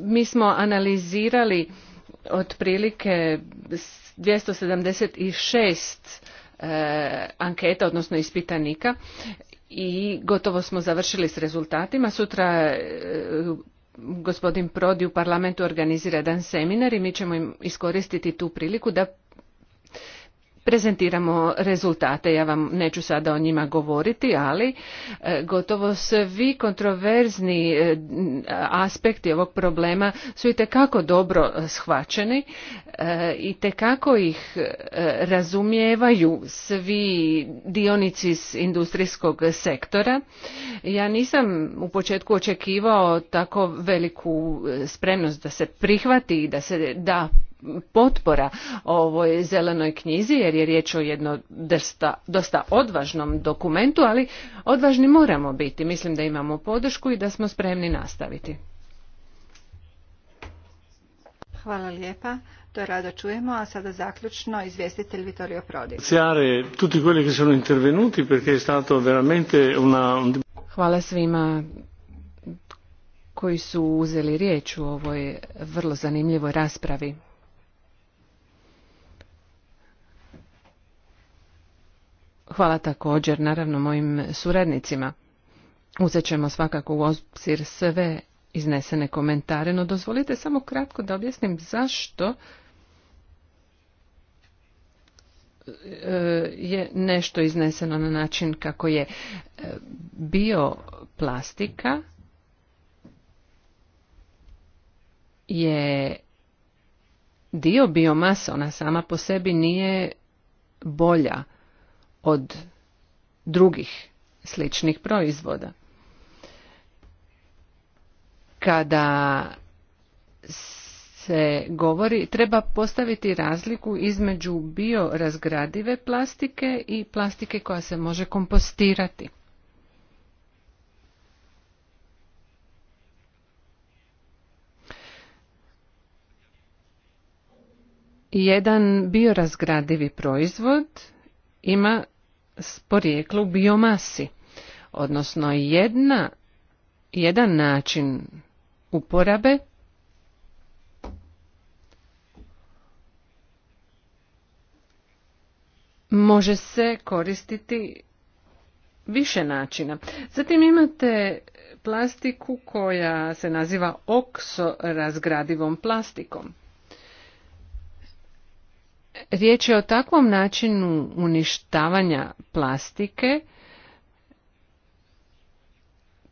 Mi smo analizirali otprilike 276 E, anketa, odnosno ispitanika i gotovo smo završili s rezultatima. Sutra e, gospodin Prodi u parlamentu organizira jedan seminar i mi ćemo im iskoristiti tu priliku da prezentiramo rezultate. Ja vam neću sada o njima govoriti, ali e, gotovo svi kontroverzni e, aspekti ovog problema su i tekako dobro shvaćeni e, i tekako ih razumijevaju svi dionici iz industrijskog sektora. Ja nisam u početku očekivao tako veliku spremnost da se prihvati i da se da potpora ovoj zelenoj knjizi jer je riječ o jedno dosta, dosta odvažnom dokumentu, ali odvažni moramo biti. Mislim da imamo podršku i da smo spremni nastaviti. Hvala lijepa. To rado čujemo, a sada zaključno izvjestitelj Vittorio Prodi. tutti quelli che sono intervenuti perché è stato veramente una... Hvala svima koji su uzeli riječ u ovoj vrlo zanimljivoj raspravi. Hvala također naravno mojim suradnicima. Uzet ćemo svakako u obzir sve iznesene komentare, no dozvolite samo kratko da objasnim zašto e, je nešto izneseno na način kako je e, bioplastika je dio biomasa, ona sama po sebi nije bolja od drugih sličnih proizvoda. Kada se govori, treba postaviti razliku između biorazgradive plastike i plastike koja se može kompostirati. Jedan biorazgradivi proizvod ima s porijeklu biomasi. Odnosno jedna, jedan način uporabe može se koristiti više načina. Zatim imate plastiku koja se naziva oksorazgradivom plastikom. Riječ je o takvom načinu uništavanja plastike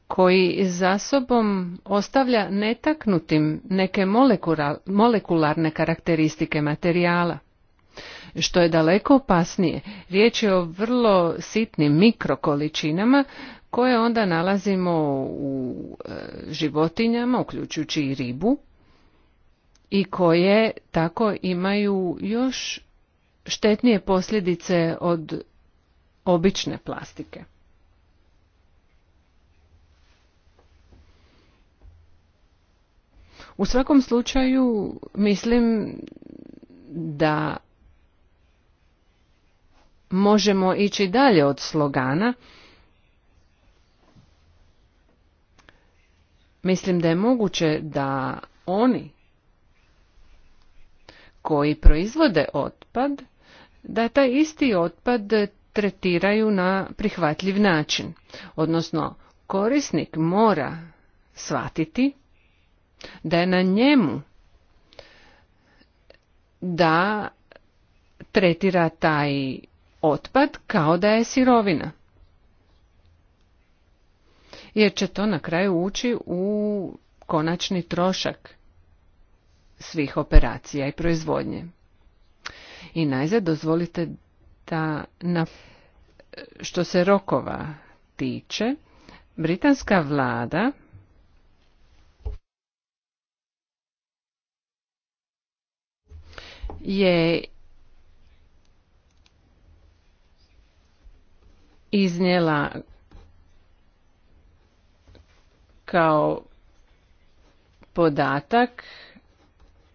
koji za sobom ostavlja netaknutim neke molekularne karakteristike materijala što je daleko opasnije. Riječ je o vrlo sitnim mikrokoličinama koje onda nalazimo u e, životinjama, uključujući i ribu i koje tako imaju još štetnije posljedice od obične plastike. U svakom slučaju mislim da možemo ići dalje od slogana. Mislim da je moguće da oni koji proizvode otpad da taj isti otpad tretiraju na prihvatljiv način odnosno korisnik mora shvatiti da je na njemu da tretira taj otpad kao da je sirovina jer će to na kraju ući u konačni trošak svih operacija i proizvodnje. I najzad dozvolite da na što se rokova tiče, britanska vlada je iznijela kao podatak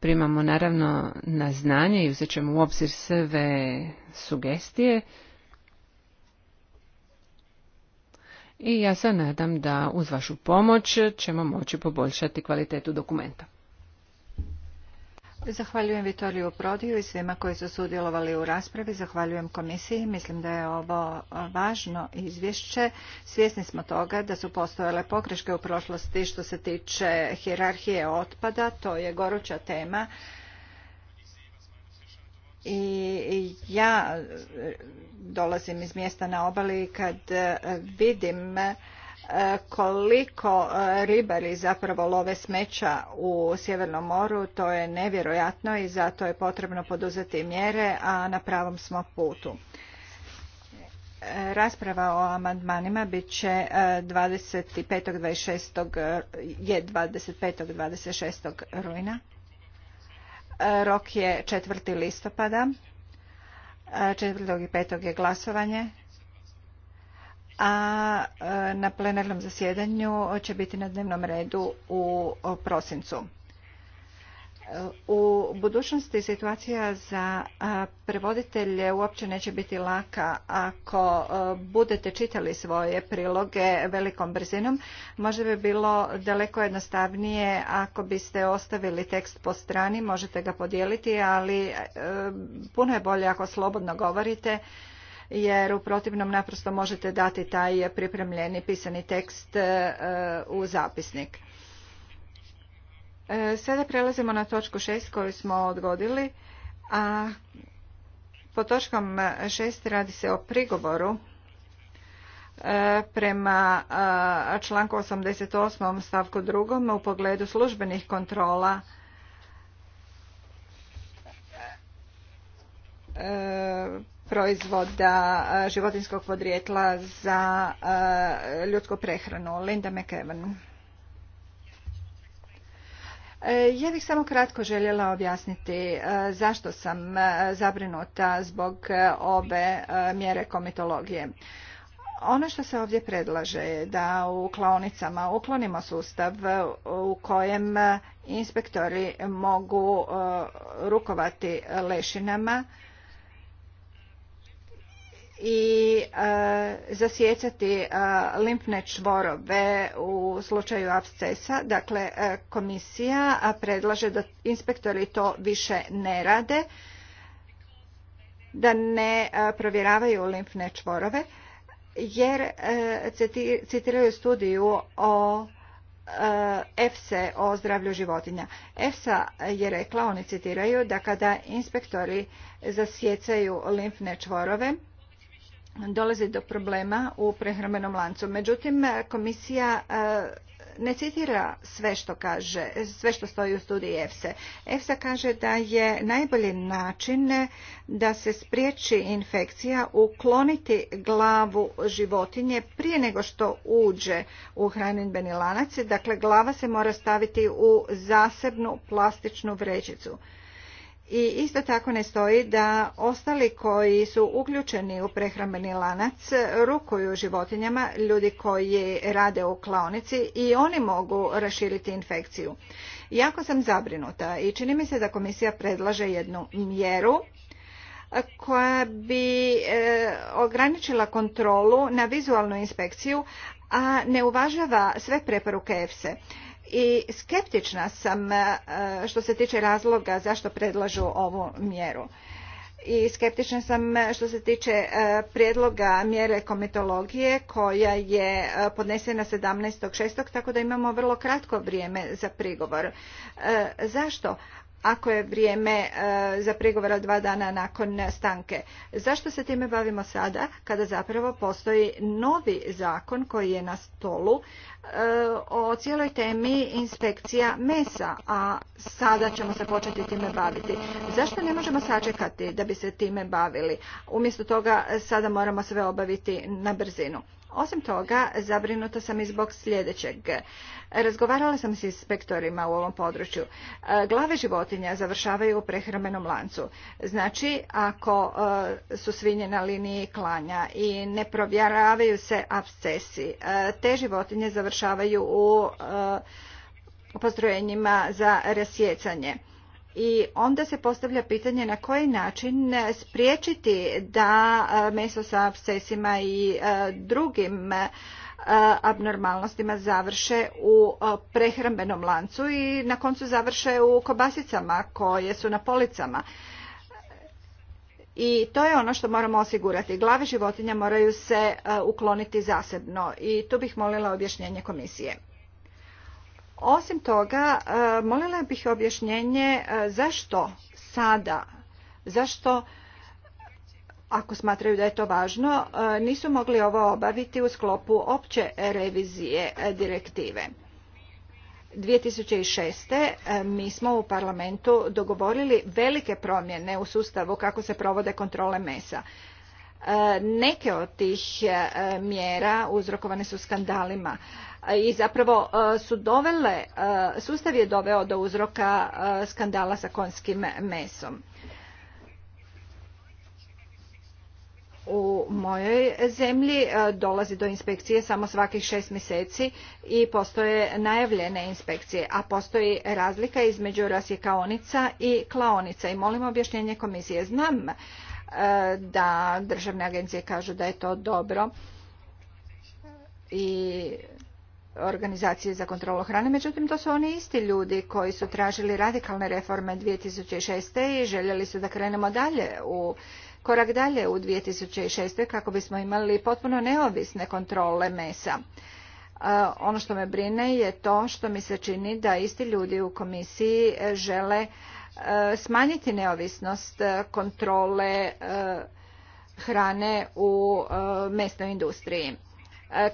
primamo naravno na znanje i uzet ćemo u obzir sve sugestije. I ja se nadam da uz vašu pomoć ćemo moći poboljšati kvalitetu dokumenta. Zahvaljujem Vitoriju Prodiju i svima koji su sudjelovali u raspravi. Zahvaljujem komisiji. Mislim da je ovo važno izvješće. Svjesni smo toga da su postojale pogreške u prošlosti što se tiče hijerarhije otpada. To je goruća tema. I ja dolazim iz mjesta na obali kad vidim koliko e, ribari zapravo love smeća u Sjevernom moru, to je nevjerojatno i zato je potrebno poduzeti mjere, a na pravom smo putu. Rasprava o amandmanima bit će 25. E, 26. je 25. 26. rujna. E, rok je 4. listopada. 4. i 5. je glasovanje a e, na plenarnom zasjedanju će biti na dnevnom redu u prosincu. E, u budućnosti situacija za prevoditelje uopće neće biti laka. Ako e, budete čitali svoje priloge velikom brzinom, možda bi bilo daleko jednostavnije ako biste ostavili tekst po strani, možete ga podijeliti, ali puno je bolje ako slobodno govorite jer u protivnom naprosto možete dati taj pripremljeni pisani tekst e, u zapisnik. E, sada prelazimo na točku šest koju smo odgodili, a po točkom 6 radi se o prigovoru e, prema članku 88. stavku 2. u pogledu službenih kontrola proizvoda životinskog podrijetla za ljudsku prehranu. Linda McEwan. E, ja bih samo kratko željela objasniti e, zašto sam e, zabrinuta zbog ove mjere komitologije. Ono što se ovdje predlaže je da u klaonicama uklonimo sustav u kojem inspektori mogu rukovati lešinama i e, zasjecati e, limfne čvorove u slučaju abscesa. Dakle, e, komisija predlaže da inspektori to više ne rade, da ne provjeravaju limfne čvorove, jer citiraju studiju o EFSA o zdravlju životinja. EFSA je rekla, oni citiraju, da kada inspektori zasjecaju limfne čvorove, dolazi do problema u prehrambenom lancu. Međutim, komisija eh, ne citira sve što kaže, sve što stoji u studiji EFSA. EFSA kaže da je najbolji način da se spriječi infekcija ukloniti glavu životinje prije nego što uđe u hranidbeni lanac. Dakle, glava se mora staviti u zasebnu plastičnu vrećicu. I isto tako ne stoji da ostali koji su uključeni u prehrambeni lanac rukuju životinjama, ljudi koji rade u klaonici i oni mogu raširiti infekciju. Jako sam zabrinuta i čini mi se da komisija predlaže jednu mjeru koja bi e, ograničila kontrolu na vizualnu inspekciju, a ne uvažava sve preporuke EFSE i skeptična sam e, što se tiče razloga zašto predlažu ovu mjeru i skeptična sam što se tiče e, prijedloga mjere komitologije koja je e, podnesena 17.6. tako da imamo vrlo kratko vrijeme za prigovor. Zašto? ako je vrijeme e, za prigovora dva dana nakon stanke. Zašto se time bavimo sada kada zapravo postoji novi zakon koji je na stolu e, o cijeloj temi inspekcija mesa, a sada ćemo se početi time baviti. Zašto ne možemo sačekati da bi se time bavili? Umjesto toga sada moramo sve obaviti na brzinu. Osim toga, zabrinuta sam i zbog sljedećeg. Razgovarala sam s inspektorima u ovom području. E, glave životinja završavaju u prehramenom lancu. Znači, ako e, su svinje na liniji klanja i ne provjeravaju se abscesi, e, te životinje završavaju u postrojenjima za rasjecanje i onda se postavlja pitanje na koji način spriječiti da e, meso sa abscesima i e, drugim e, abnormalnostima završe u prehrambenom lancu i na koncu završe u kobasicama koje su na policama. I to je ono što moramo osigurati. Glave životinja moraju se ukloniti zasebno i tu bih molila objašnjenje komisije. Osim toga, e, molila bih objašnjenje e, zašto sada, zašto ako smatraju da je to važno, e, nisu mogli ovo obaviti u sklopu opće revizije direktive. 2006. mi smo u parlamentu dogovorili velike promjene u sustavu kako se provode kontrole mesa. Neke od tih mjera uzrokovane su skandalima i zapravo e, su dovele, e, sustav je doveo do uzroka e, skandala sa konjskim mesom. u mojoj zemlji dolazi do inspekcije samo svakih šest mjeseci i postoje najavljene inspekcije, a postoji razlika između rasjekaonica i klaonica. I molim objašnjenje komisije. Znam da državne agencije kažu da je to dobro i organizacije za kontrolu hrane. Međutim, to su oni isti ljudi koji su tražili radikalne reforme 2006. i željeli su da krenemo dalje u korak dalje u 2006. kako bismo imali potpuno neovisne kontrole mesa. E, ono što me brine je to što mi se čini da isti ljudi u komisiji žele e, smanjiti neovisnost kontrole e, hrane u mesnoj industriji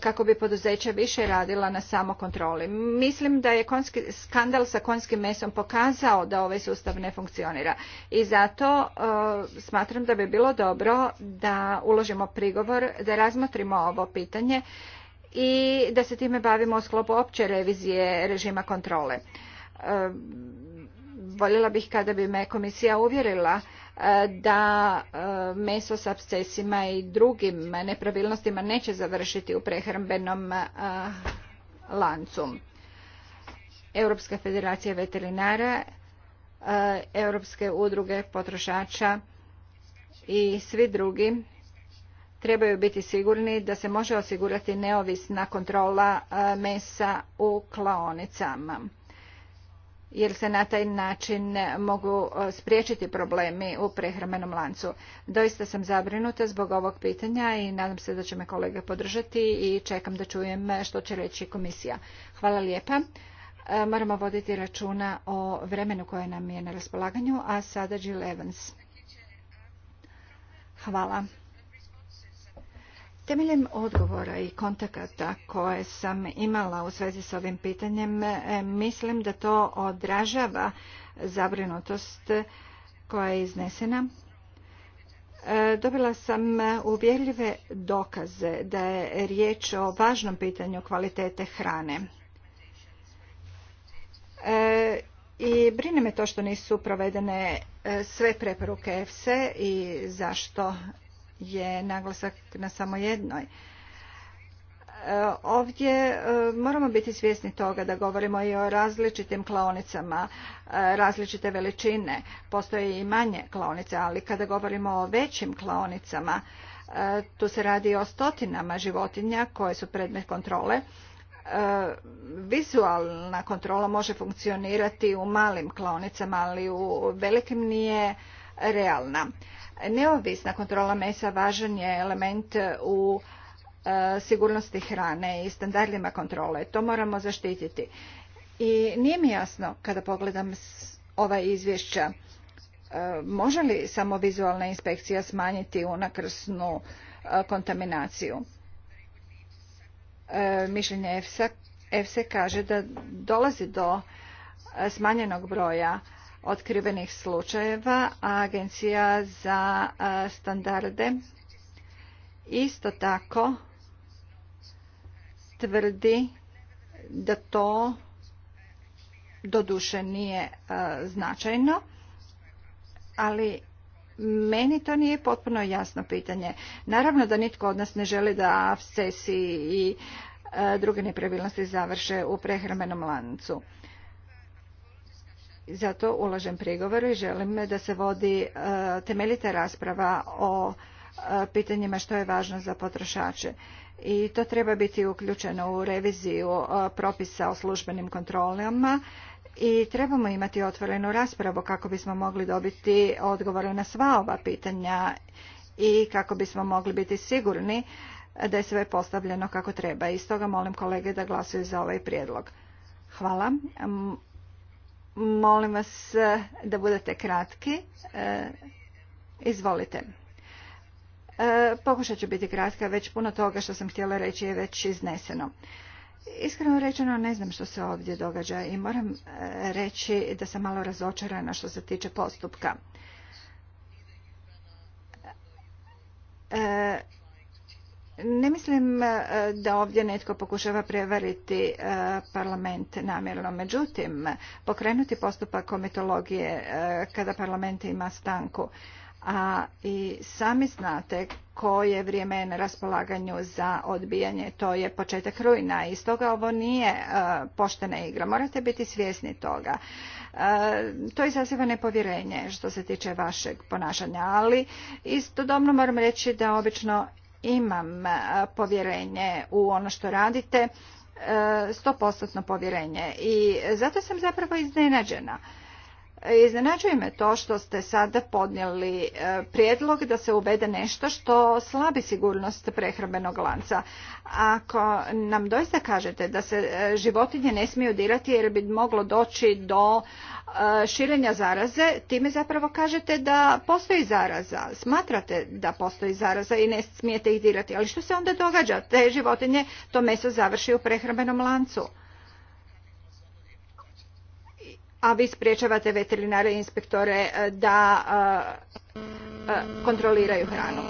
kako bi poduzeća više radila na samokontroli. Mislim da je konski, skandal sa konskim mesom pokazao da ovaj sustav ne funkcionira i zato e, smatram da bi bilo dobro da uložimo prigovor, da razmotrimo ovo pitanje i da se time bavimo u sklopu opće revizije režima kontrole. E, voljela bih kada bi me komisija uvjerila E, da e, meso s abscesima i drugim nepravilnostima neće završiti u prehrambenom e, lancu. Europska federacija veterinara, Europske udruge potrošača i svi drugi trebaju biti sigurni da se može osigurati neovisna kontrola mesa u klaonicama jer se na taj način mogu e, spriječiti problemi u prehrambenom lancu. Doista sam zabrinuta zbog ovog pitanja i nadam se da će me kolege podržati i čekam da čujem što će reći komisija. Hvala lijepa. E, moramo voditi računa o vremenu koje nam je na raspolaganju, a sada Jill Evans. Hvala. Temeljem odgovora i kontakata koje sam imala u svezi s ovim pitanjem, e, mislim da to odražava zabrinutost koja je iznesena. E, dobila sam uvjerljive dokaze da je riječ o važnom pitanju kvalitete hrane. E, I brine me to što nisu provedene sve preporuke EFSE i zašto je naglasak na samo jednoj. E, ovdje e, moramo biti svjesni toga da govorimo i o različitim klaonicama, e, različite veličine. Postoje i manje klaonice, ali kada govorimo o većim klaonicama, tu se radi o stotinama životinja koje su predmet kontrole. Vizualna kontrola može funkcionirati u malim klaonicama, ali u velikim nije realna. Neovisna kontrola mesa važan je element u e, sigurnosti hrane i standardima kontrole. To moramo zaštititi. I nije mi jasno kada pogledam ova izvješća e, može li samo vizualna inspekcija smanjiti unakrsnu e, kontaminaciju. Mišljenje EFSA, kaže da dolazi do smanjenog broja otkrivenih slučajeva, a Agencija za standarde isto tako tvrdi da to doduše nije značajno, ali meni to nije potpuno jasno pitanje. Naravno da nitko od nas ne želi da sesiji i druge nepravilnosti završe u prehrambenom lancu zato ulažem prigovor i želim da se vodi e, temeljita rasprava o e, pitanjima što je važno za potrošače i to treba biti uključeno u reviziju e, propisa o službenim kontrolama i trebamo imati otvorenu raspravu kako bismo mogli dobiti odgovore na sva ova pitanja i kako bismo mogli biti sigurni da je sve postavljeno kako treba i stoga molim kolege da glasuju za ovaj prijedlog. Hvala. Molim vas eh, da budete kratki. Eh, izvolite. Eh, pokušat ću biti kratka, već puno toga što sam htjela reći je već izneseno. Iskreno rečeno ne znam što se ovdje događa i moram reći da sam malo razočarana što se tiče postupka. Ne mislim e, da ovdje netko pokušava prevariti e, parlament namjerno. Međutim, pokrenuti postupak komitologije e, kada parlament ima stanku, a i sami znate koje vrijeme je na raspolaganju za odbijanje, to je početak rujna i stoga ovo nije poštena igra, morate biti svjesni toga. To izaziva nepovjerenje što se tiče vašeg ponašanja, ali istodobno moram reći da obično imam e, povjerenje u ono što radite, e, stopostotno povjerenje i zato sam zapravo iznenađena Iznenađuje me to što ste sada podnijeli e, prijedlog da se uvede nešto što slabi sigurnost prehrambenog lanca. Ako nam doista kažete da se e, životinje ne smiju dirati jer bi moglo doći do e, širenja zaraze, time zapravo kažete da postoji zaraza. Smatrate da postoji zaraza i ne smijete ih dirati. Ali što se onda događa? Te životinje, to meso završi u prehrambenom lancu a vi spriječavate veterinare i inspektore e, da e, e, kontroliraju hranu.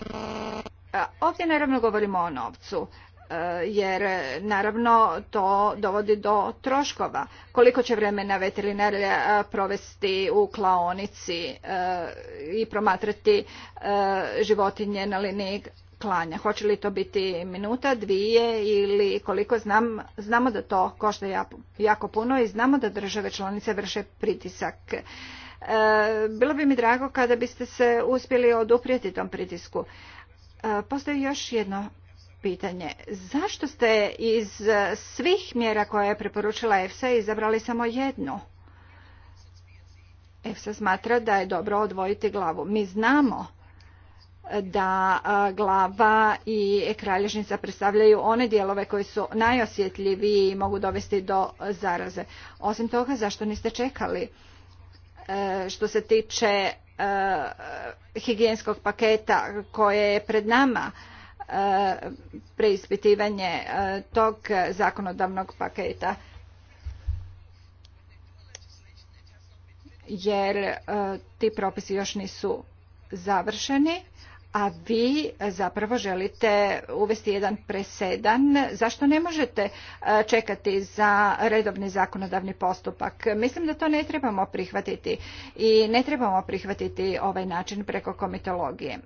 Ovdje naravno govorimo o novcu jer naravno to dovodi do troškova. Koliko će vremena veterinare provesti u klaonici i promatrati životinje na liniji klanja? Hoće li to biti minuta, dvije ili koliko znam, znamo da to košta jako puno i znamo da države članice vrše pritisak. E, bilo bi mi drago kada biste se uspjeli oduprijeti tom pritisku. E, postoji još jedno pitanje. Zašto ste iz svih mjera koje je preporučila EFSA izabrali samo jednu? EFSA smatra da je dobro odvojiti glavu. Mi znamo da glava i kralježnica predstavljaju one dijelove koji su najosjetljiviji i mogu dovesti do zaraze. Osim toga, zašto niste čekali e, što se tiče e, higijenskog paketa koje je pred nama e, preispitivanje tog zakonodavnog paketa? Jer ti propisi još nisu završeni a vi zapravo želite uvesti jedan presedan. Zašto ne možete e, čekati za redovni zakonodavni postupak? Mislim da to ne trebamo prihvatiti i ne trebamo prihvatiti ovaj način preko komitologije.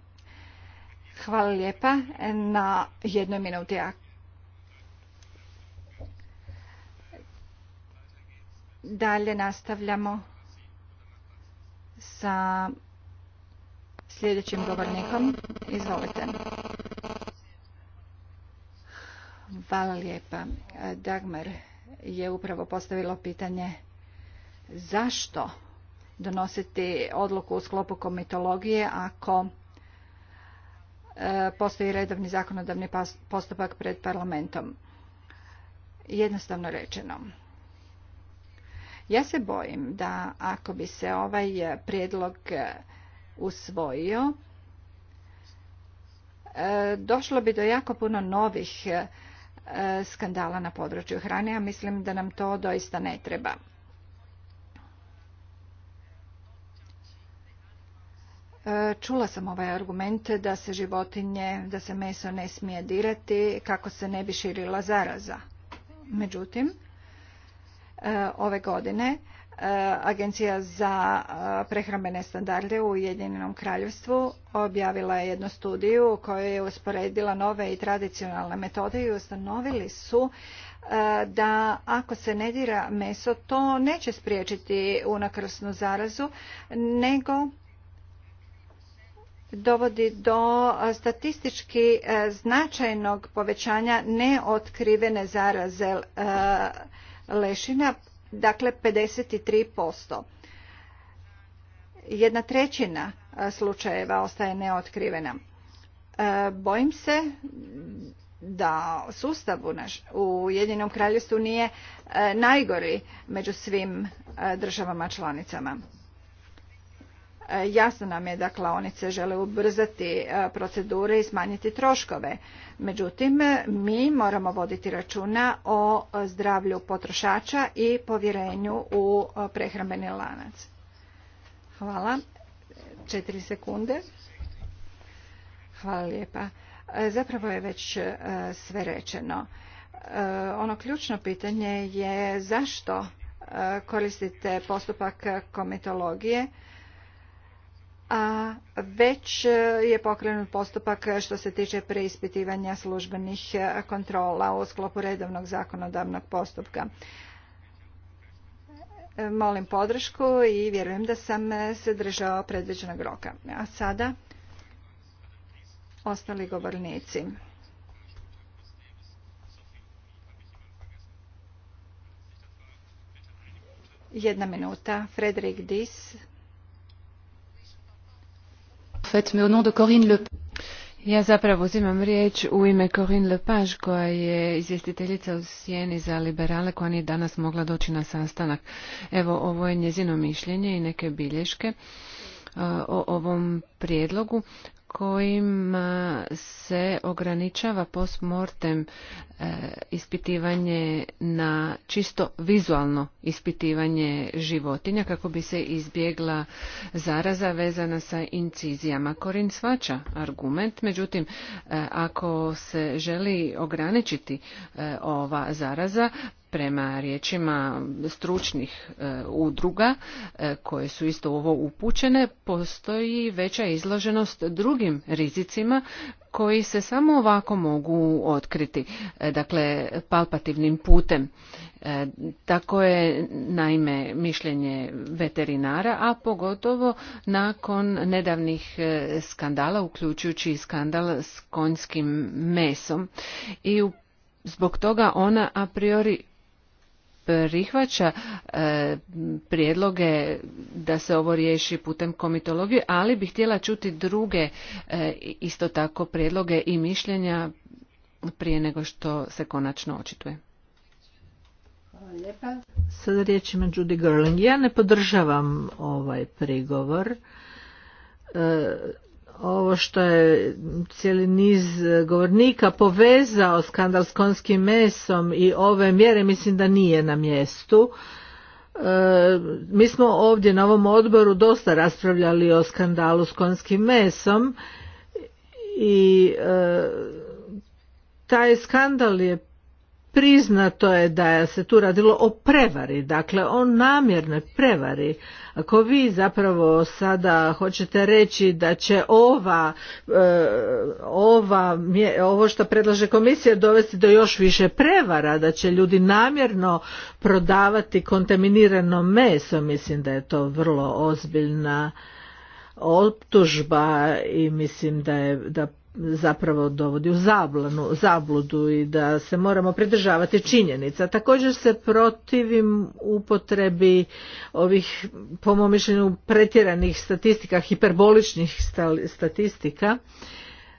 Hvala lijepa na jednoj minuti. Dalje nastavljamo sa sljedećim govornikom. Izvolite. Hvala lijepa. Dagmar je upravo postavilo pitanje zašto donositi odluku u sklopu komitologije ako e, postoji redovni zakonodavni postupak pred parlamentom. Jednostavno rečeno. Ja se bojim da ako bi se ovaj prijedlog usvojio, e, došlo bi do jako puno novih e, skandala na području hrane, a mislim da nam to doista ne treba. E, čula sam ovaj argument da se životinje, da se meso ne smije dirati kako se ne bi širila zaraza. Međutim, ove godine Eh, Agencija za eh, prehrambene standarde u Ujedinjenom kraljevstvu objavila je jednu studiju u kojoj je usporedila nove i tradicionalne metode i ustanovili su eh, da ako se ne dira meso, to neće spriječiti unakrsnu zarazu, nego dovodi do statistički značajnog povećanja neotkrivene zaraze lešina dakle 53%. Jedna trećina slučajeva ostaje neotkrivena. E, bojim se da sustav u ujedinjenom kraljevstvu nije e, najgori među svim e, državama članicama. E, jasno nam je da klaonice žele ubrzati e, procedure i smanjiti troškove. Međutim, e, mi moramo voditi računa o zdravlju potrošača i povjerenju u prehrambeni lanac. Hvala. Četiri sekunde. Hvala lijepa. Zapravo je već sve rečeno. Ono ključno pitanje je zašto koristite postupak komitologije a već e, je pokrenut postupak što se tiče preispitivanja službenih e, kontrola u sklopu redovnog zakonodavnog postupka. E, molim podršku i vjerujem da sam se držao predviđenog roka. A sada ostali govornici. Jedna minuta. Frederik Dis faites mais nom de Corinne ja zapravo uzimam riječ u ime Corinne Lepage koja je izvjestiteljica u Sijeni za liberale koja nije danas mogla doći na sastanak. Evo ovo je njezino mišljenje i neke bilješke o ovom prijedlogu kojima e, se ograničava postmortem e, ispitivanje na čisto vizualno ispitivanje životinja kako bi se izbjegla zaraza vezana sa incizijama. Korin svača argument, međutim e, ako se želi ograničiti ova zaraza prema riječima stručnih e, udruga e, koje su isto ovo upućene postoji veća izloženost drugim rizicima koji se samo ovako mogu otkriti e, dakle palpativnim putem tako je naime mišljenje veterinara a pogotovo nakon nedavnih skandala uključujući skandal s konjskim mesom i Zbog toga ona a priori prihvaća e, prijedloge da se ovo riješi putem komitologije, ali bih htjela čuti druge e, isto tako prijedloge i mišljenja prije nego što se konačno očituje. Hvala lijepa. Sada riječ Judy Ja ne podržavam ovaj prigovor. E, ovo što je cijeli niz govornika povezao skandal s konskim mesom i ove mjere mislim da nije na mjestu. E, mi smo ovdje na ovom odboru dosta raspravljali o skandalu s konskim mesom i e, taj skandal je priznato je da se tu radilo o prevari, dakle o namjernoj prevari. Ako vi zapravo sada hoćete reći da će ova, e, ova, ovo što predlaže komisija dovesti do još više prevara, da će ljudi namjerno prodavati kontaminirano meso, mislim da je to vrlo ozbiljna optužba i mislim da je da zapravo dovodi u zablanu, zabludu i da se moramo pridržavati činjenica. Također se protivim upotrebi ovih, po mom mišljenju, pretjeranih statistika, hiperboličnih statistika.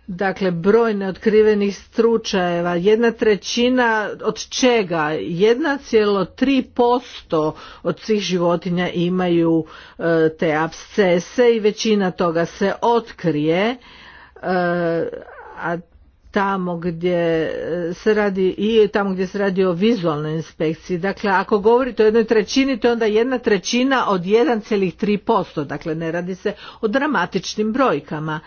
Dakle, broj neotkrivenih stručajeva, jedna trećina od čega 1,3% od svih životinja imaju e, te abscese i većina toga se otkrije a tamo gdje se radi i tamo gdje se radi o vizualnoj inspekciji. Dakle, ako govorite o jednoj trećini, to je onda jedna trećina od 1,3%. Dakle, ne radi se o dramatičnim brojkama.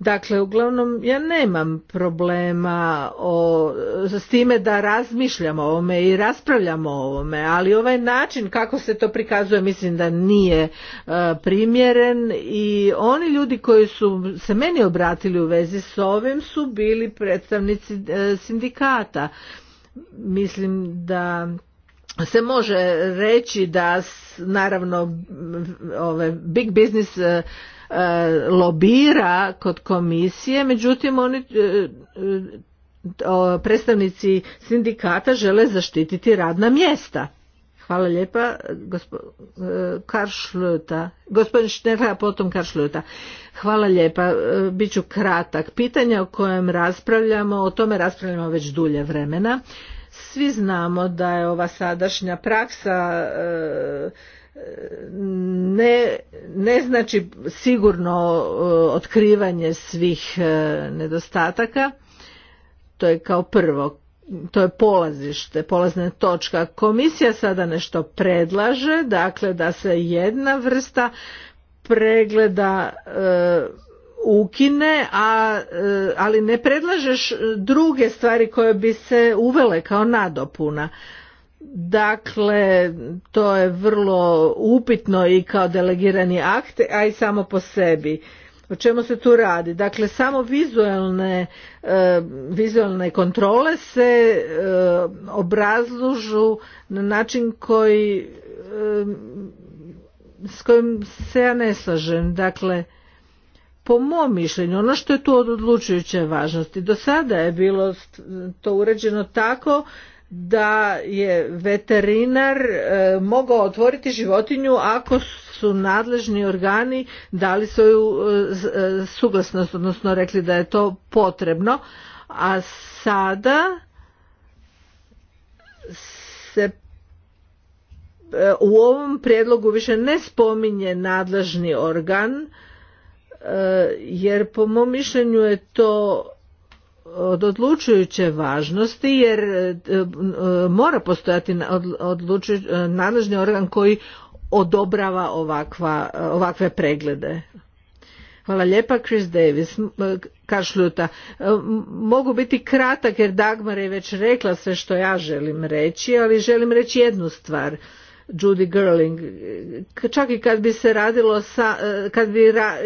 Dakle, uglavnom ja nemam problema o, s time da razmišljamo o ovome i raspravljamo o ovome, ali ovaj način kako se to prikazuje mislim da nije e, primjeren i oni ljudi koji su se meni obratili u vezi s ovim su bili predstavnici e, sindikata. Mislim da se može reći da naravno ove big business e, E, lobira kod komisije, međutim oni e, e, predstavnici sindikata žele zaštititi radna mjesta. Hvala lijepa, Gospodin potom Karšluta. Hvala lijepa, bit ću kratak. Pitanje o kojem raspravljamo, o tome raspravljamo već dulje vremena. Svi znamo da je ova sadašnja praksa ne, ne znači sigurno e, otkrivanje svih e, nedostataka to je kao prvo to je polazište, polazna točka. Komisija sada nešto predlaže, dakle da se jedna vrsta pregleda e, ukine, a ali ne predlažeš druge stvari koje bi se uvele kao nadopuna. Dakle, to je vrlo upitno i kao delegirani akt, a i samo po sebi. O čemu se tu radi? Dakle, samo vizualne, e, vizualne kontrole se e, obrazlužu na način koji, e, s kojim se ja ne slažem. Dakle, po mom mišljenju, ono što je tu od odlučujuće važnosti, do sada je bilo to uređeno tako da je veterinar e, mogao otvoriti životinju ako su nadležni organi dali svoju e, e, suglasnost, odnosno rekli da je to potrebno, a sada se u ovom prijedlogu više ne spominje nadležni organ, jer po mom mišljenju je to od odlučujuće važnosti jer e, e, mora postojati e, nadležni organ koji odobrava ovakve preglede. Hvala lijepa Chris Davis, Kašljuta. Mogu biti kratak jer Dagmar je već rekla sve što ja želim reći, ali želim reći jednu stvar – Judy Gerling. Čak i kad bi se radilo sa, kad bi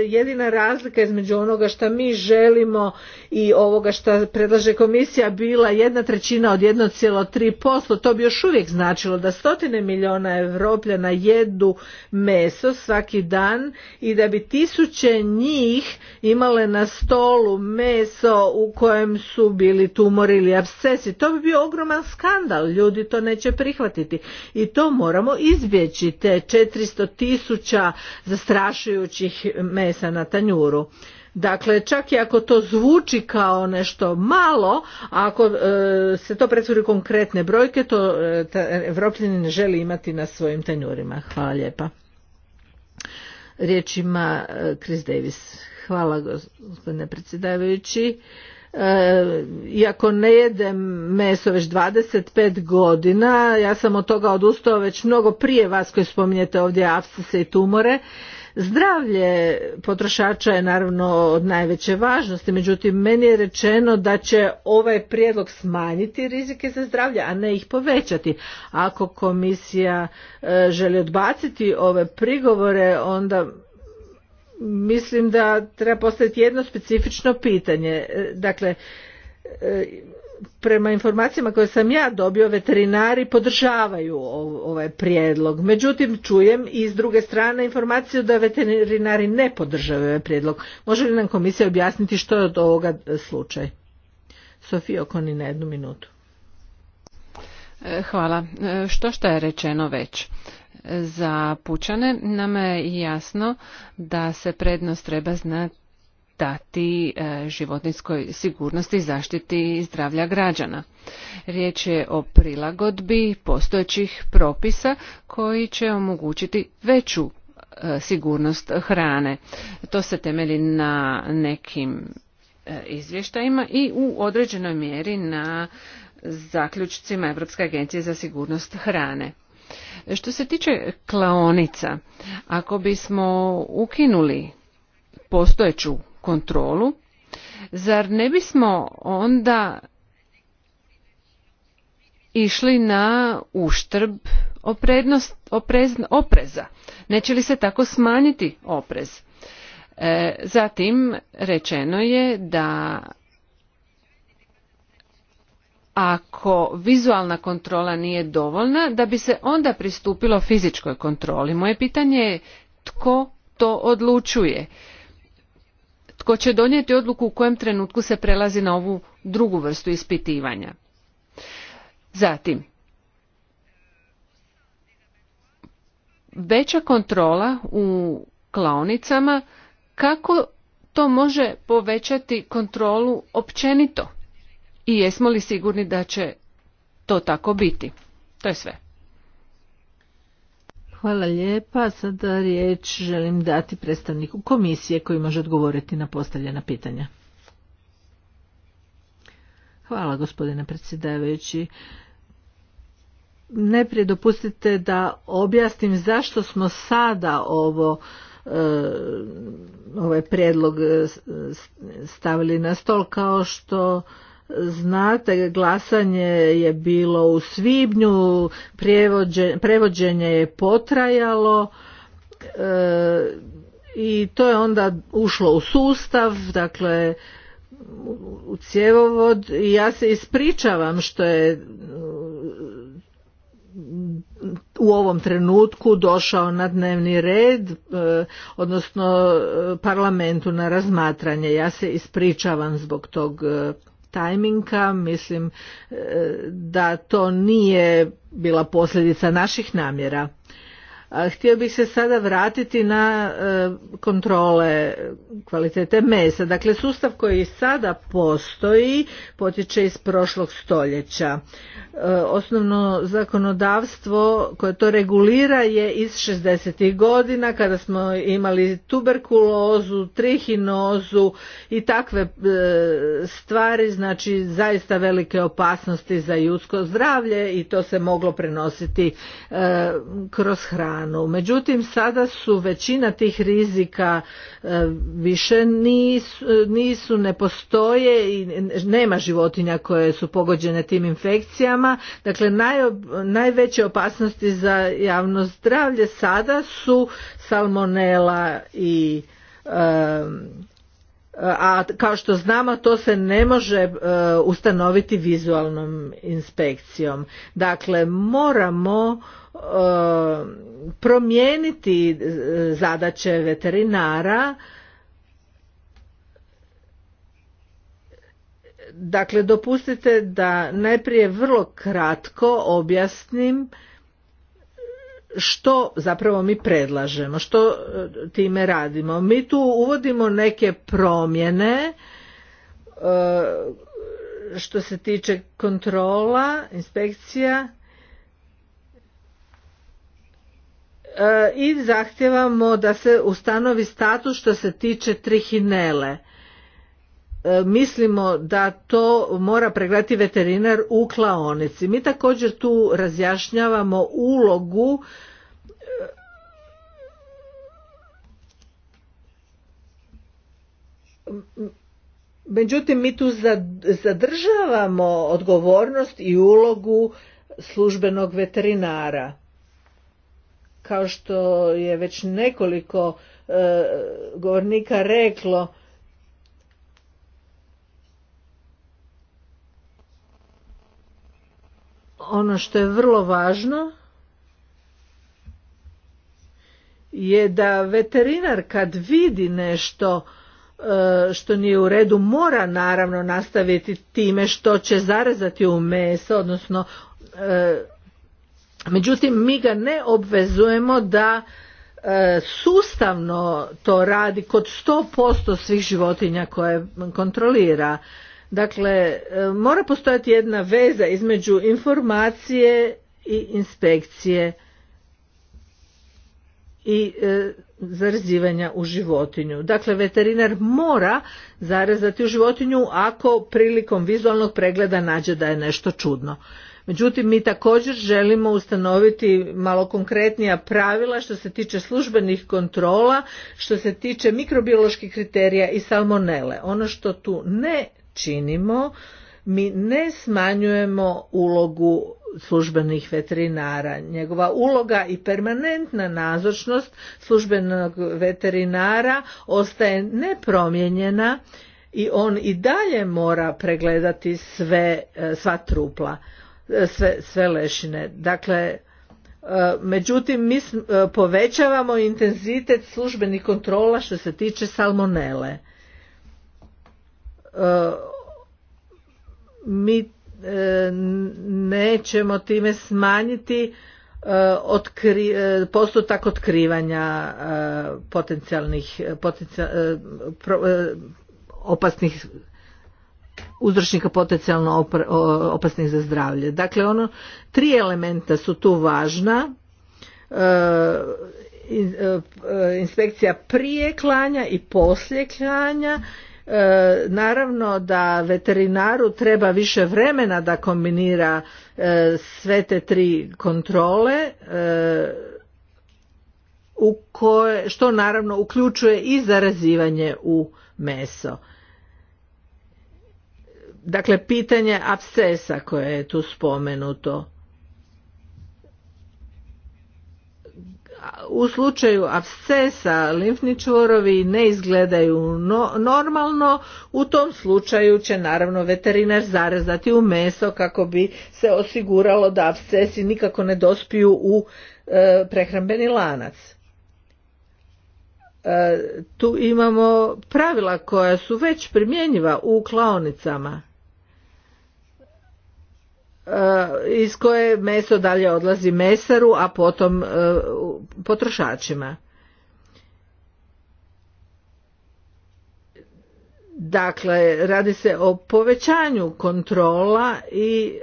jedina razlika između onoga što mi želimo i ovoga što predlaže komisija bila jedna trećina od 1,3%, to bi još uvijek značilo da stotine miliona na jedu meso svaki dan i da bi tisuće njih imale na stolu meso u kojem su bili tumori ili abscesi. To bi bio ogroman skandal, ljudi to neće prihvatiti i to moramo izbjeći te 400 tisuća zastrašujućih mesa na tanjuru. Dakle, čak i ako to zvuči kao nešto malo, ako e, se to pretvori konkretne brojke, to e, Evropljani ne želi imati na svojim tanjurima. Hvala lijepa. Riječ ima e, Chris Davis. Hvala gospodine predsjedavajući iako ne jedem meso već 25 godina, ja sam od toga odustao već mnogo prije vas koji spominjete ovdje apsuse i tumore. Zdravlje potrošača je naravno od najveće važnosti, međutim meni je rečeno da će ovaj prijedlog smanjiti rizike za zdravlje, a ne ih povećati. Ako komisija e, želi odbaciti ove prigovore, onda mislim da treba postaviti jedno specifično pitanje. E, dakle, e, prema informacijama koje sam ja dobio, veterinari podržavaju ovaj prijedlog. Međutim, čujem i s druge strane informaciju da veterinari ne podržavaju ovaj prijedlog. Može li nam komisija objasniti što je od ovoga slučaj? Sofija Okoni na jednu minutu. E, hvala. Što što je rečeno već? za pučane nama je jasno da se prednost treba znati dati e, životinskoj sigurnosti i zaštiti zdravlja građana. Riječ je o prilagodbi postojećih propisa koji će omogućiti veću e, sigurnost hrane. To se temelji na nekim e, izvještajima i u određenoj mjeri na zaključcima Europske agencije za sigurnost hrane. Što se tiče klaonica, ako bismo ukinuli postojeću kontrolu, zar ne bismo onda išli na uštrb opreza? Neće li se tako smanjiti oprez? E, zatim rečeno je da ako vizualna kontrola nije dovoljna da bi se onda pristupilo fizičkoj kontroli moje pitanje je tko to odlučuje tko će donijeti odluku u kojem trenutku se prelazi na ovu drugu vrstu ispitivanja zatim veća kontrola u klaonicama kako to može povećati kontrolu općenito i jesmo li sigurni da će to tako biti. To je sve. Hvala lijepa. Sada riječ želim dati predstavniku komisije koji može odgovoriti na postavljena pitanja. Hvala gospodine predsjedavajući. Najprije dopustite da objasnim zašto smo sada ovo e, ovaj predlog e, stavili na stol kao što znate glasanje je bilo u svibnju prevođenje je potrajalo e, i to je onda ušlo u sustav dakle u cjevovod i ja se ispričavam što je u ovom trenutku došao na dnevni red e, odnosno e, parlamentu na razmatranje ja se ispričavam zbog tog tajminga, mislim e, da to nije bila posljedica naših namjera. Htio bih se sada vratiti na e, kontrole kvalitete mesa. Dakle, sustav koji sada postoji potiče iz prošlog stoljeća. E, osnovno zakonodavstvo koje to regulira je iz 60. godina kada smo imali tuberkulozu, trihinozu i takve e, stvari, znači zaista velike opasnosti za ljudsko zdravlje i to se moglo prenositi kroz hranu hranu. Međutim, sada su većina tih rizika e, više e, nisu, ne postoje i nema životinja koje su pogođene tim infekcijama. Dakle, najveće opasnosti za javno zdravlje sada su salmonela i e, a kao što znamo to se ne može e, ustanoviti vizualnom inspekcijom. Dakle, moramo e, promijeniti e, zadaće veterinara Dakle, dopustite da najprije vrlo kratko objasnim što zapravo mi predlažemo, što e, time radimo. Mi tu uvodimo neke promjene e, što se tiče kontrola, inspekcija e, i zahtjevamo da se ustanovi status što se tiče trihinele. E, mislimo da to mora pregledati veterinar u klaonici. Mi također tu razjašnjavamo ulogu e, Međutim, mi tu zadržavamo odgovornost i ulogu službenog veterinara. Kao što je već nekoliko e, govornika reklo, ono što je vrlo važno je da veterinar kad vidi nešto e, što nije u redu mora naravno nastaviti time što će zarezati u meso odnosno e, međutim mi ga ne obvezujemo da e, sustavno to radi kod 100% svih životinja koje kontrolira Dakle, e, mora postojati jedna veza između informacije i inspekcije i e, zarazivanja u životinju. Dakle, veterinar mora zarazati u životinju ako prilikom vizualnog pregleda nađe da je nešto čudno. Međutim, mi također želimo ustanoviti malo konkretnija pravila što se tiče službenih kontrola, što se tiče mikrobioloških kriterija i salmonele. Ono što tu ne činimo, mi ne smanjujemo ulogu službenih veterinara. Njegova uloga i permanentna nazočnost službenog veterinara ostaje nepromjenjena i on i dalje mora pregledati sve, e, sva trupla, e, sve, sve lešine. Dakle, e, međutim, mi povećavamo intenzitet službenih kontrola što se tiče salmonele mi e, nećemo time smanjiti e, otkri, e, postotak otkrivanja potencijalnih opasnih uzročnika potencijalno opasnih za zdravlje. Dakle, ono, tri elementa su tu važna. Inspekcija prije klanja i poslije klanja E, naravno da veterinaru treba više vremena da kombinira e, sve te tri kontrole e, u što naravno uključuje i zarazivanje u meso. Dakle, pitanje abscesa koje je tu spomenuto. u slučaju abscesa limfni čvorovi ne izgledaju normalno, u tom slučaju će naravno veterinar zarezati u meso kako bi se osiguralo da abscesi nikako ne dospiju u e, prehrambeni lanac. E, tu imamo pravila koja su već primjenjiva u klaonicama. E, iz koje meso dalje odlazi mesaru, a potom e, potrošačima. Dakle, radi se o povećanju kontrola i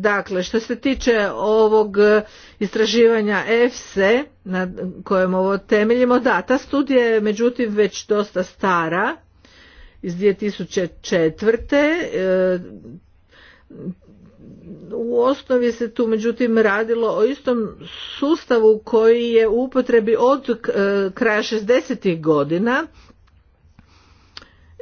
Dakle, što se tiče ovog e, istraživanja EFSE, na kojem ovo temeljimo, da, ta studija je međutim već dosta stara, iz 2004. E, u osnovi se tu međutim radilo o istom sustavu koji je u upotrebi od e, kraja 60. godina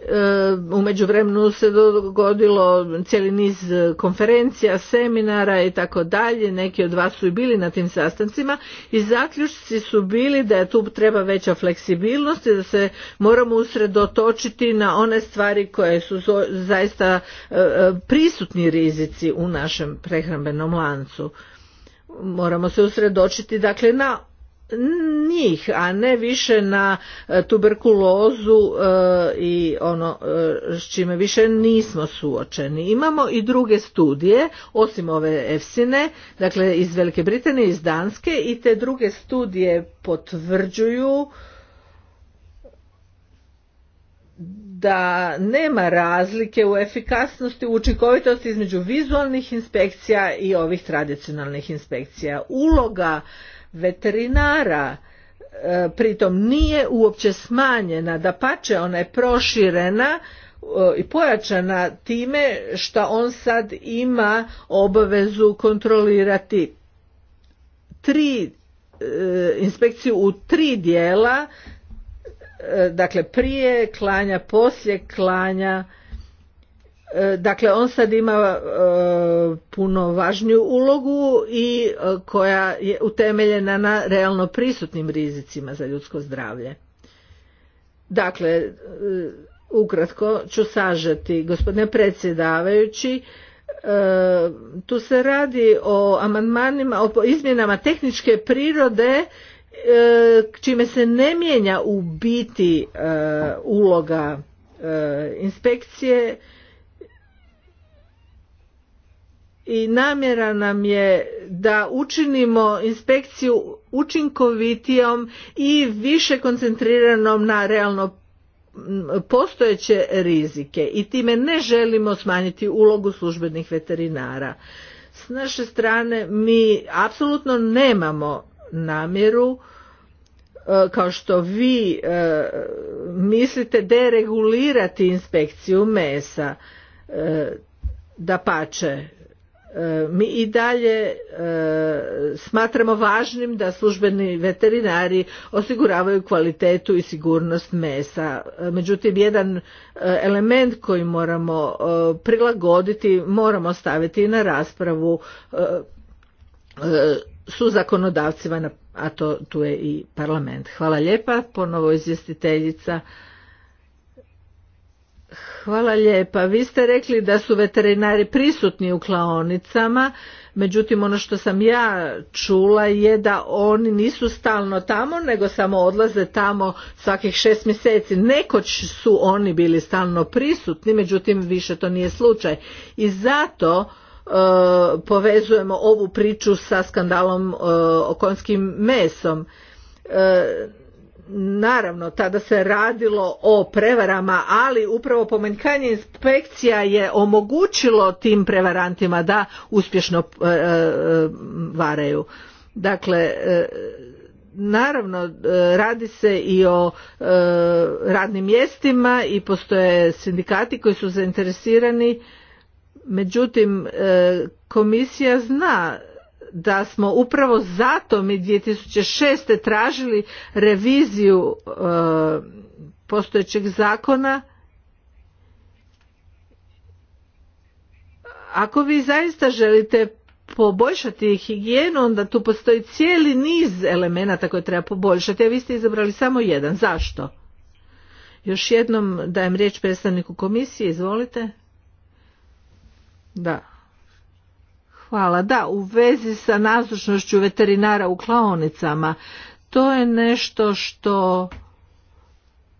E, u međuvremenu se dogodilo cijeli niz konferencija, seminara i tako dalje, neki od vas su i bili na tim sastancima i zaključci su bili da je tu treba veća fleksibilnost i da se moramo usredotočiti na one stvari koje su zaista e, e, prisutni rizici u našem prehrambenom lancu moramo se usredočiti dakle na njih, a ne više na e, tuberkulozu e, i ono e, s čime više nismo suočeni. Imamo i druge studije, osim ove EFSINE, dakle iz Velike Britanije, iz Danske i te druge studije potvrđuju da nema razlike u efikasnosti učinkovitosti između vizualnih inspekcija i ovih tradicionalnih inspekcija. Uloga veterinara e, pritom nije uopće smanjena da pače ona je proširena e, i pojačana time što on sad ima obavezu kontrolirati tri e, inspekciju u tri dijela dakle prije klanja poslije klanja E, dakle, on sad ima e, puno važniju ulogu i e, koja je utemeljena na realno prisutnim rizicima za ljudsko zdravlje. Dakle, ukratko ću sažeti, gospodine predsjedavajući, tu se radi o amandmanima, o izmjenama tehničke prirode čime se ne mijenja u biti uloga inspekcije i namjera nam je da učinimo inspekciju učinkovitijom i više koncentriranom na realno postojeće rizike i time ne želimo smanjiti ulogu službenih veterinara. S naše strane mi apsolutno nemamo namjeru e, kao što vi e, mislite deregulirati inspekciju mesa e, da pače E, mi i dalje e, smatramo važnim da službeni veterinari osiguravaju kvalitetu i sigurnost mesa. E, međutim, jedan element koji moramo prilagoditi, moramo staviti na raspravu su zakonodavcima, a to tu je i parlament. Hvala lijepa, ponovo izvjestiteljica Hvala lijepa. Vi ste rekli da su veterinari prisutni u klaonicama, međutim ono što sam ja čula je da oni nisu stalno tamo, nego samo odlaze tamo svakih šest mjeseci. Nekoć su oni bili stalno prisutni, međutim više to nije slučaj. I zato e, povezujemo ovu priču sa skandalom e, o konjskim mesom. E, Naravno, tada se radilo o prevarama, ali upravo pomanjkanje inspekcija je omogućilo tim prevarantima da uspješno e, e, varaju. Dakle, e, naravno radi se i o radnim mjestima i postoje sindikati koji su zainteresirani međutim komisija zna da smo upravo zato mi 2006. tražili reviziju e, postojećeg zakona ako vi zaista želite poboljšati higijenu onda tu postoji cijeli niz elemenata koje treba poboljšati a vi ste izabrali samo jedan zašto još jednom dajem riječ predstavniku komisije izvolite da Hvala. Da, u vezi sa nazočnošću veterinara u klaonicama, to je nešto što eh,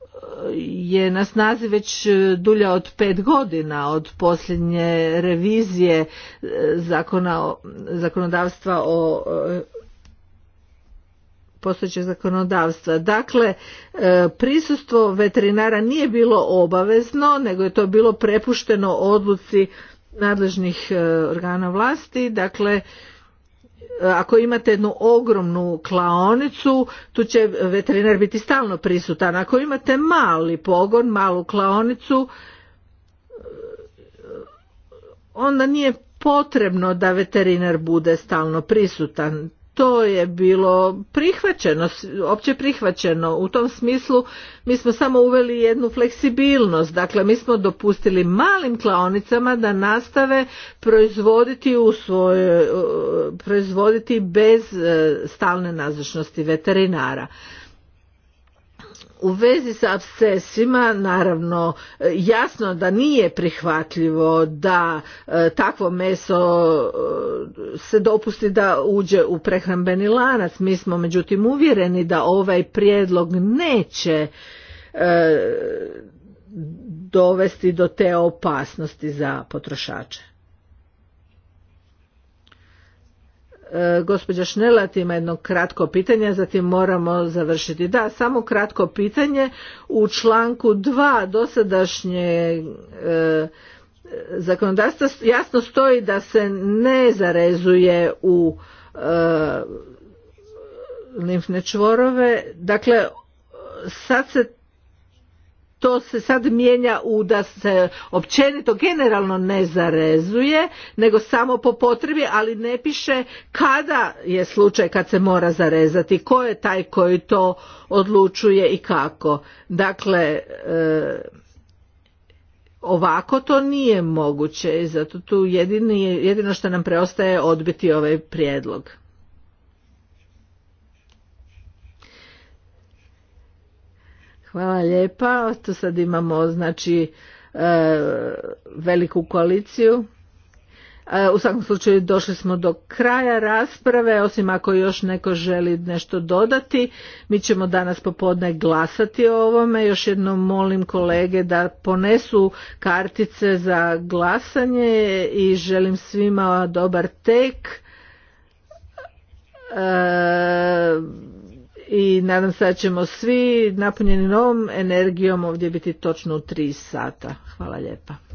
je na snazi već eh, dulja od pet godina od posljednje revizije eh, zakona, zakonodavstva o postojećeg zakonodavstva. Dakle, prisustvo veterinara nije bilo obavezno, nego je to bilo prepušteno odluci nadležnih e, organa vlasti, dakle e, ako imate jednu ogromnu klaonicu, tu će veterinar biti stalno prisutan. Ako imate mali pogon, malu klaonicu, e, onda nije potrebno da veterinar bude stalno prisutan to je bilo prihvaćeno, opće prihvaćeno. U tom smislu mi smo samo uveli jednu fleksibilnost, dakle mi smo dopustili malim klaonicama da nastave proizvoditi, u svoj, proizvoditi bez e, stalne nazočnosti veterinara u vezi sa abscesima naravno e, jasno da nije prihvatljivo da e, takvo meso e, se dopusti da uđe u prehrambeni lanac mi smo međutim uvjereni da ovaj prijedlog neće dovesti do te opasnosti za potrošače E, gospođa Šnelat ima jedno kratko pitanje, zatim moramo završiti. Da, samo kratko pitanje. U članku 2 dosadašnje e, zakonodavstva jasno stoji da se ne zarezuje u e, limfne čvorove. Dakle, sad se to se sad mijenja u da se općenito generalno ne zarezuje, nego samo po potrebi, ali ne piše kada je slučaj kad se mora zarezati, ko je taj koji to odlučuje i kako. Dakle, e, ovako to nije moguće i zato tu jedino što nam preostaje odbiti ovaj prijedlog. Hvala lijepa. Tu sad imamo znači e, veliku koaliciju. E, u svakom slučaju došli smo do kraja rasprave, osim ako još neko želi nešto dodati. Mi ćemo danas popodne glasati o ovome. Još jednom molim kolege da ponesu kartice za glasanje i želim svima dobar tek. E, i nadam se da ćemo svi napunjeni novom energijom ovdje biti točno u tri sata. Hvala lijepa.